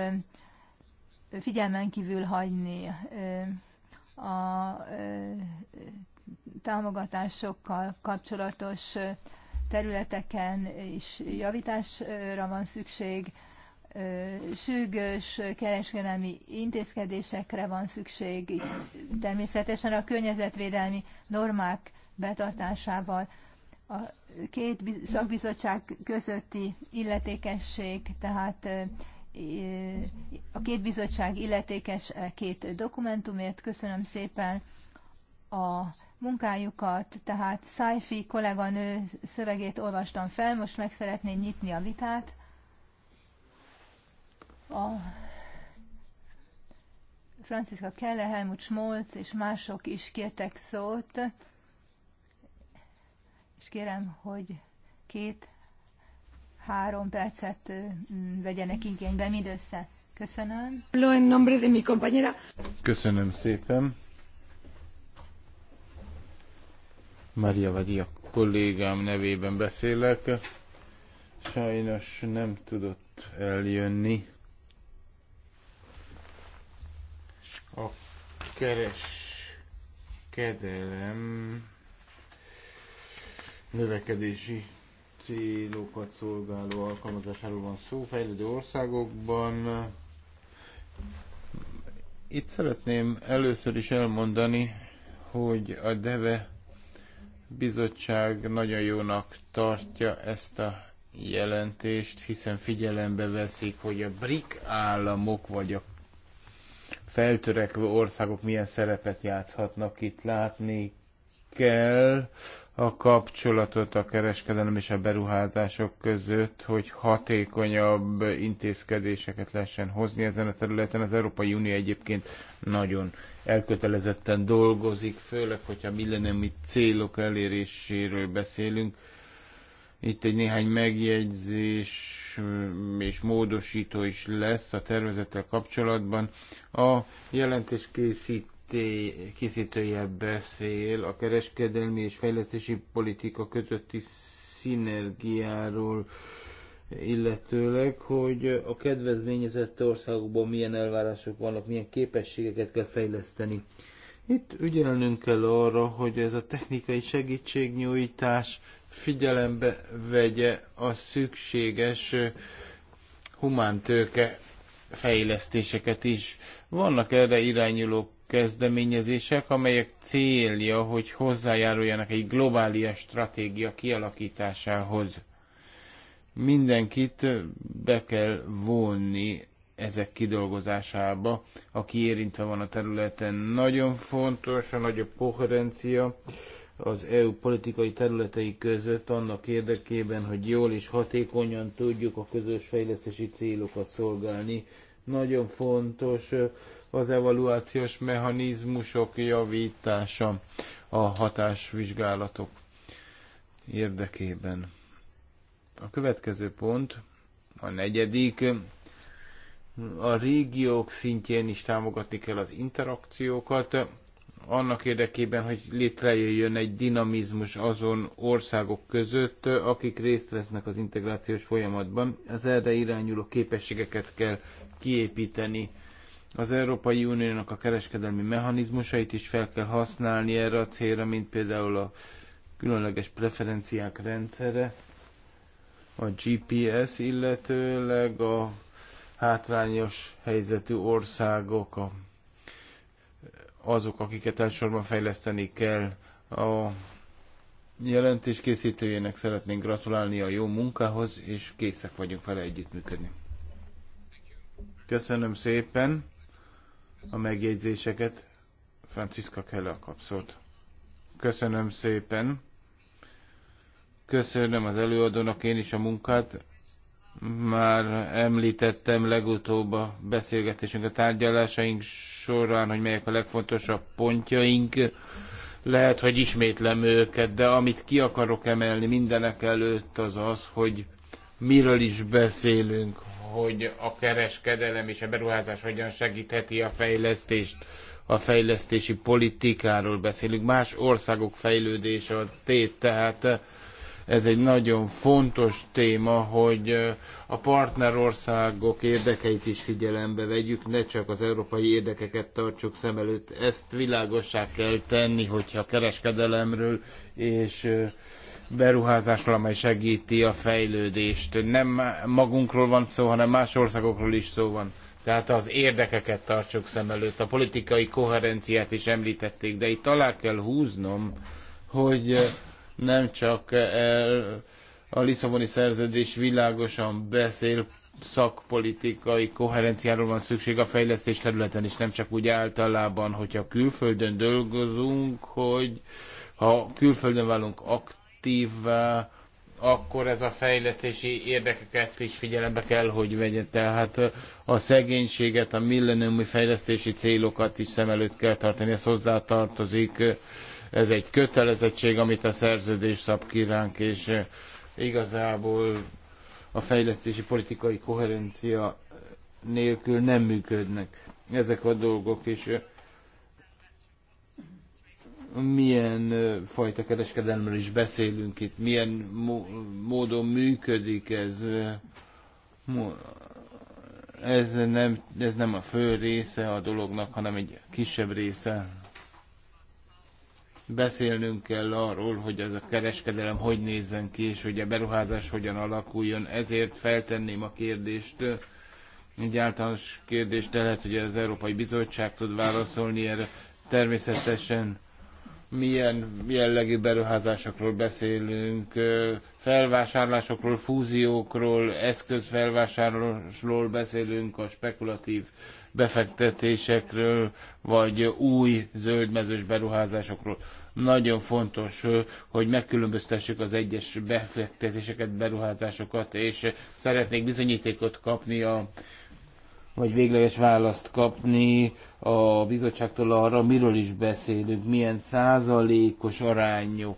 figyelmen kívül hagyni a támogatásokkal kapcsolatos területeken is javításra van szükség, sürgős kereskedelmi intézkedésekre van szükség, természetesen a környezetvédelmi normák betartásával a két szakbizottság közötti illetékesség, tehát a két bizottság illetékes e két dokumentumért. Köszönöm szépen a munkájukat, tehát Szájfi kolléganő szövegét olvastam fel, most meg szeretném nyitni a vitát a Franciska Kelle, Helmut Schmolz és mások is kértek szót, és kérem, hogy két-három percet vegyenek igénybe mindössze. Köszönöm. En nombre de mi compañera. Köszönöm szépen. Maria vagy a kollégám nevében beszélek. Sajnos nem tudott eljönni A kereskedelem növekedési célokat szolgáló alkalmazásáról van szó fejlődő országokban. Itt szeretném először is elmondani, hogy a DEVE bizottság nagyon jónak tartja ezt a jelentést, hiszen figyelembe veszik, hogy a BRIC államok vagy a feltörekvő országok milyen szerepet játszhatnak itt. Látni kell a kapcsolatot a kereskedelem és a beruházások között, hogy hatékonyabb intézkedéseket lehessen hozni ezen a területen. Az Európai Unió egyébként nagyon elkötelezetten dolgozik, főleg, hogyha millenemi célok eléréséről beszélünk itt egy néhány megjegyzés mm, és módosító is lesz a tervezettel kapcsolatban. A jelentés készít készítője beszél a kereskedelmi és fejlesztési politika kötötti szinergiáról, illetőleg, hogy a kedvezményezett országokban milyen elvárások vannak, milyen képességeket kell fejleszteni. Itt ügyelnünk kell arra, hogy ez a technikai segítségnyújtás figyelembe vegye a szükséges humántőke fejlesztéseket is. Vannak erre irányuló kezdeményezések, amelyek célja, hogy hozzájáruljanak egy globális stratégia kialakításához. Mindenkit be kell vonni ezek kidolgozásába, aki érintve van a területen. Nagyon fontos a nagyobb koherencia az EU politikai területei között annak érdekében, hogy jól és hatékonyan tudjuk a közös fejlesztési célokat szolgálni. Nagyon fontos az evaluációs mechanizmusok javítása a hatásvizsgálatok érdekében. A következő pont, a negyedik, a régiók szintjén is támogatni kell az interakciókat, annak érdekében, hogy létrejöjjön egy dinamizmus azon országok között, akik részt vesznek az integrációs folyamatban. Az erre irányuló képességeket kell kiépíteni. Az Európai Uniónak a kereskedelmi mechanizmusait is fel kell használni erre a célra, mint például a különleges preferenciák rendszere, a GPS, illetőleg a hátrányos helyzetű országok, a azok, akiket elsősorban fejleszteni kell. A jelentés készítőjének szeretnénk gratulálni a jó munkához, és készek vagyunk vele együttműködni. Köszönöm szépen a megjegyzéseket. Franciska Keller kap szót. Köszönöm szépen. Köszönöm az előadónak én is a munkát. Már említettem legutóbb a beszélgetésünk, a tárgyalásaink során, hogy melyek a legfontosabb pontjaink. Lehet, hogy ismétlem őket, de amit ki akarok emelni mindenek előtt az az, hogy miről is beszélünk, hogy a kereskedelem és a beruházás hogyan segítheti a fejlesztést, a fejlesztési politikáról beszélünk, más országok fejlődése a tét, tehát ez egy nagyon fontos téma, hogy a partnerországok érdekeit is figyelembe vegyük, ne csak az európai érdekeket tartsuk szem előtt. Ezt világossá kell tenni, hogyha kereskedelemről és beruházásról, amely segíti a fejlődést. Nem magunkról van szó, hanem más országokról is szó van. Tehát az érdekeket tartsuk szem előtt. A politikai koherenciát is említették, de itt alá kell húznom, hogy nem csak a Lisszaboni szerződés világosan beszél szakpolitikai koherenciáról van szükség a fejlesztés területen, és nem csak úgy általában, hogyha külföldön dolgozunk, hogy ha külföldön válunk aktív, akkor ez a fejlesztési érdekeket is figyelembe kell, hogy vegye. Tehát a szegénységet, a milleniumi fejlesztési célokat is szem előtt kell tartani, ez hozzátartozik tartozik ez egy kötelezettség, amit a szerződés szab ki ránk, és eh, igazából a fejlesztési politikai koherencia eh, nélkül nem működnek ezek a dolgok, és eh, milyen fajta kereskedelmről is beszélünk itt, milyen módon működik ez, ez nem, ez nem a fő része a dolognak, hanem egy kisebb része beszélnünk kell arról, hogy ez a kereskedelem hogy nézzen ki, és hogy a beruházás hogyan alakuljon. Ezért feltenném a kérdést, egy általános kérdést, de lehet, hogy az Európai Bizottság tud válaszolni erre. Természetesen milyen jellegű beruházásokról beszélünk, felvásárlásokról, fúziókról, eszközfelvásárlásról beszélünk, a spekulatív befektetésekről, vagy új zöldmezős beruházásokról. Nagyon fontos, hogy megkülönböztessük az egyes befektetéseket, beruházásokat, és szeretnék bizonyítékot kapni a vagy végleges választ kapni a bizottságtól arra, miről is beszélünk, milyen százalékos arányok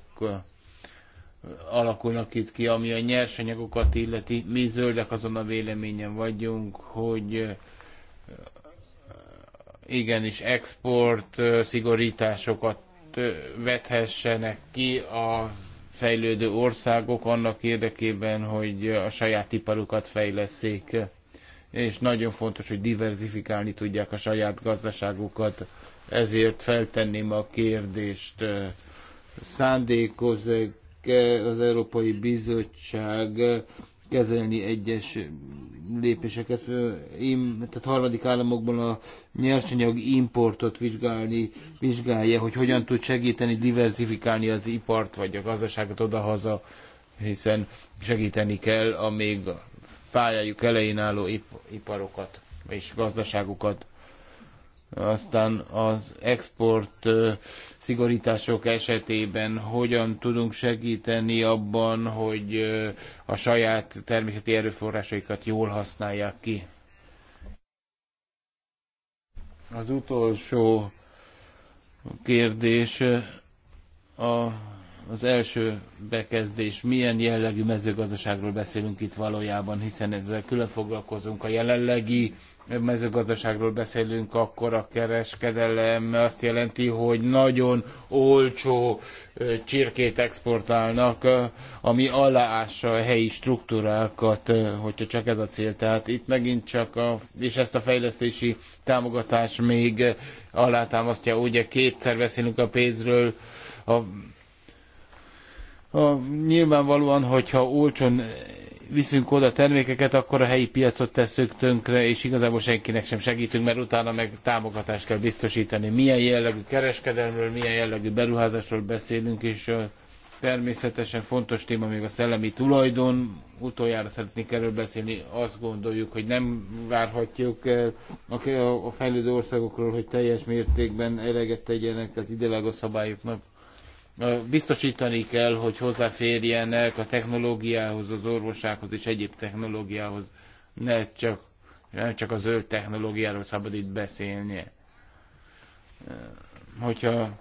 alakulnak itt ki, ami a nyersanyagokat illeti. Mi zöldek azon a véleményen vagyunk, hogy igenis export szigorításokat vethessenek ki a fejlődő országok annak érdekében, hogy a saját iparukat fejleszék, és nagyon fontos, hogy diversifikálni tudják a saját gazdaságukat. Ezért feltenném a kérdést, szándékozik az Európai Bizottság kezelni egyes lépéseket. Én, tehát harmadik államokban a nyersanyag importot vizsgálni, vizsgálja, hogy hogyan tud segíteni diversifikálni az ipart vagy a gazdaságot odahaza, hiszen segíteni kell a még pályájuk elején álló iparokat és gazdaságokat aztán az export szigorítások esetében hogyan tudunk segíteni abban, hogy a saját természeti erőforrásaikat jól használják ki. Az utolsó kérdés a az első bekezdés, milyen jellegű mezőgazdaságról beszélünk itt valójában, hiszen ezzel külön foglalkozunk. A jelenlegi mezőgazdaságról beszélünk, akkor a kereskedelem azt jelenti, hogy nagyon olcsó csirkét exportálnak, ami aláássa a helyi struktúrákat, hogyha csak ez a cél. Tehát itt megint csak, a, és ezt a fejlesztési támogatás még alátámasztja, ugye kétszer beszélünk a pénzről, a a, nyilvánvalóan, hogyha olcsón viszünk oda termékeket, akkor a helyi piacot tesszük tönkre, és igazából senkinek sem segítünk, mert utána meg támogatást kell biztosítani. Milyen jellegű kereskedelmről, milyen jellegű beruházásról beszélünk, és természetesen fontos téma még a szellemi tulajdon. Utoljára szeretnék erről beszélni. Azt gondoljuk, hogy nem várhatjuk a fejlődő országokról, hogy teljes mértékben eleget tegyenek az idevágó szabályoknak biztosítani kell, hogy hozzáférjenek a technológiához, az orvossághoz és egyéb technológiához. Ne csak, nem csak a zöld technológiáról szabad itt beszélnie. Hogyha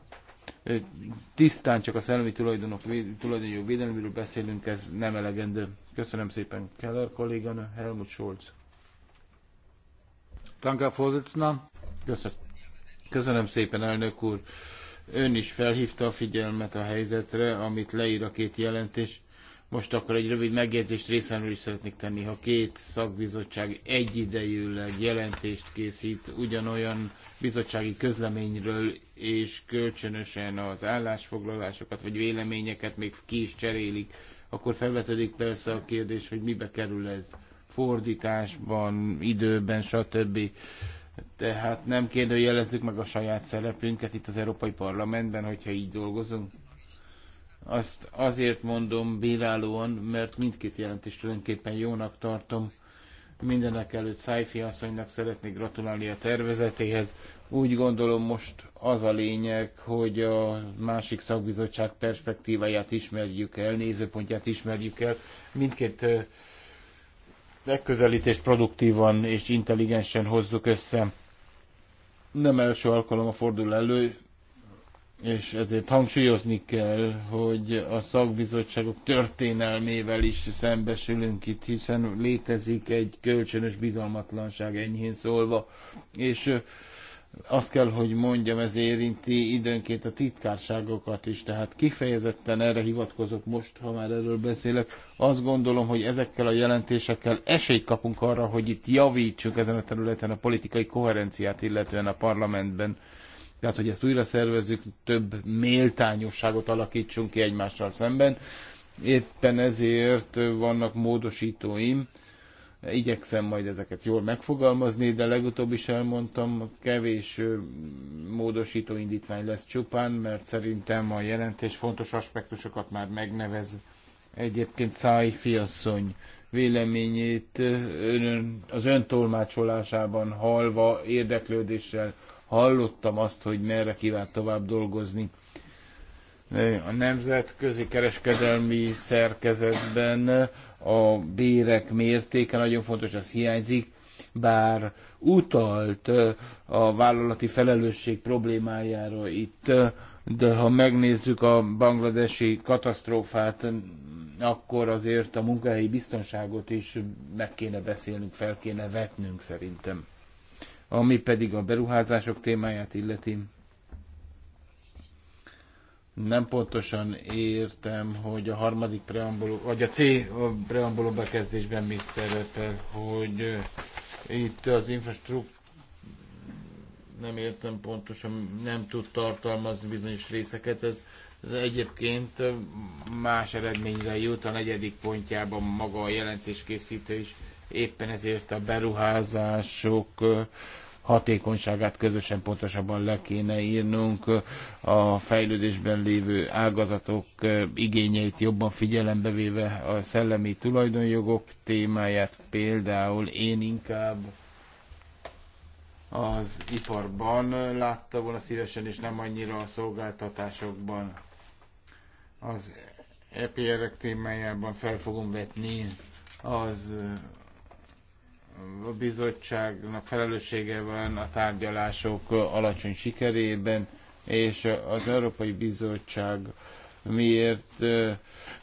tisztán csak a szellemi tulajdonok, tulajdonjog védelméről beszélünk, ez nem elegendő. Köszönöm szépen, Keller kolléganő, Helmut Scholz. Danke, Köszönöm. Köszönöm szépen, elnök úr. Ön is felhívta a figyelmet a helyzetre, amit leír a két jelentés. Most akkor egy rövid megjegyzést részemről is szeretnék tenni, ha két szakbizottság egyidejűleg jelentést készít ugyanolyan bizottsági közleményről, és kölcsönösen az állásfoglalásokat vagy véleményeket még ki is cserélik, akkor felvetődik persze a kérdés, hogy mibe kerül ez fordításban, időben, stb. Tehát nem kérdőjelezzük meg a saját szerepünket itt az Európai Parlamentben, hogyha így dolgozunk. Azt azért mondom bírálóan, mert mindkét jelentést tulajdonképpen jónak tartom. Mindenek előtt Szájfi asszonynak szeretnék gratulálni a tervezetéhez. Úgy gondolom most az a lényeg, hogy a másik szakbizottság perspektíváját ismerjük el, nézőpontját ismerjük el. Mindkét megközelítést produktívan és intelligensen hozzuk össze. Nem első alkalom a fordul elő, és ezért hangsúlyozni kell, hogy a szakbizottságok történelmével is szembesülünk itt, hiszen létezik egy kölcsönös bizalmatlanság enyhén szólva, és azt kell, hogy mondjam, ez érinti időnként a titkárságokat is, tehát kifejezetten erre hivatkozok most, ha már erről beszélek. Azt gondolom, hogy ezekkel a jelentésekkel esélyt kapunk arra, hogy itt javítsuk ezen a területen a politikai koherenciát, illetően a parlamentben. Tehát, hogy ezt újra szervezzük, több méltányosságot alakítsunk ki egymással szemben. Éppen ezért vannak módosítóim, Igyekszem majd ezeket jól megfogalmazni, de legutóbb is elmondtam, kevés módosító indítvány lesz csupán, mert szerintem a jelentés fontos aspektusokat már megnevez. Egyébként Száj fiasszony véleményét ön, az ön tolmácsolásában halva érdeklődéssel hallottam azt, hogy merre kíván tovább dolgozni a nemzetközi kereskedelmi szerkezetben a bérek mértéke nagyon fontos, az hiányzik, bár utalt a vállalati felelősség problémájára itt, de ha megnézzük a bangladesi katasztrófát, akkor azért a munkahelyi biztonságot is meg kéne beszélnünk, fel kéne vetnünk szerintem. Ami pedig a beruházások témáját illeti, nem pontosan értem, hogy a harmadik preambuló, vagy a C a preambuló bekezdésben mi szerepel, hogy itt az infrastruktúra nem értem pontosan, nem tud tartalmazni bizonyos részeket. Ez, ez egyébként más eredményre jut a negyedik pontjában maga a jelentéskészítő is. Éppen ezért a beruházások hatékonyságát közösen pontosabban le kéne írnunk, a fejlődésben lévő ágazatok igényeit jobban figyelembe véve a szellemi tulajdonjogok témáját például én inkább az iparban látta volna szívesen, és nem annyira a szolgáltatásokban. Az EPR-ek témájában fel fogom vetni az a bizottságnak felelőssége van a tárgyalások alacsony sikerében, és az Európai Bizottság miért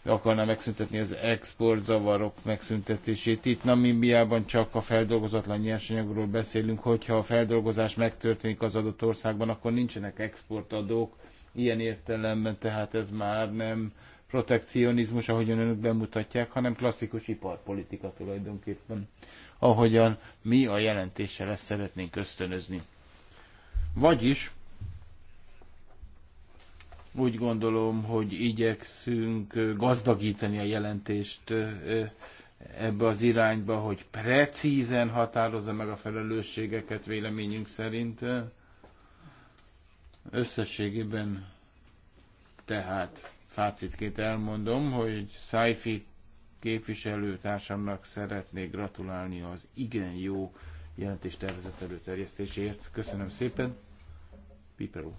akarná megszüntetni az exportzavarok megszüntetését. Itt Namibiában csak a feldolgozatlan nyersanyagról beszélünk, hogyha a feldolgozás megtörténik az adott országban, akkor nincsenek exportadók, ilyen értelemben, tehát ez már nem protekcionizmus, ahogyan önök bemutatják, hanem klasszikus iparpolitika tulajdonképpen ahogyan mi a jelentéssel ezt szeretnénk ösztönözni. Vagyis úgy gondolom, hogy igyekszünk gazdagítani a jelentést ebbe az irányba, hogy precízen határozza meg a felelősségeket véleményünk szerint. Összességében tehát fácitként elmondom, hogy Szájfi képviselőtársamnak szeretnék gratulálni az igen jó jelentéstervezet előterjesztéséért. Köszönöm szépen. Piperó.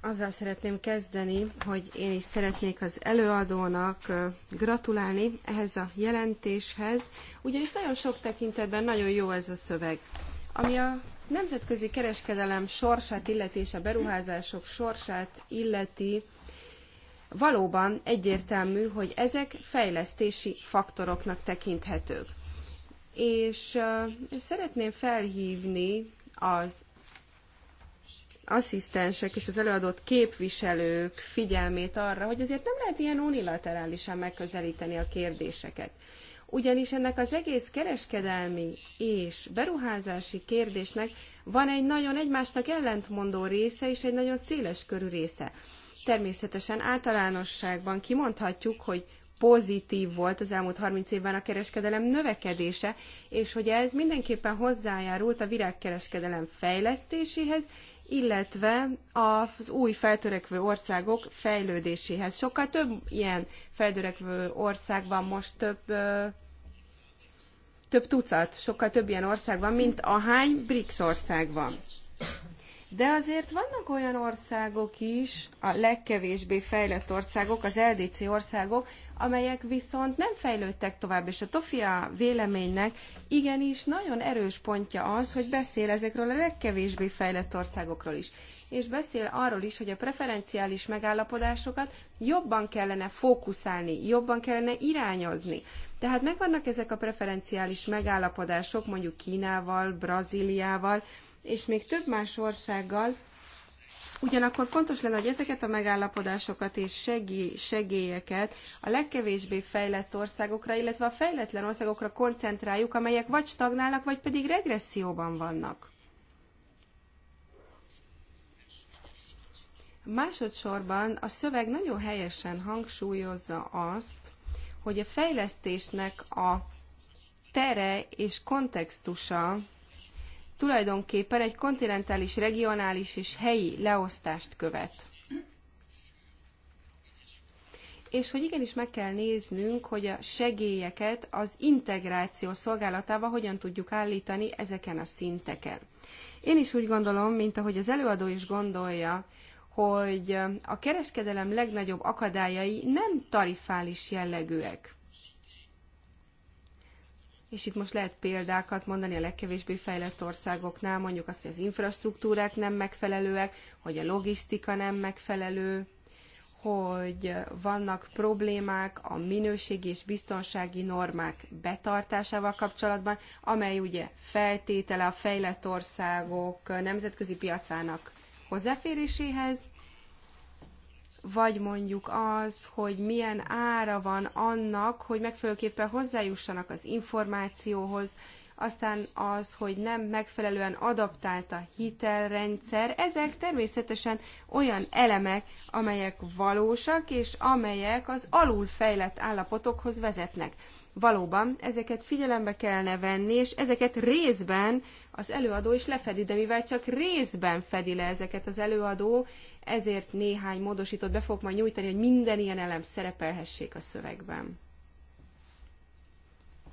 Azzal szeretném kezdeni, hogy én is szeretnék az előadónak gratulálni ehhez a jelentéshez, ugyanis nagyon sok tekintetben nagyon jó ez a szöveg. Ami a nemzetközi kereskedelem sorsát illeti és a beruházások sorsát illeti, Valóban egyértelmű, hogy ezek fejlesztési faktoroknak tekinthetők. És szeretném felhívni az asszisztensek és az előadott képviselők figyelmét arra, hogy azért nem lehet ilyen unilaterálisan megközelíteni a kérdéseket. Ugyanis ennek az egész kereskedelmi és beruházási kérdésnek van egy nagyon egymásnak ellentmondó része és egy nagyon széles körű része. Természetesen általánosságban kimondhatjuk, hogy pozitív volt az elmúlt 30 évben a kereskedelem növekedése, és hogy ez mindenképpen hozzájárult a virágkereskedelem fejlesztéséhez, illetve az új feltörekvő országok fejlődéséhez. Sokkal több ilyen feltörekvő ország van most több több tucat, sokkal több ilyen ország van, mint ahány BRICS ország van. De azért vannak olyan országok is, a legkevésbé fejlett országok, az LDC országok, amelyek viszont nem fejlődtek tovább, és a Tofia véleménynek igenis nagyon erős pontja az, hogy beszél ezekről a legkevésbé fejlett országokról is. És beszél arról is, hogy a preferenciális megállapodásokat jobban kellene fókuszálni, jobban kellene irányozni. Tehát megvannak ezek a preferenciális megállapodások mondjuk Kínával, Brazíliával, és még több más országgal, Ugyanakkor fontos lenne, hogy ezeket a megállapodásokat és segí- segélyeket a legkevésbé fejlett országokra, illetve a fejletlen országokra koncentráljuk, amelyek vagy stagnálnak, vagy pedig regresszióban vannak. Másodszorban a szöveg nagyon helyesen hangsúlyozza azt, hogy a fejlesztésnek a tere és kontextusa tulajdonképpen egy kontinentális, regionális és helyi leosztást követ. És hogy igenis meg kell néznünk, hogy a segélyeket az integráció szolgálatába hogyan tudjuk állítani ezeken a szinteken. Én is úgy gondolom, mint ahogy az előadó is gondolja, hogy a kereskedelem legnagyobb akadályai nem tarifális jellegűek és itt most lehet példákat mondani a legkevésbé fejlett országoknál, mondjuk azt, hogy az infrastruktúrák nem megfelelőek, hogy a logisztika nem megfelelő, hogy vannak problémák a minőségi és biztonsági normák betartásával kapcsolatban, amely ugye feltétele a fejlett országok nemzetközi piacának hozzáféréséhez, vagy mondjuk az, hogy milyen ára van annak, hogy megfelelőképpen hozzájussanak az információhoz, aztán az, hogy nem megfelelően adaptált a hitelrendszer, ezek természetesen olyan elemek, amelyek valósak, és amelyek az alulfejlett állapotokhoz vezetnek. Valóban ezeket figyelembe kellene venni, és ezeket részben az előadó is lefedi, de mivel csak részben fedi le ezeket az előadó, ezért néhány módosítót be fogok majd nyújtani, hogy minden ilyen elem szerepelhessék a szövegben.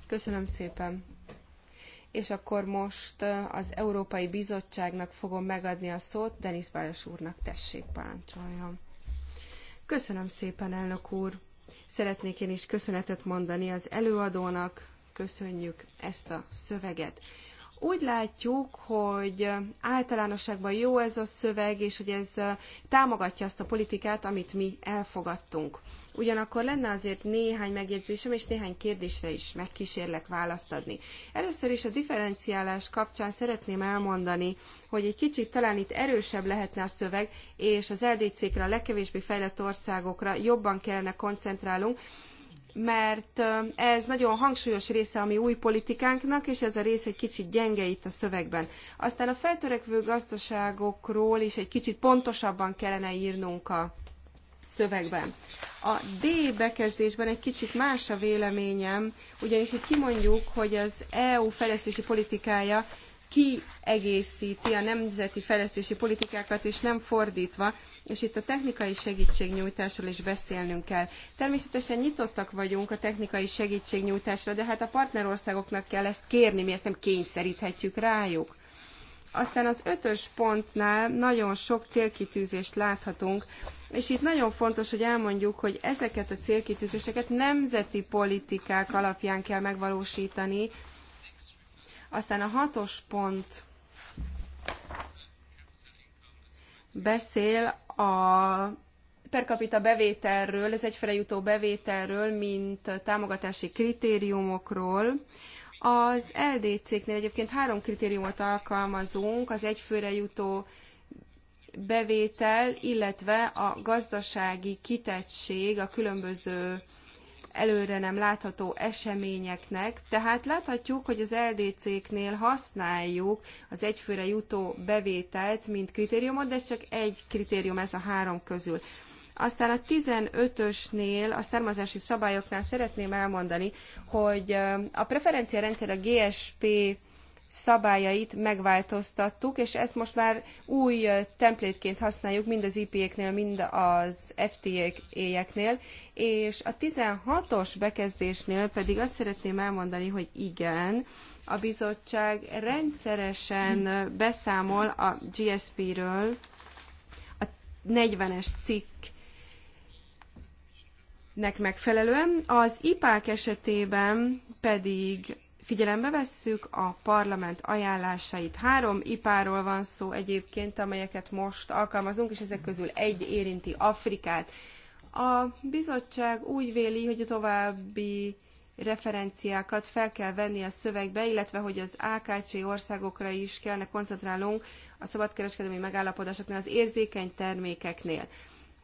Köszönöm szépen! És akkor most az Európai Bizottságnak fogom megadni a szót, Denis Bálas úrnak tessék parancsoljon. Köszönöm szépen, elnök úr! Szeretnék én is köszönetet mondani az előadónak, köszönjük ezt a szöveget. Úgy látjuk, hogy általánosságban jó ez a szöveg, és hogy ez eh, támogatja azt a politikát, amit mi elfogadtunk. Ugyanakkor lenne azért néhány megjegyzésem, és néhány kérdésre is megkísérlek választ adni. Először is a differenciálás kapcsán szeretném elmondani, hogy egy kicsit talán itt erősebb lehetne a szöveg, és az LDC-kre, a legkevésbé fejlett országokra jobban kellene koncentrálnunk, mert ez nagyon hangsúlyos része a mi új politikánknak, és ez a rész egy kicsit gyenge itt a szövegben. Aztán a feltörekvő gazdaságokról is egy kicsit pontosabban kellene írnunk a szövegben. A D bekezdésben egy kicsit más a véleményem, ugyanis itt kimondjuk, hogy az EU fejlesztési politikája kiegészíti a nemzeti fejlesztési politikákat, és nem fordítva, és itt a technikai segítségnyújtásról is beszélnünk kell. Természetesen nyitottak vagyunk a technikai segítségnyújtásra, de hát a partnerországoknak kell ezt kérni, mi ezt nem kényszeríthetjük rájuk. Aztán az ötös pontnál nagyon sok célkitűzést láthatunk, és itt nagyon fontos, hogy elmondjuk, hogy ezeket a célkitűzéseket nemzeti politikák alapján kell megvalósítani. Aztán a hatos pont beszél a per capita bevételről, ez egyfele jutó bevételről, mint támogatási kritériumokról az LDC-knél egyébként három kritériumot alkalmazunk, az egyfőre jutó bevétel, illetve a gazdasági kitettség a különböző előre nem látható eseményeknek. Tehát láthatjuk, hogy az LDC-knél használjuk az egyfőre jutó bevételt, mint kritériumot, de csak egy kritérium ez a három közül. Aztán a 15-ösnél, a származási szabályoknál szeretném elmondani, hogy a preferencia rendszer a GSP szabályait megváltoztattuk, és ezt most már új templétként használjuk mind az IPA-knél, mind az FTA-eknél, és a 16-os bekezdésnél pedig azt szeretném elmondani, hogy igen, a bizottság rendszeresen beszámol a GSP-ről a 40-es cikk nek megfelelően. Az IPÁK esetében pedig figyelembe vesszük a parlament ajánlásait. Három ipáról van szó egyébként, amelyeket most alkalmazunk, és ezek közül egy érinti Afrikát. A bizottság úgy véli, hogy a további referenciákat fel kell venni a szövegbe, illetve hogy az AKC országokra is kellene koncentrálnunk a szabadkereskedelmi megállapodásoknál, az érzékeny termékeknél.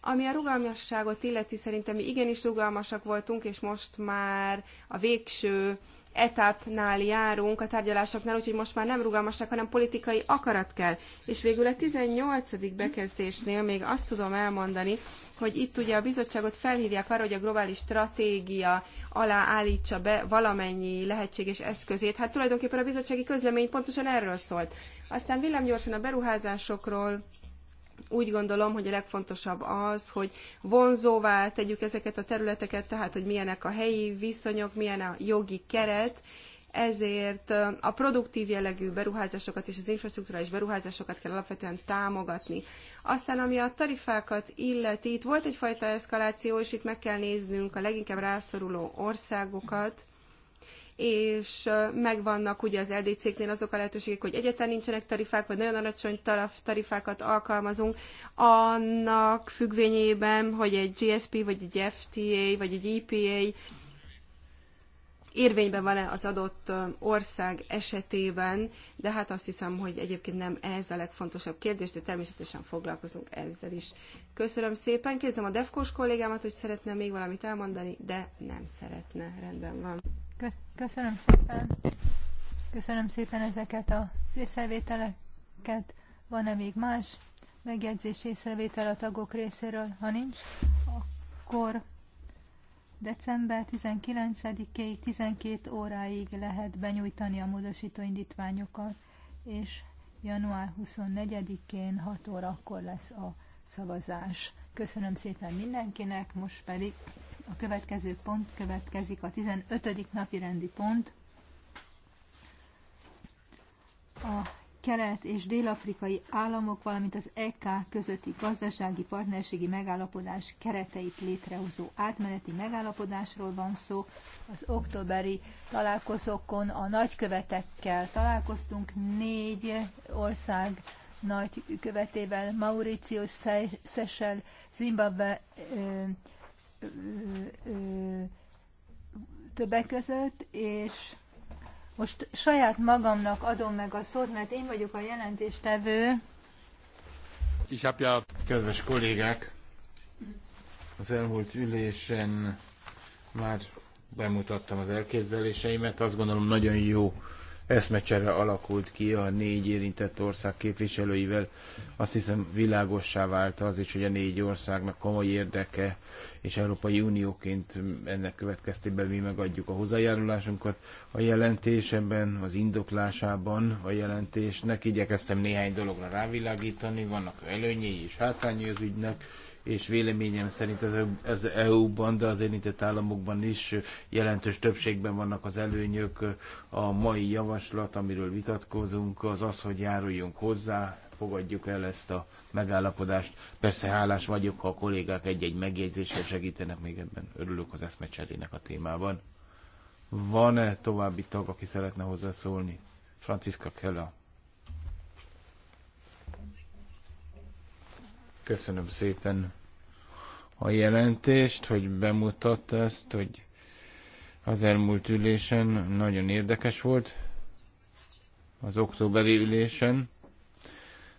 Ami a rugalmasságot illeti, szerintem mi igenis rugalmasak voltunk, és most már a végső etapnál járunk a tárgyalásoknál, úgyhogy most már nem rugalmasak, hanem politikai akarat kell. És végül a 18. bekezdésnél még azt tudom elmondani, hogy itt ugye a bizottságot felhívják arra, hogy a globális stratégia alá állítsa be valamennyi lehetséges eszközét. Hát tulajdonképpen a bizottsági közlemény pontosan erről szólt. Aztán villámgyorsan a beruházásokról úgy gondolom, hogy a legfontosabb az, hogy vonzóvá tegyük ezeket a területeket, tehát hogy milyenek a helyi viszonyok, milyen a jogi keret, ezért a produktív jellegű beruházásokat és az infrastruktúrális beruházásokat kell alapvetően támogatni. Aztán, ami a tarifákat illeti, itt volt egyfajta eszkaláció, és itt meg kell néznünk a leginkább rászoruló országokat, és megvannak ugye az LDC-knél azok a lehetőségek, hogy egyáltalán nincsenek tarifák, vagy nagyon alacsony tarifákat alkalmazunk, annak függvényében, hogy egy GSP, vagy egy FTA, vagy egy EPA érvényben van-e az adott ország esetében, de hát azt hiszem, hogy egyébként nem ez a legfontosabb kérdés, de természetesen foglalkozunk ezzel is. Köszönöm szépen, kérdezem a defkós kollégámat, hogy szeretne még valamit elmondani, de nem szeretne, rendben van. Köszönöm szépen. Köszönöm szépen ezeket az észrevételeket. Van-e még más megjegyzés észrevétel a tagok részéről? Ha nincs, akkor december 19-ig 12 óráig lehet benyújtani a módosító indítványokat, és január 24-én 6 órakor lesz a szavazás. Köszönöm szépen mindenkinek, most pedig a következő pont következik, a 15. napi rendi pont. A kelet- és dél-afrikai államok, valamint az EK közötti gazdasági partnerségi megállapodás kereteit létrehozó átmeneti megállapodásról van szó. Az októberi találkozókon a nagykövetekkel találkoztunk, négy ország nagy követével, Mauricio Seychelles, Zimbabwe többek között, és most saját magamnak adom meg a szót, mert én vagyok a jelentéstevő. Kisapja, Kedves kollégák, az elmúlt ülésen már bemutattam az elképzeléseimet, azt gondolom nagyon jó eszmecsere alakult ki a négy érintett ország képviselőivel. Azt hiszem világossá vált az is, hogy a négy országnak komoly érdeke, és Európai Unióként ennek következtében mi megadjuk a hozzájárulásunkat. A jelentésemben, az indoklásában a jelentésnek igyekeztem néhány dologra rávilágítani, vannak előnyei és hátrányai az ügynek, és véleményem szerint az, az EU-ban, de az érintett államokban is jelentős többségben vannak az előnyök. A mai javaslat, amiről vitatkozunk, az az, hogy járuljunk hozzá, fogadjuk el ezt a megállapodást. Persze hálás vagyok, ha a kollégák egy-egy megjegyzéssel segítenek még ebben. Örülök az eszmecserének a témában. Van-e további tag, aki szeretne hozzászólni? Franciska Kella. Köszönöm szépen a jelentést, hogy bemutatta ezt, hogy az elmúlt ülésen nagyon érdekes volt, az októberi ülésen.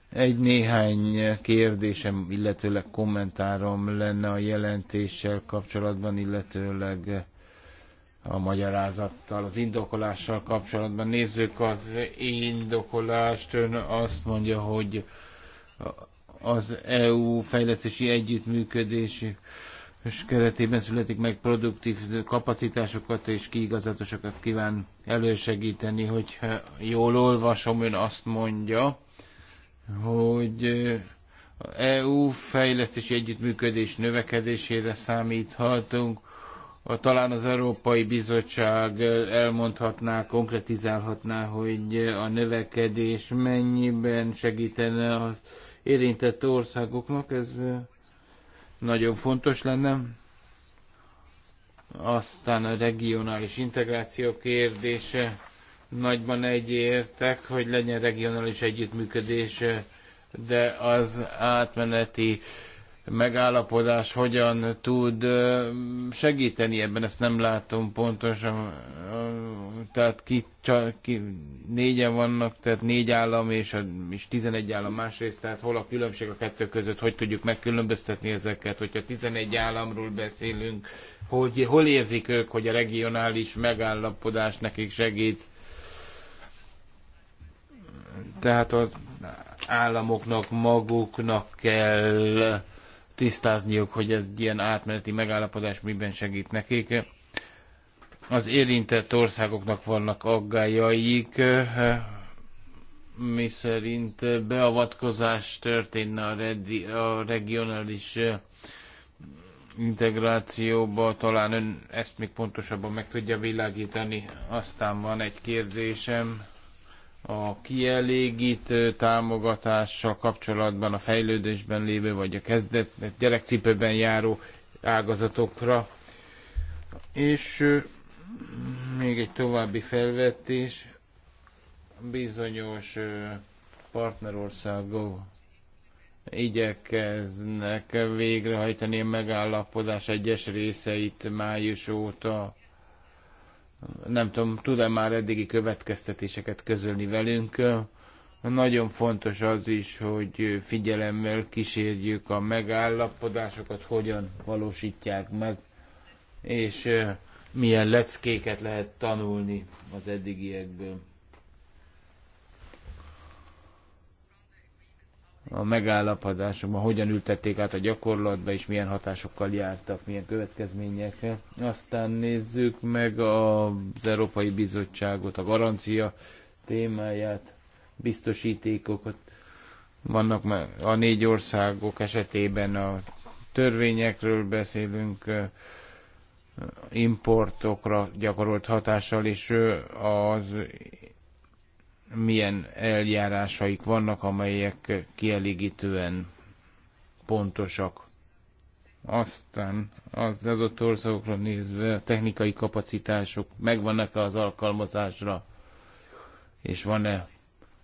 Egy néhány kérdésem, illetőleg kommentárom lenne a jelentéssel kapcsolatban, illetőleg a magyarázattal, az indokolással kapcsolatban. Nézzük az indokolást. Ön azt mondja, hogy az EU fejlesztési együttműködés és keretében születik meg produktív kapacitásokat és kiigazatosokat kíván elősegíteni, hogy jól olvasom, ön azt mondja, hogy EU fejlesztési együttműködés növekedésére számíthatunk, talán az Európai Bizottság elmondhatná, konkretizálhatná, hogy a növekedés mennyiben segítene a érintett országoknak, ez nagyon fontos lenne. Aztán a regionális integráció kérdése, nagyban egyértek, hogy legyen regionális együttműködés, de az átmeneti megállapodás hogyan tud segíteni ebben, ezt nem látom pontosan. Tehát ki, csa, ki négyen vannak, tehát négy állam és, a, és 11 állam másrészt, tehát hol a különbség a kettő között, hogy tudjuk megkülönböztetni ezeket, hogyha 11 államról beszélünk, hogy hol érzik ők, hogy a regionális megállapodás nekik segít. Tehát az államoknak maguknak kell tisztázniuk, hogy ez ilyen átmeneti megállapodás miben segít nekik. Az érintett országoknak vannak aggájaik, mi szerint beavatkozás történne a, redi, a regionális integrációba, talán ön ezt még pontosabban meg tudja világítani. Aztán van egy kérdésem a kielégítő támogatással kapcsolatban a fejlődésben lévő, vagy a kezdet gyerekcipőben járó ágazatokra. És még egy további felvetés, bizonyos partnerországok igyekeznek végrehajtani a megállapodás egyes részeit május óta nem tudom, tud-e már eddigi következtetéseket közölni velünk. Nagyon fontos az is, hogy figyelemmel kísérjük a megállapodásokat, hogyan valósítják meg, és eh, milyen leckéket lehet tanulni az eddigiekből. a megállapodásokban, hogyan ültették át a gyakorlatba, és milyen hatásokkal jártak, milyen következményekkel. Aztán nézzük meg az Európai Bizottságot, a garancia témáját, biztosítékokat. Vannak már a négy országok esetében a törvényekről beszélünk, importokra gyakorolt hatással, és az milyen eljárásaik vannak, amelyek kielégítően pontosak. Aztán az adott országokra nézve a technikai kapacitások megvannak-e az alkalmazásra, és van-e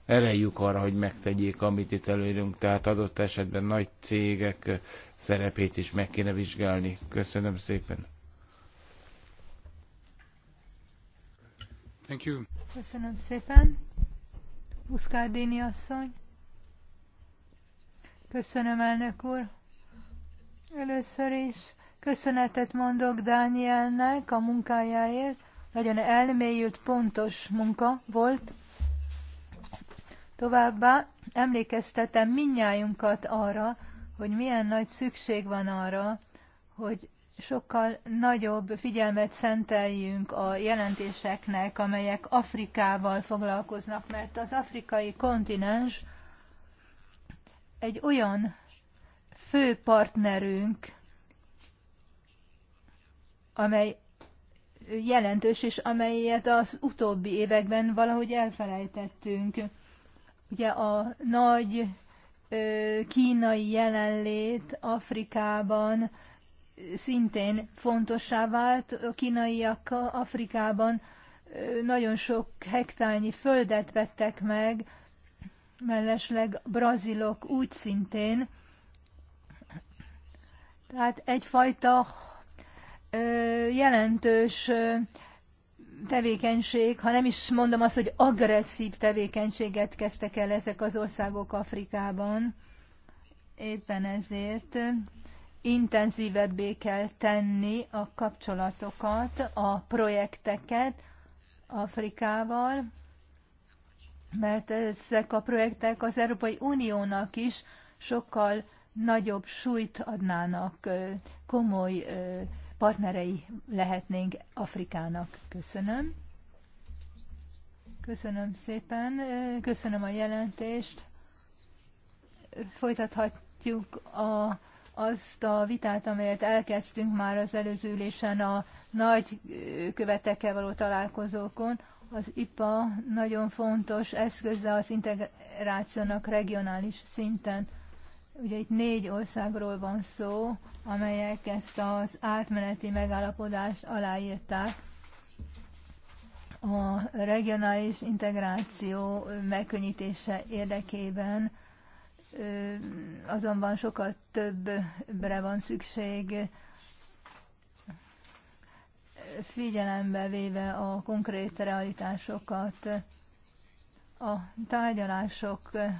erejük arra, hogy megtegyék, amit itt előírunk. Tehát adott esetben nagy cégek szerepét is meg kéne vizsgálni. Köszönöm szépen. Thank you. Köszönöm szépen. Muszkárdini asszony. Köszönöm, elnök úr. Először is köszönetet mondok Dánielnek a munkájáért. Nagyon elmélyült, pontos munka volt. Továbbá emlékeztetem minnyájunkat arra, hogy milyen nagy szükség van arra, hogy sokkal nagyobb figyelmet szenteljünk a jelentéseknek, amelyek Afrikával foglalkoznak, mert az afrikai kontinens egy olyan fő partnerünk, amely jelentős, és amelyet az utóbbi években valahogy elfelejtettünk. Ugye a nagy kínai jelenlét Afrikában, szintén fontossá vált a kínaiak Afrikában. Nagyon sok hektárnyi földet vettek meg, mellesleg brazilok úgy szintén. Tehát egyfajta jelentős tevékenység, ha nem is mondom azt, hogy agresszív tevékenységet kezdtek el ezek az országok Afrikában. Éppen ezért intenzívebbé kell tenni a kapcsolatokat, a projekteket Afrikával, mert ezek a projektek az Európai Uniónak is sokkal nagyobb súlyt adnának, komoly partnerei lehetnénk Afrikának. Köszönöm. Köszönöm szépen, köszönöm a jelentést. Folytathatjuk a azt a vitát, amelyet elkezdtünk már az előző ülésen a nagy követekkel való találkozókon. Az IPA nagyon fontos eszköze az integrációnak regionális szinten. Ugye itt négy országról van szó, amelyek ezt az átmeneti megállapodást aláírták. A regionális integráció megkönnyítése érdekében azonban sokkal többre van szükség, figyelembe véve a konkrét realitásokat, a tárgyalásokat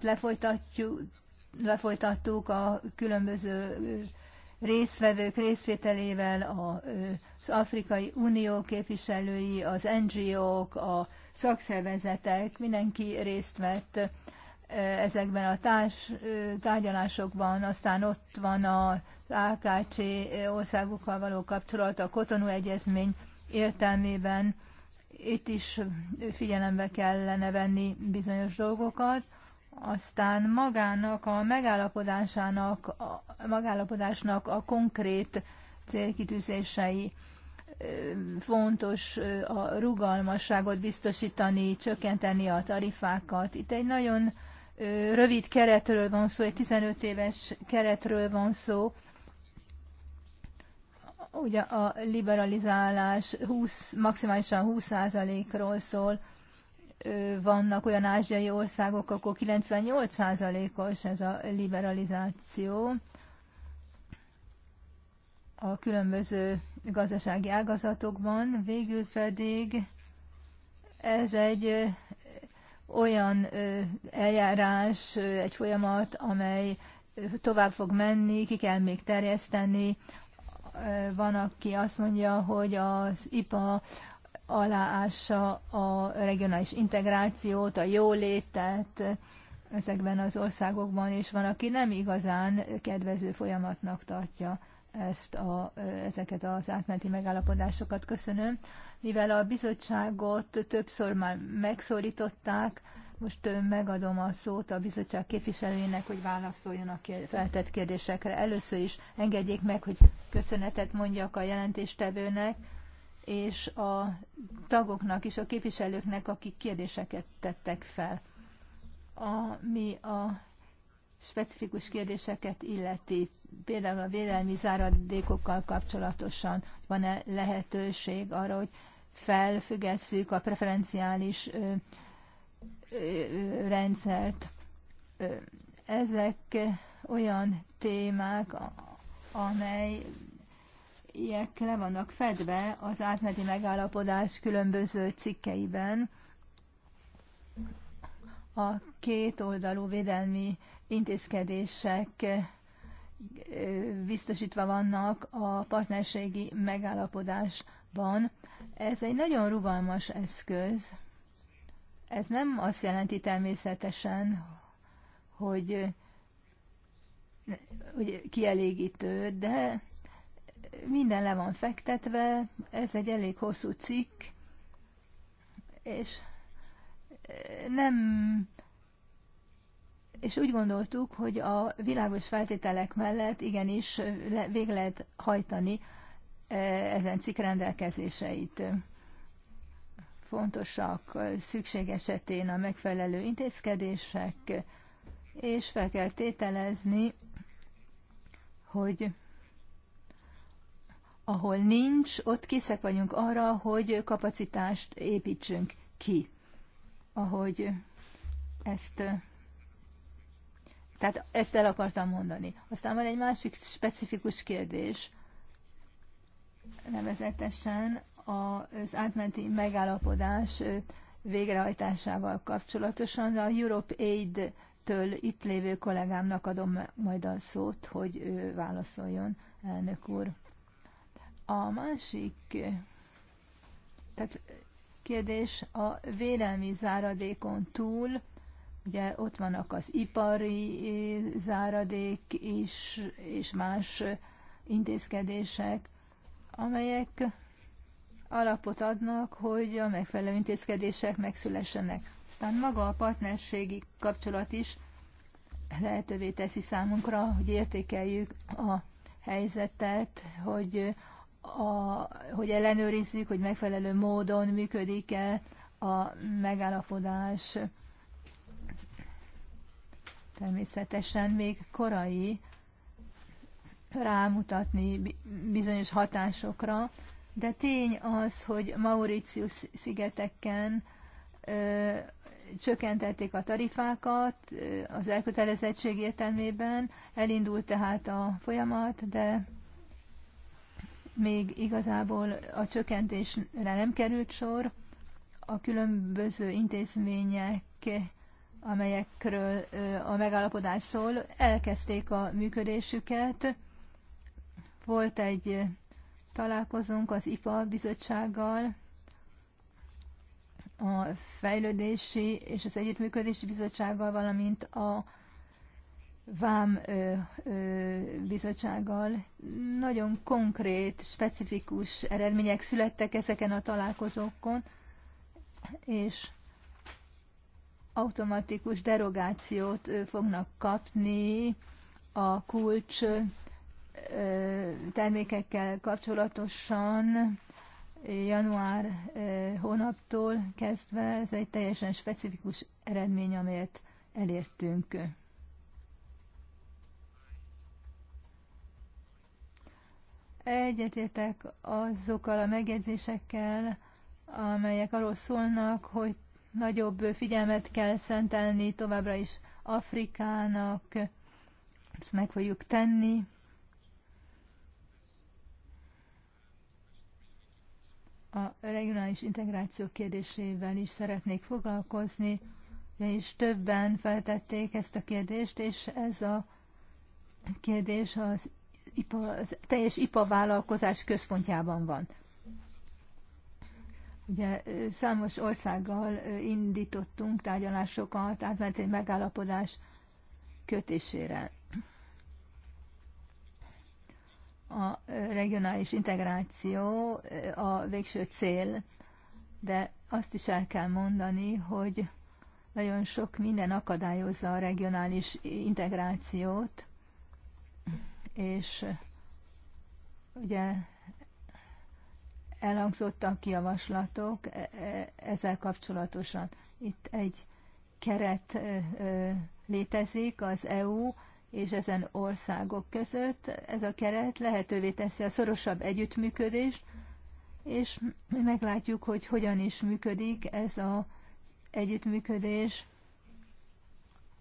lefolytatjuk, lefolytattuk a különböző részvevők részvételével, az Afrikai Unió képviselői, az NGO-k, a szakszervezetek, mindenki részt vett ezekben a társ, tárgyalásokban, aztán ott van a AKC országokkal való kapcsolat, a Kotonú Egyezmény értelmében. Itt is figyelembe kellene venni bizonyos dolgokat. Aztán magának, a megállapodásának, a, megállapodásnak a konkrét célkitűzései fontos a rugalmasságot biztosítani, csökkenteni a tarifákat. Itt egy nagyon rövid keretről van szó, egy 15 éves keretről van szó. Ugye a liberalizálás 20, maximálisan 20%-ról szól, vannak olyan ázsiai országok, akkor 98%-os ez a liberalizáció a különböző gazdasági ágazatokban, végül pedig ez egy olyan eljárás, egy folyamat, amely tovább fog menni, ki kell még terjeszteni. Van, aki azt mondja, hogy az IPA aláássa a regionális integrációt, a jólétet ezekben az országokban, és van, aki nem igazán kedvező folyamatnak tartja ezt a, ezeket az átmenti megállapodásokat. Köszönöm. Mivel a bizottságot többször már megszólították, most megadom a szót a bizottság képviselőjének, hogy válaszoljon a feltett kérdésekre. Először is engedjék meg, hogy köszönetet mondjak a jelentéstevőnek, és a tagoknak és a képviselőknek, akik kérdéseket tettek fel. Ami a specifikus kérdéseket illeti, például a védelmi záradékokkal kapcsolatosan van-e lehetőség arra, hogy felfüggesszük a preferenciális ö, ö, rendszert. Ezek olyan témák, amelyek le vannak fedve az átmeneti megállapodás különböző cikkeiben. A két oldalú védelmi intézkedések biztosítva vannak a partnerségi megállapodásban. Ez egy nagyon rugalmas eszköz. Ez nem azt jelenti természetesen, hogy, hogy kielégítő, de minden le van fektetve, ez egy elég hosszú cikk, és nem és úgy gondoltuk, hogy a világos feltételek mellett igenis vég lehet hajtani e, ezen cikk rendelkezéseit. Fontosak e, szükség esetén a megfelelő intézkedések, és fel kell tételezni, hogy ahol nincs, ott készek vagyunk arra, hogy kapacitást építsünk ki. Ahogy ezt e, tehát ezt el akartam mondani. Aztán van egy másik specifikus kérdés, nevezetesen az átmenti megállapodás végrehajtásával kapcsolatosan. A Europe Aid től itt lévő kollégámnak adom majd a szót, hogy ő válaszoljon, elnök úr. A másik tehát kérdés a védelmi záradékon túl Ugye ott vannak az ipari záradék is, és más intézkedések, amelyek alapot adnak, hogy a megfelelő intézkedések megszülessenek. Aztán maga a partnerségi kapcsolat is lehetővé teszi számunkra, hogy értékeljük a helyzetet, hogy, a, hogy ellenőrizzük, hogy megfelelő módon működik-e a megállapodás. Természetesen még korai rámutatni bizonyos hatásokra, de tény az, hogy Mauritius szigeteken ö, csökkentették a tarifákat ö, az elkötelezettség értelmében, elindult tehát a folyamat, de még igazából a csökkentésre nem került sor. A különböző intézmények amelyekről a megállapodás szól, elkezdték a működésüket. Volt egy találkozunk az IPA bizottsággal, a fejlődési és az együttműködési bizottsággal, valamint a vám ö, ö, bizottsággal. Nagyon konkrét, specifikus eredmények születtek ezeken a találkozókon, és automatikus derogációt fognak kapni a kulcs termékekkel kapcsolatosan január hónaptól kezdve. Ez egy teljesen specifikus eredmény, amelyet elértünk. Egyetértek azokkal a megjegyzésekkel, amelyek arról szólnak, hogy nagyobb figyelmet kell szentelni továbbra is Afrikának, ezt meg fogjuk tenni. A regionális integráció kérdésével is szeretnék foglalkozni, és többen feltették ezt a kérdést, és ez a kérdés az, IPA, az teljes ipavállalkozás központjában van. Ugye számos országgal indítottunk tárgyalásokat egy megállapodás kötésére. A regionális integráció a végső cél, de azt is el kell mondani, hogy nagyon sok minden akadályozza a regionális integrációt, és ugye elhangzottak javaslatok e, e, ezzel kapcsolatosan. Itt egy keret e, létezik az EU és ezen országok között. Ez a keret lehetővé teszi a szorosabb együttműködést, és mi meglátjuk, hogy hogyan is működik ez az együttműködés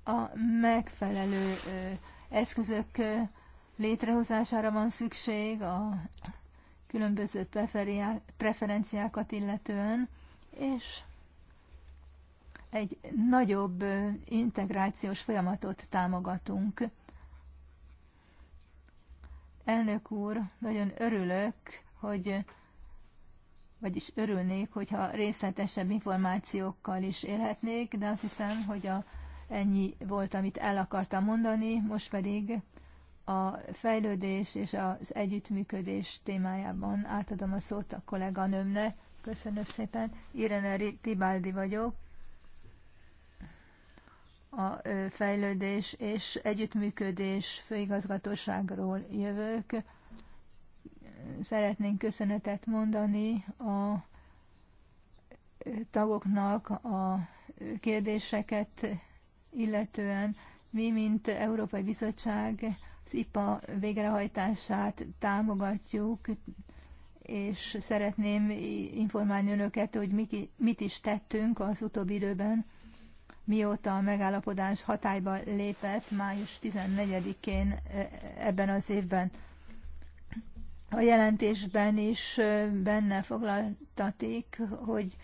a megfelelő eszközök létrehozására van szükség, a különböző preferenciákat illetően, és egy nagyobb integrációs folyamatot támogatunk. Elnök úr, nagyon örülök, hogy vagyis örülnék, hogyha részletesebb információkkal is élhetnék, de azt hiszem, hogy a, ennyi volt, amit el akartam mondani, most pedig a fejlődés és az együttműködés témájában. Átadom a szót a kolléganőmnek. Köszönöm szépen. Irene Tibaldi vagyok. A fejlődés és együttműködés főigazgatóságról jövök. Szeretnénk köszönetet mondani a tagoknak a kérdéseket illetően. Mi, mint Európai Bizottság, IPA végrehajtását támogatjuk, és szeretném informálni önöket, hogy mit is tettünk az utóbbi időben, mióta a megállapodás hatályba lépett május 14-én e, ebben az évben. A jelentésben is e, benne foglaltatik, hogy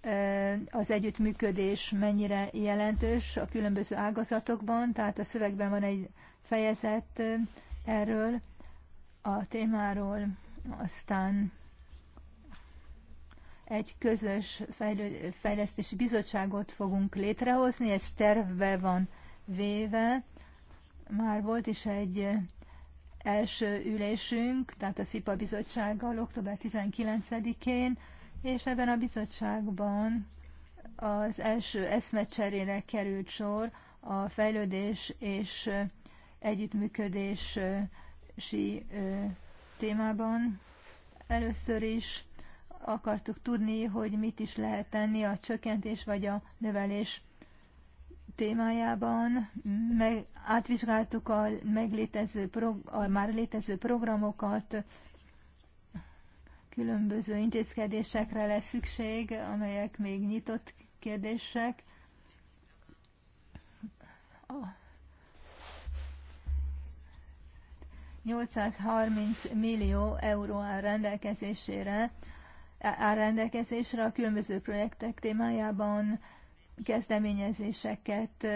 e, az együttműködés mennyire jelentős a különböző ágazatokban, tehát a szövegben van egy fejezet erről a témáról, aztán egy közös fejlesztési bizottságot fogunk létrehozni, ez tervbe van véve. Már volt is egy első ülésünk, tehát a SZIPA bizottsággal október 19-én, és ebben a bizottságban az első eszmecserére került sor a fejlődés és együttműködési témában. Először is akartuk tudni, hogy mit is lehet tenni a csökkentés vagy a növelés témájában. Meg, átvizsgáltuk a, meglétező a már létező programokat, különböző intézkedésekre lesz szükség, amelyek még nyitott kérdések. A 830 millió euró áll rendelkezésére, áll rendelkezésre a különböző projektek témájában kezdeményezéseket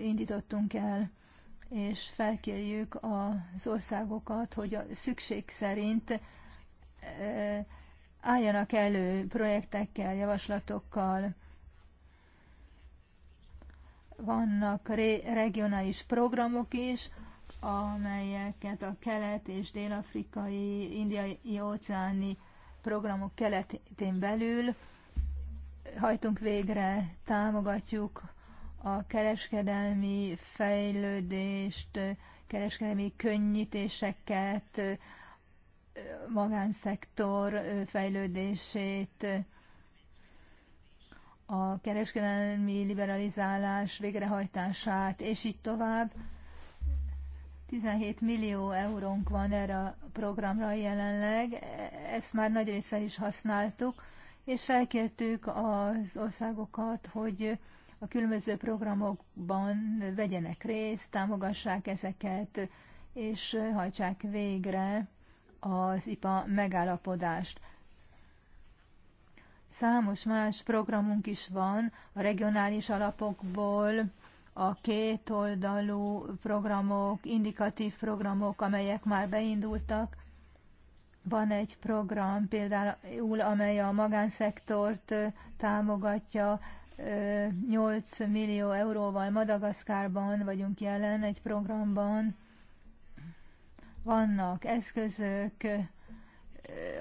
indítottunk el, és felkérjük az országokat, hogy a szükség szerint álljanak elő projektekkel, javaslatokkal. Vannak regionális programok is, amelyeket a kelet- és dél-afrikai, indiai óceáni programok keletén belül hajtunk végre, támogatjuk a kereskedelmi fejlődést, kereskedelmi könnyítéseket, magánszektor fejlődését, a kereskedelmi liberalizálás végrehajtását, és így tovább. 17 millió eurónk van erre a programra jelenleg, ezt már nagy részben is használtuk, és felkértük az országokat, hogy a különböző programokban vegyenek részt, támogassák ezeket, és hajtsák végre az IPA megállapodást. Számos más programunk is van a regionális alapokból, a kétoldalú programok, indikatív programok, amelyek már beindultak. Van egy program például, amely a magánszektort támogatja, 8 millió euróval Madagaszkárban vagyunk jelen egy programban. Vannak eszközök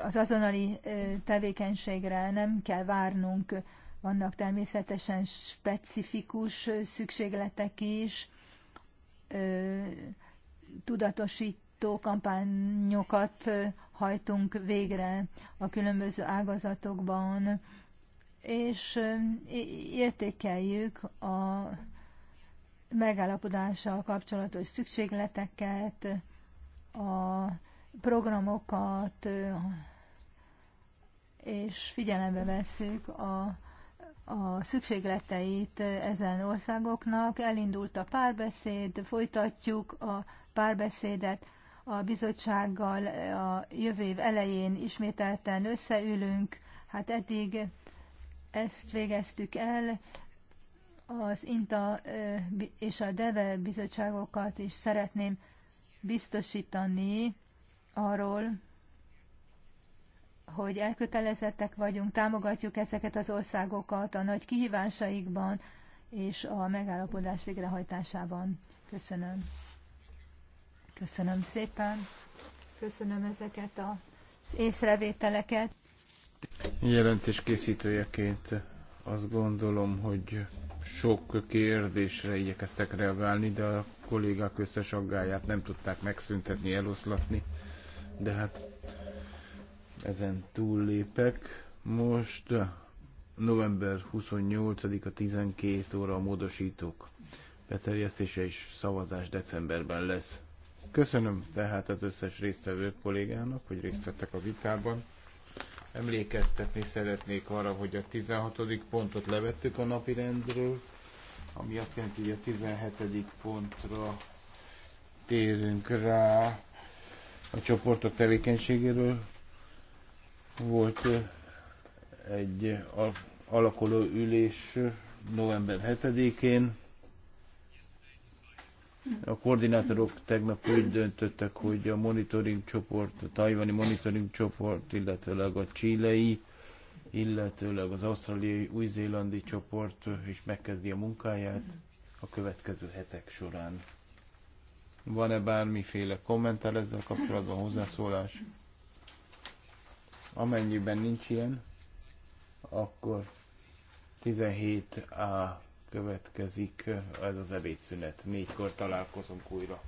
az azonnali tevékenységre, nem kell várnunk vannak természetesen specifikus szükségletek is, tudatosító kampányokat hajtunk végre a különböző ágazatokban, és értékeljük a megállapodással kapcsolatos szükségleteket, a programokat, és figyelembe veszük a a szükségleteit ezen országoknak. Elindult a párbeszéd, folytatjuk a párbeszédet a bizottsággal a jövő év elején ismételten összeülünk. Hát eddig ezt végeztük el, az INTA és a DEVE bizottságokat is szeretném biztosítani arról, hogy elkötelezettek vagyunk, támogatjuk ezeket az országokat a nagy kihívásaikban és a megállapodás végrehajtásában. Köszönöm. Köszönöm szépen. Köszönöm ezeket az észrevételeket. Jelentés készítőjeként azt gondolom, hogy sok kérdésre igyekeztek reagálni, de a kollégák összes aggáját nem tudták megszüntetni, eloszlatni. De hát ezen túllépek. Most november 28-a 12 óra a módosítók beterjesztése és szavazás decemberben lesz. Köszönöm tehát az összes résztvevő kollégának, hogy részt vettek a vitában. Emlékeztetni szeretnék arra, hogy a 16. pontot levettük a napi rendről, ami azt jelenti, hogy a 17. pontra térünk rá a csoportok tevékenységéről volt egy alakuló ülés november 7-én. A koordinátorok tegnap úgy döntöttek, hogy a monitoring csoport, a tajvani monitoring csoport, illetőleg a csilei, illetőleg az ausztráliai, új-zélandi csoport is megkezdi a munkáját a következő hetek során. Van-e bármiféle kommentár ezzel kapcsolatban, hozzászólás? Amennyiben nincs ilyen, akkor 17A következik, ez az ebédszünet. Négykor találkozunk újra.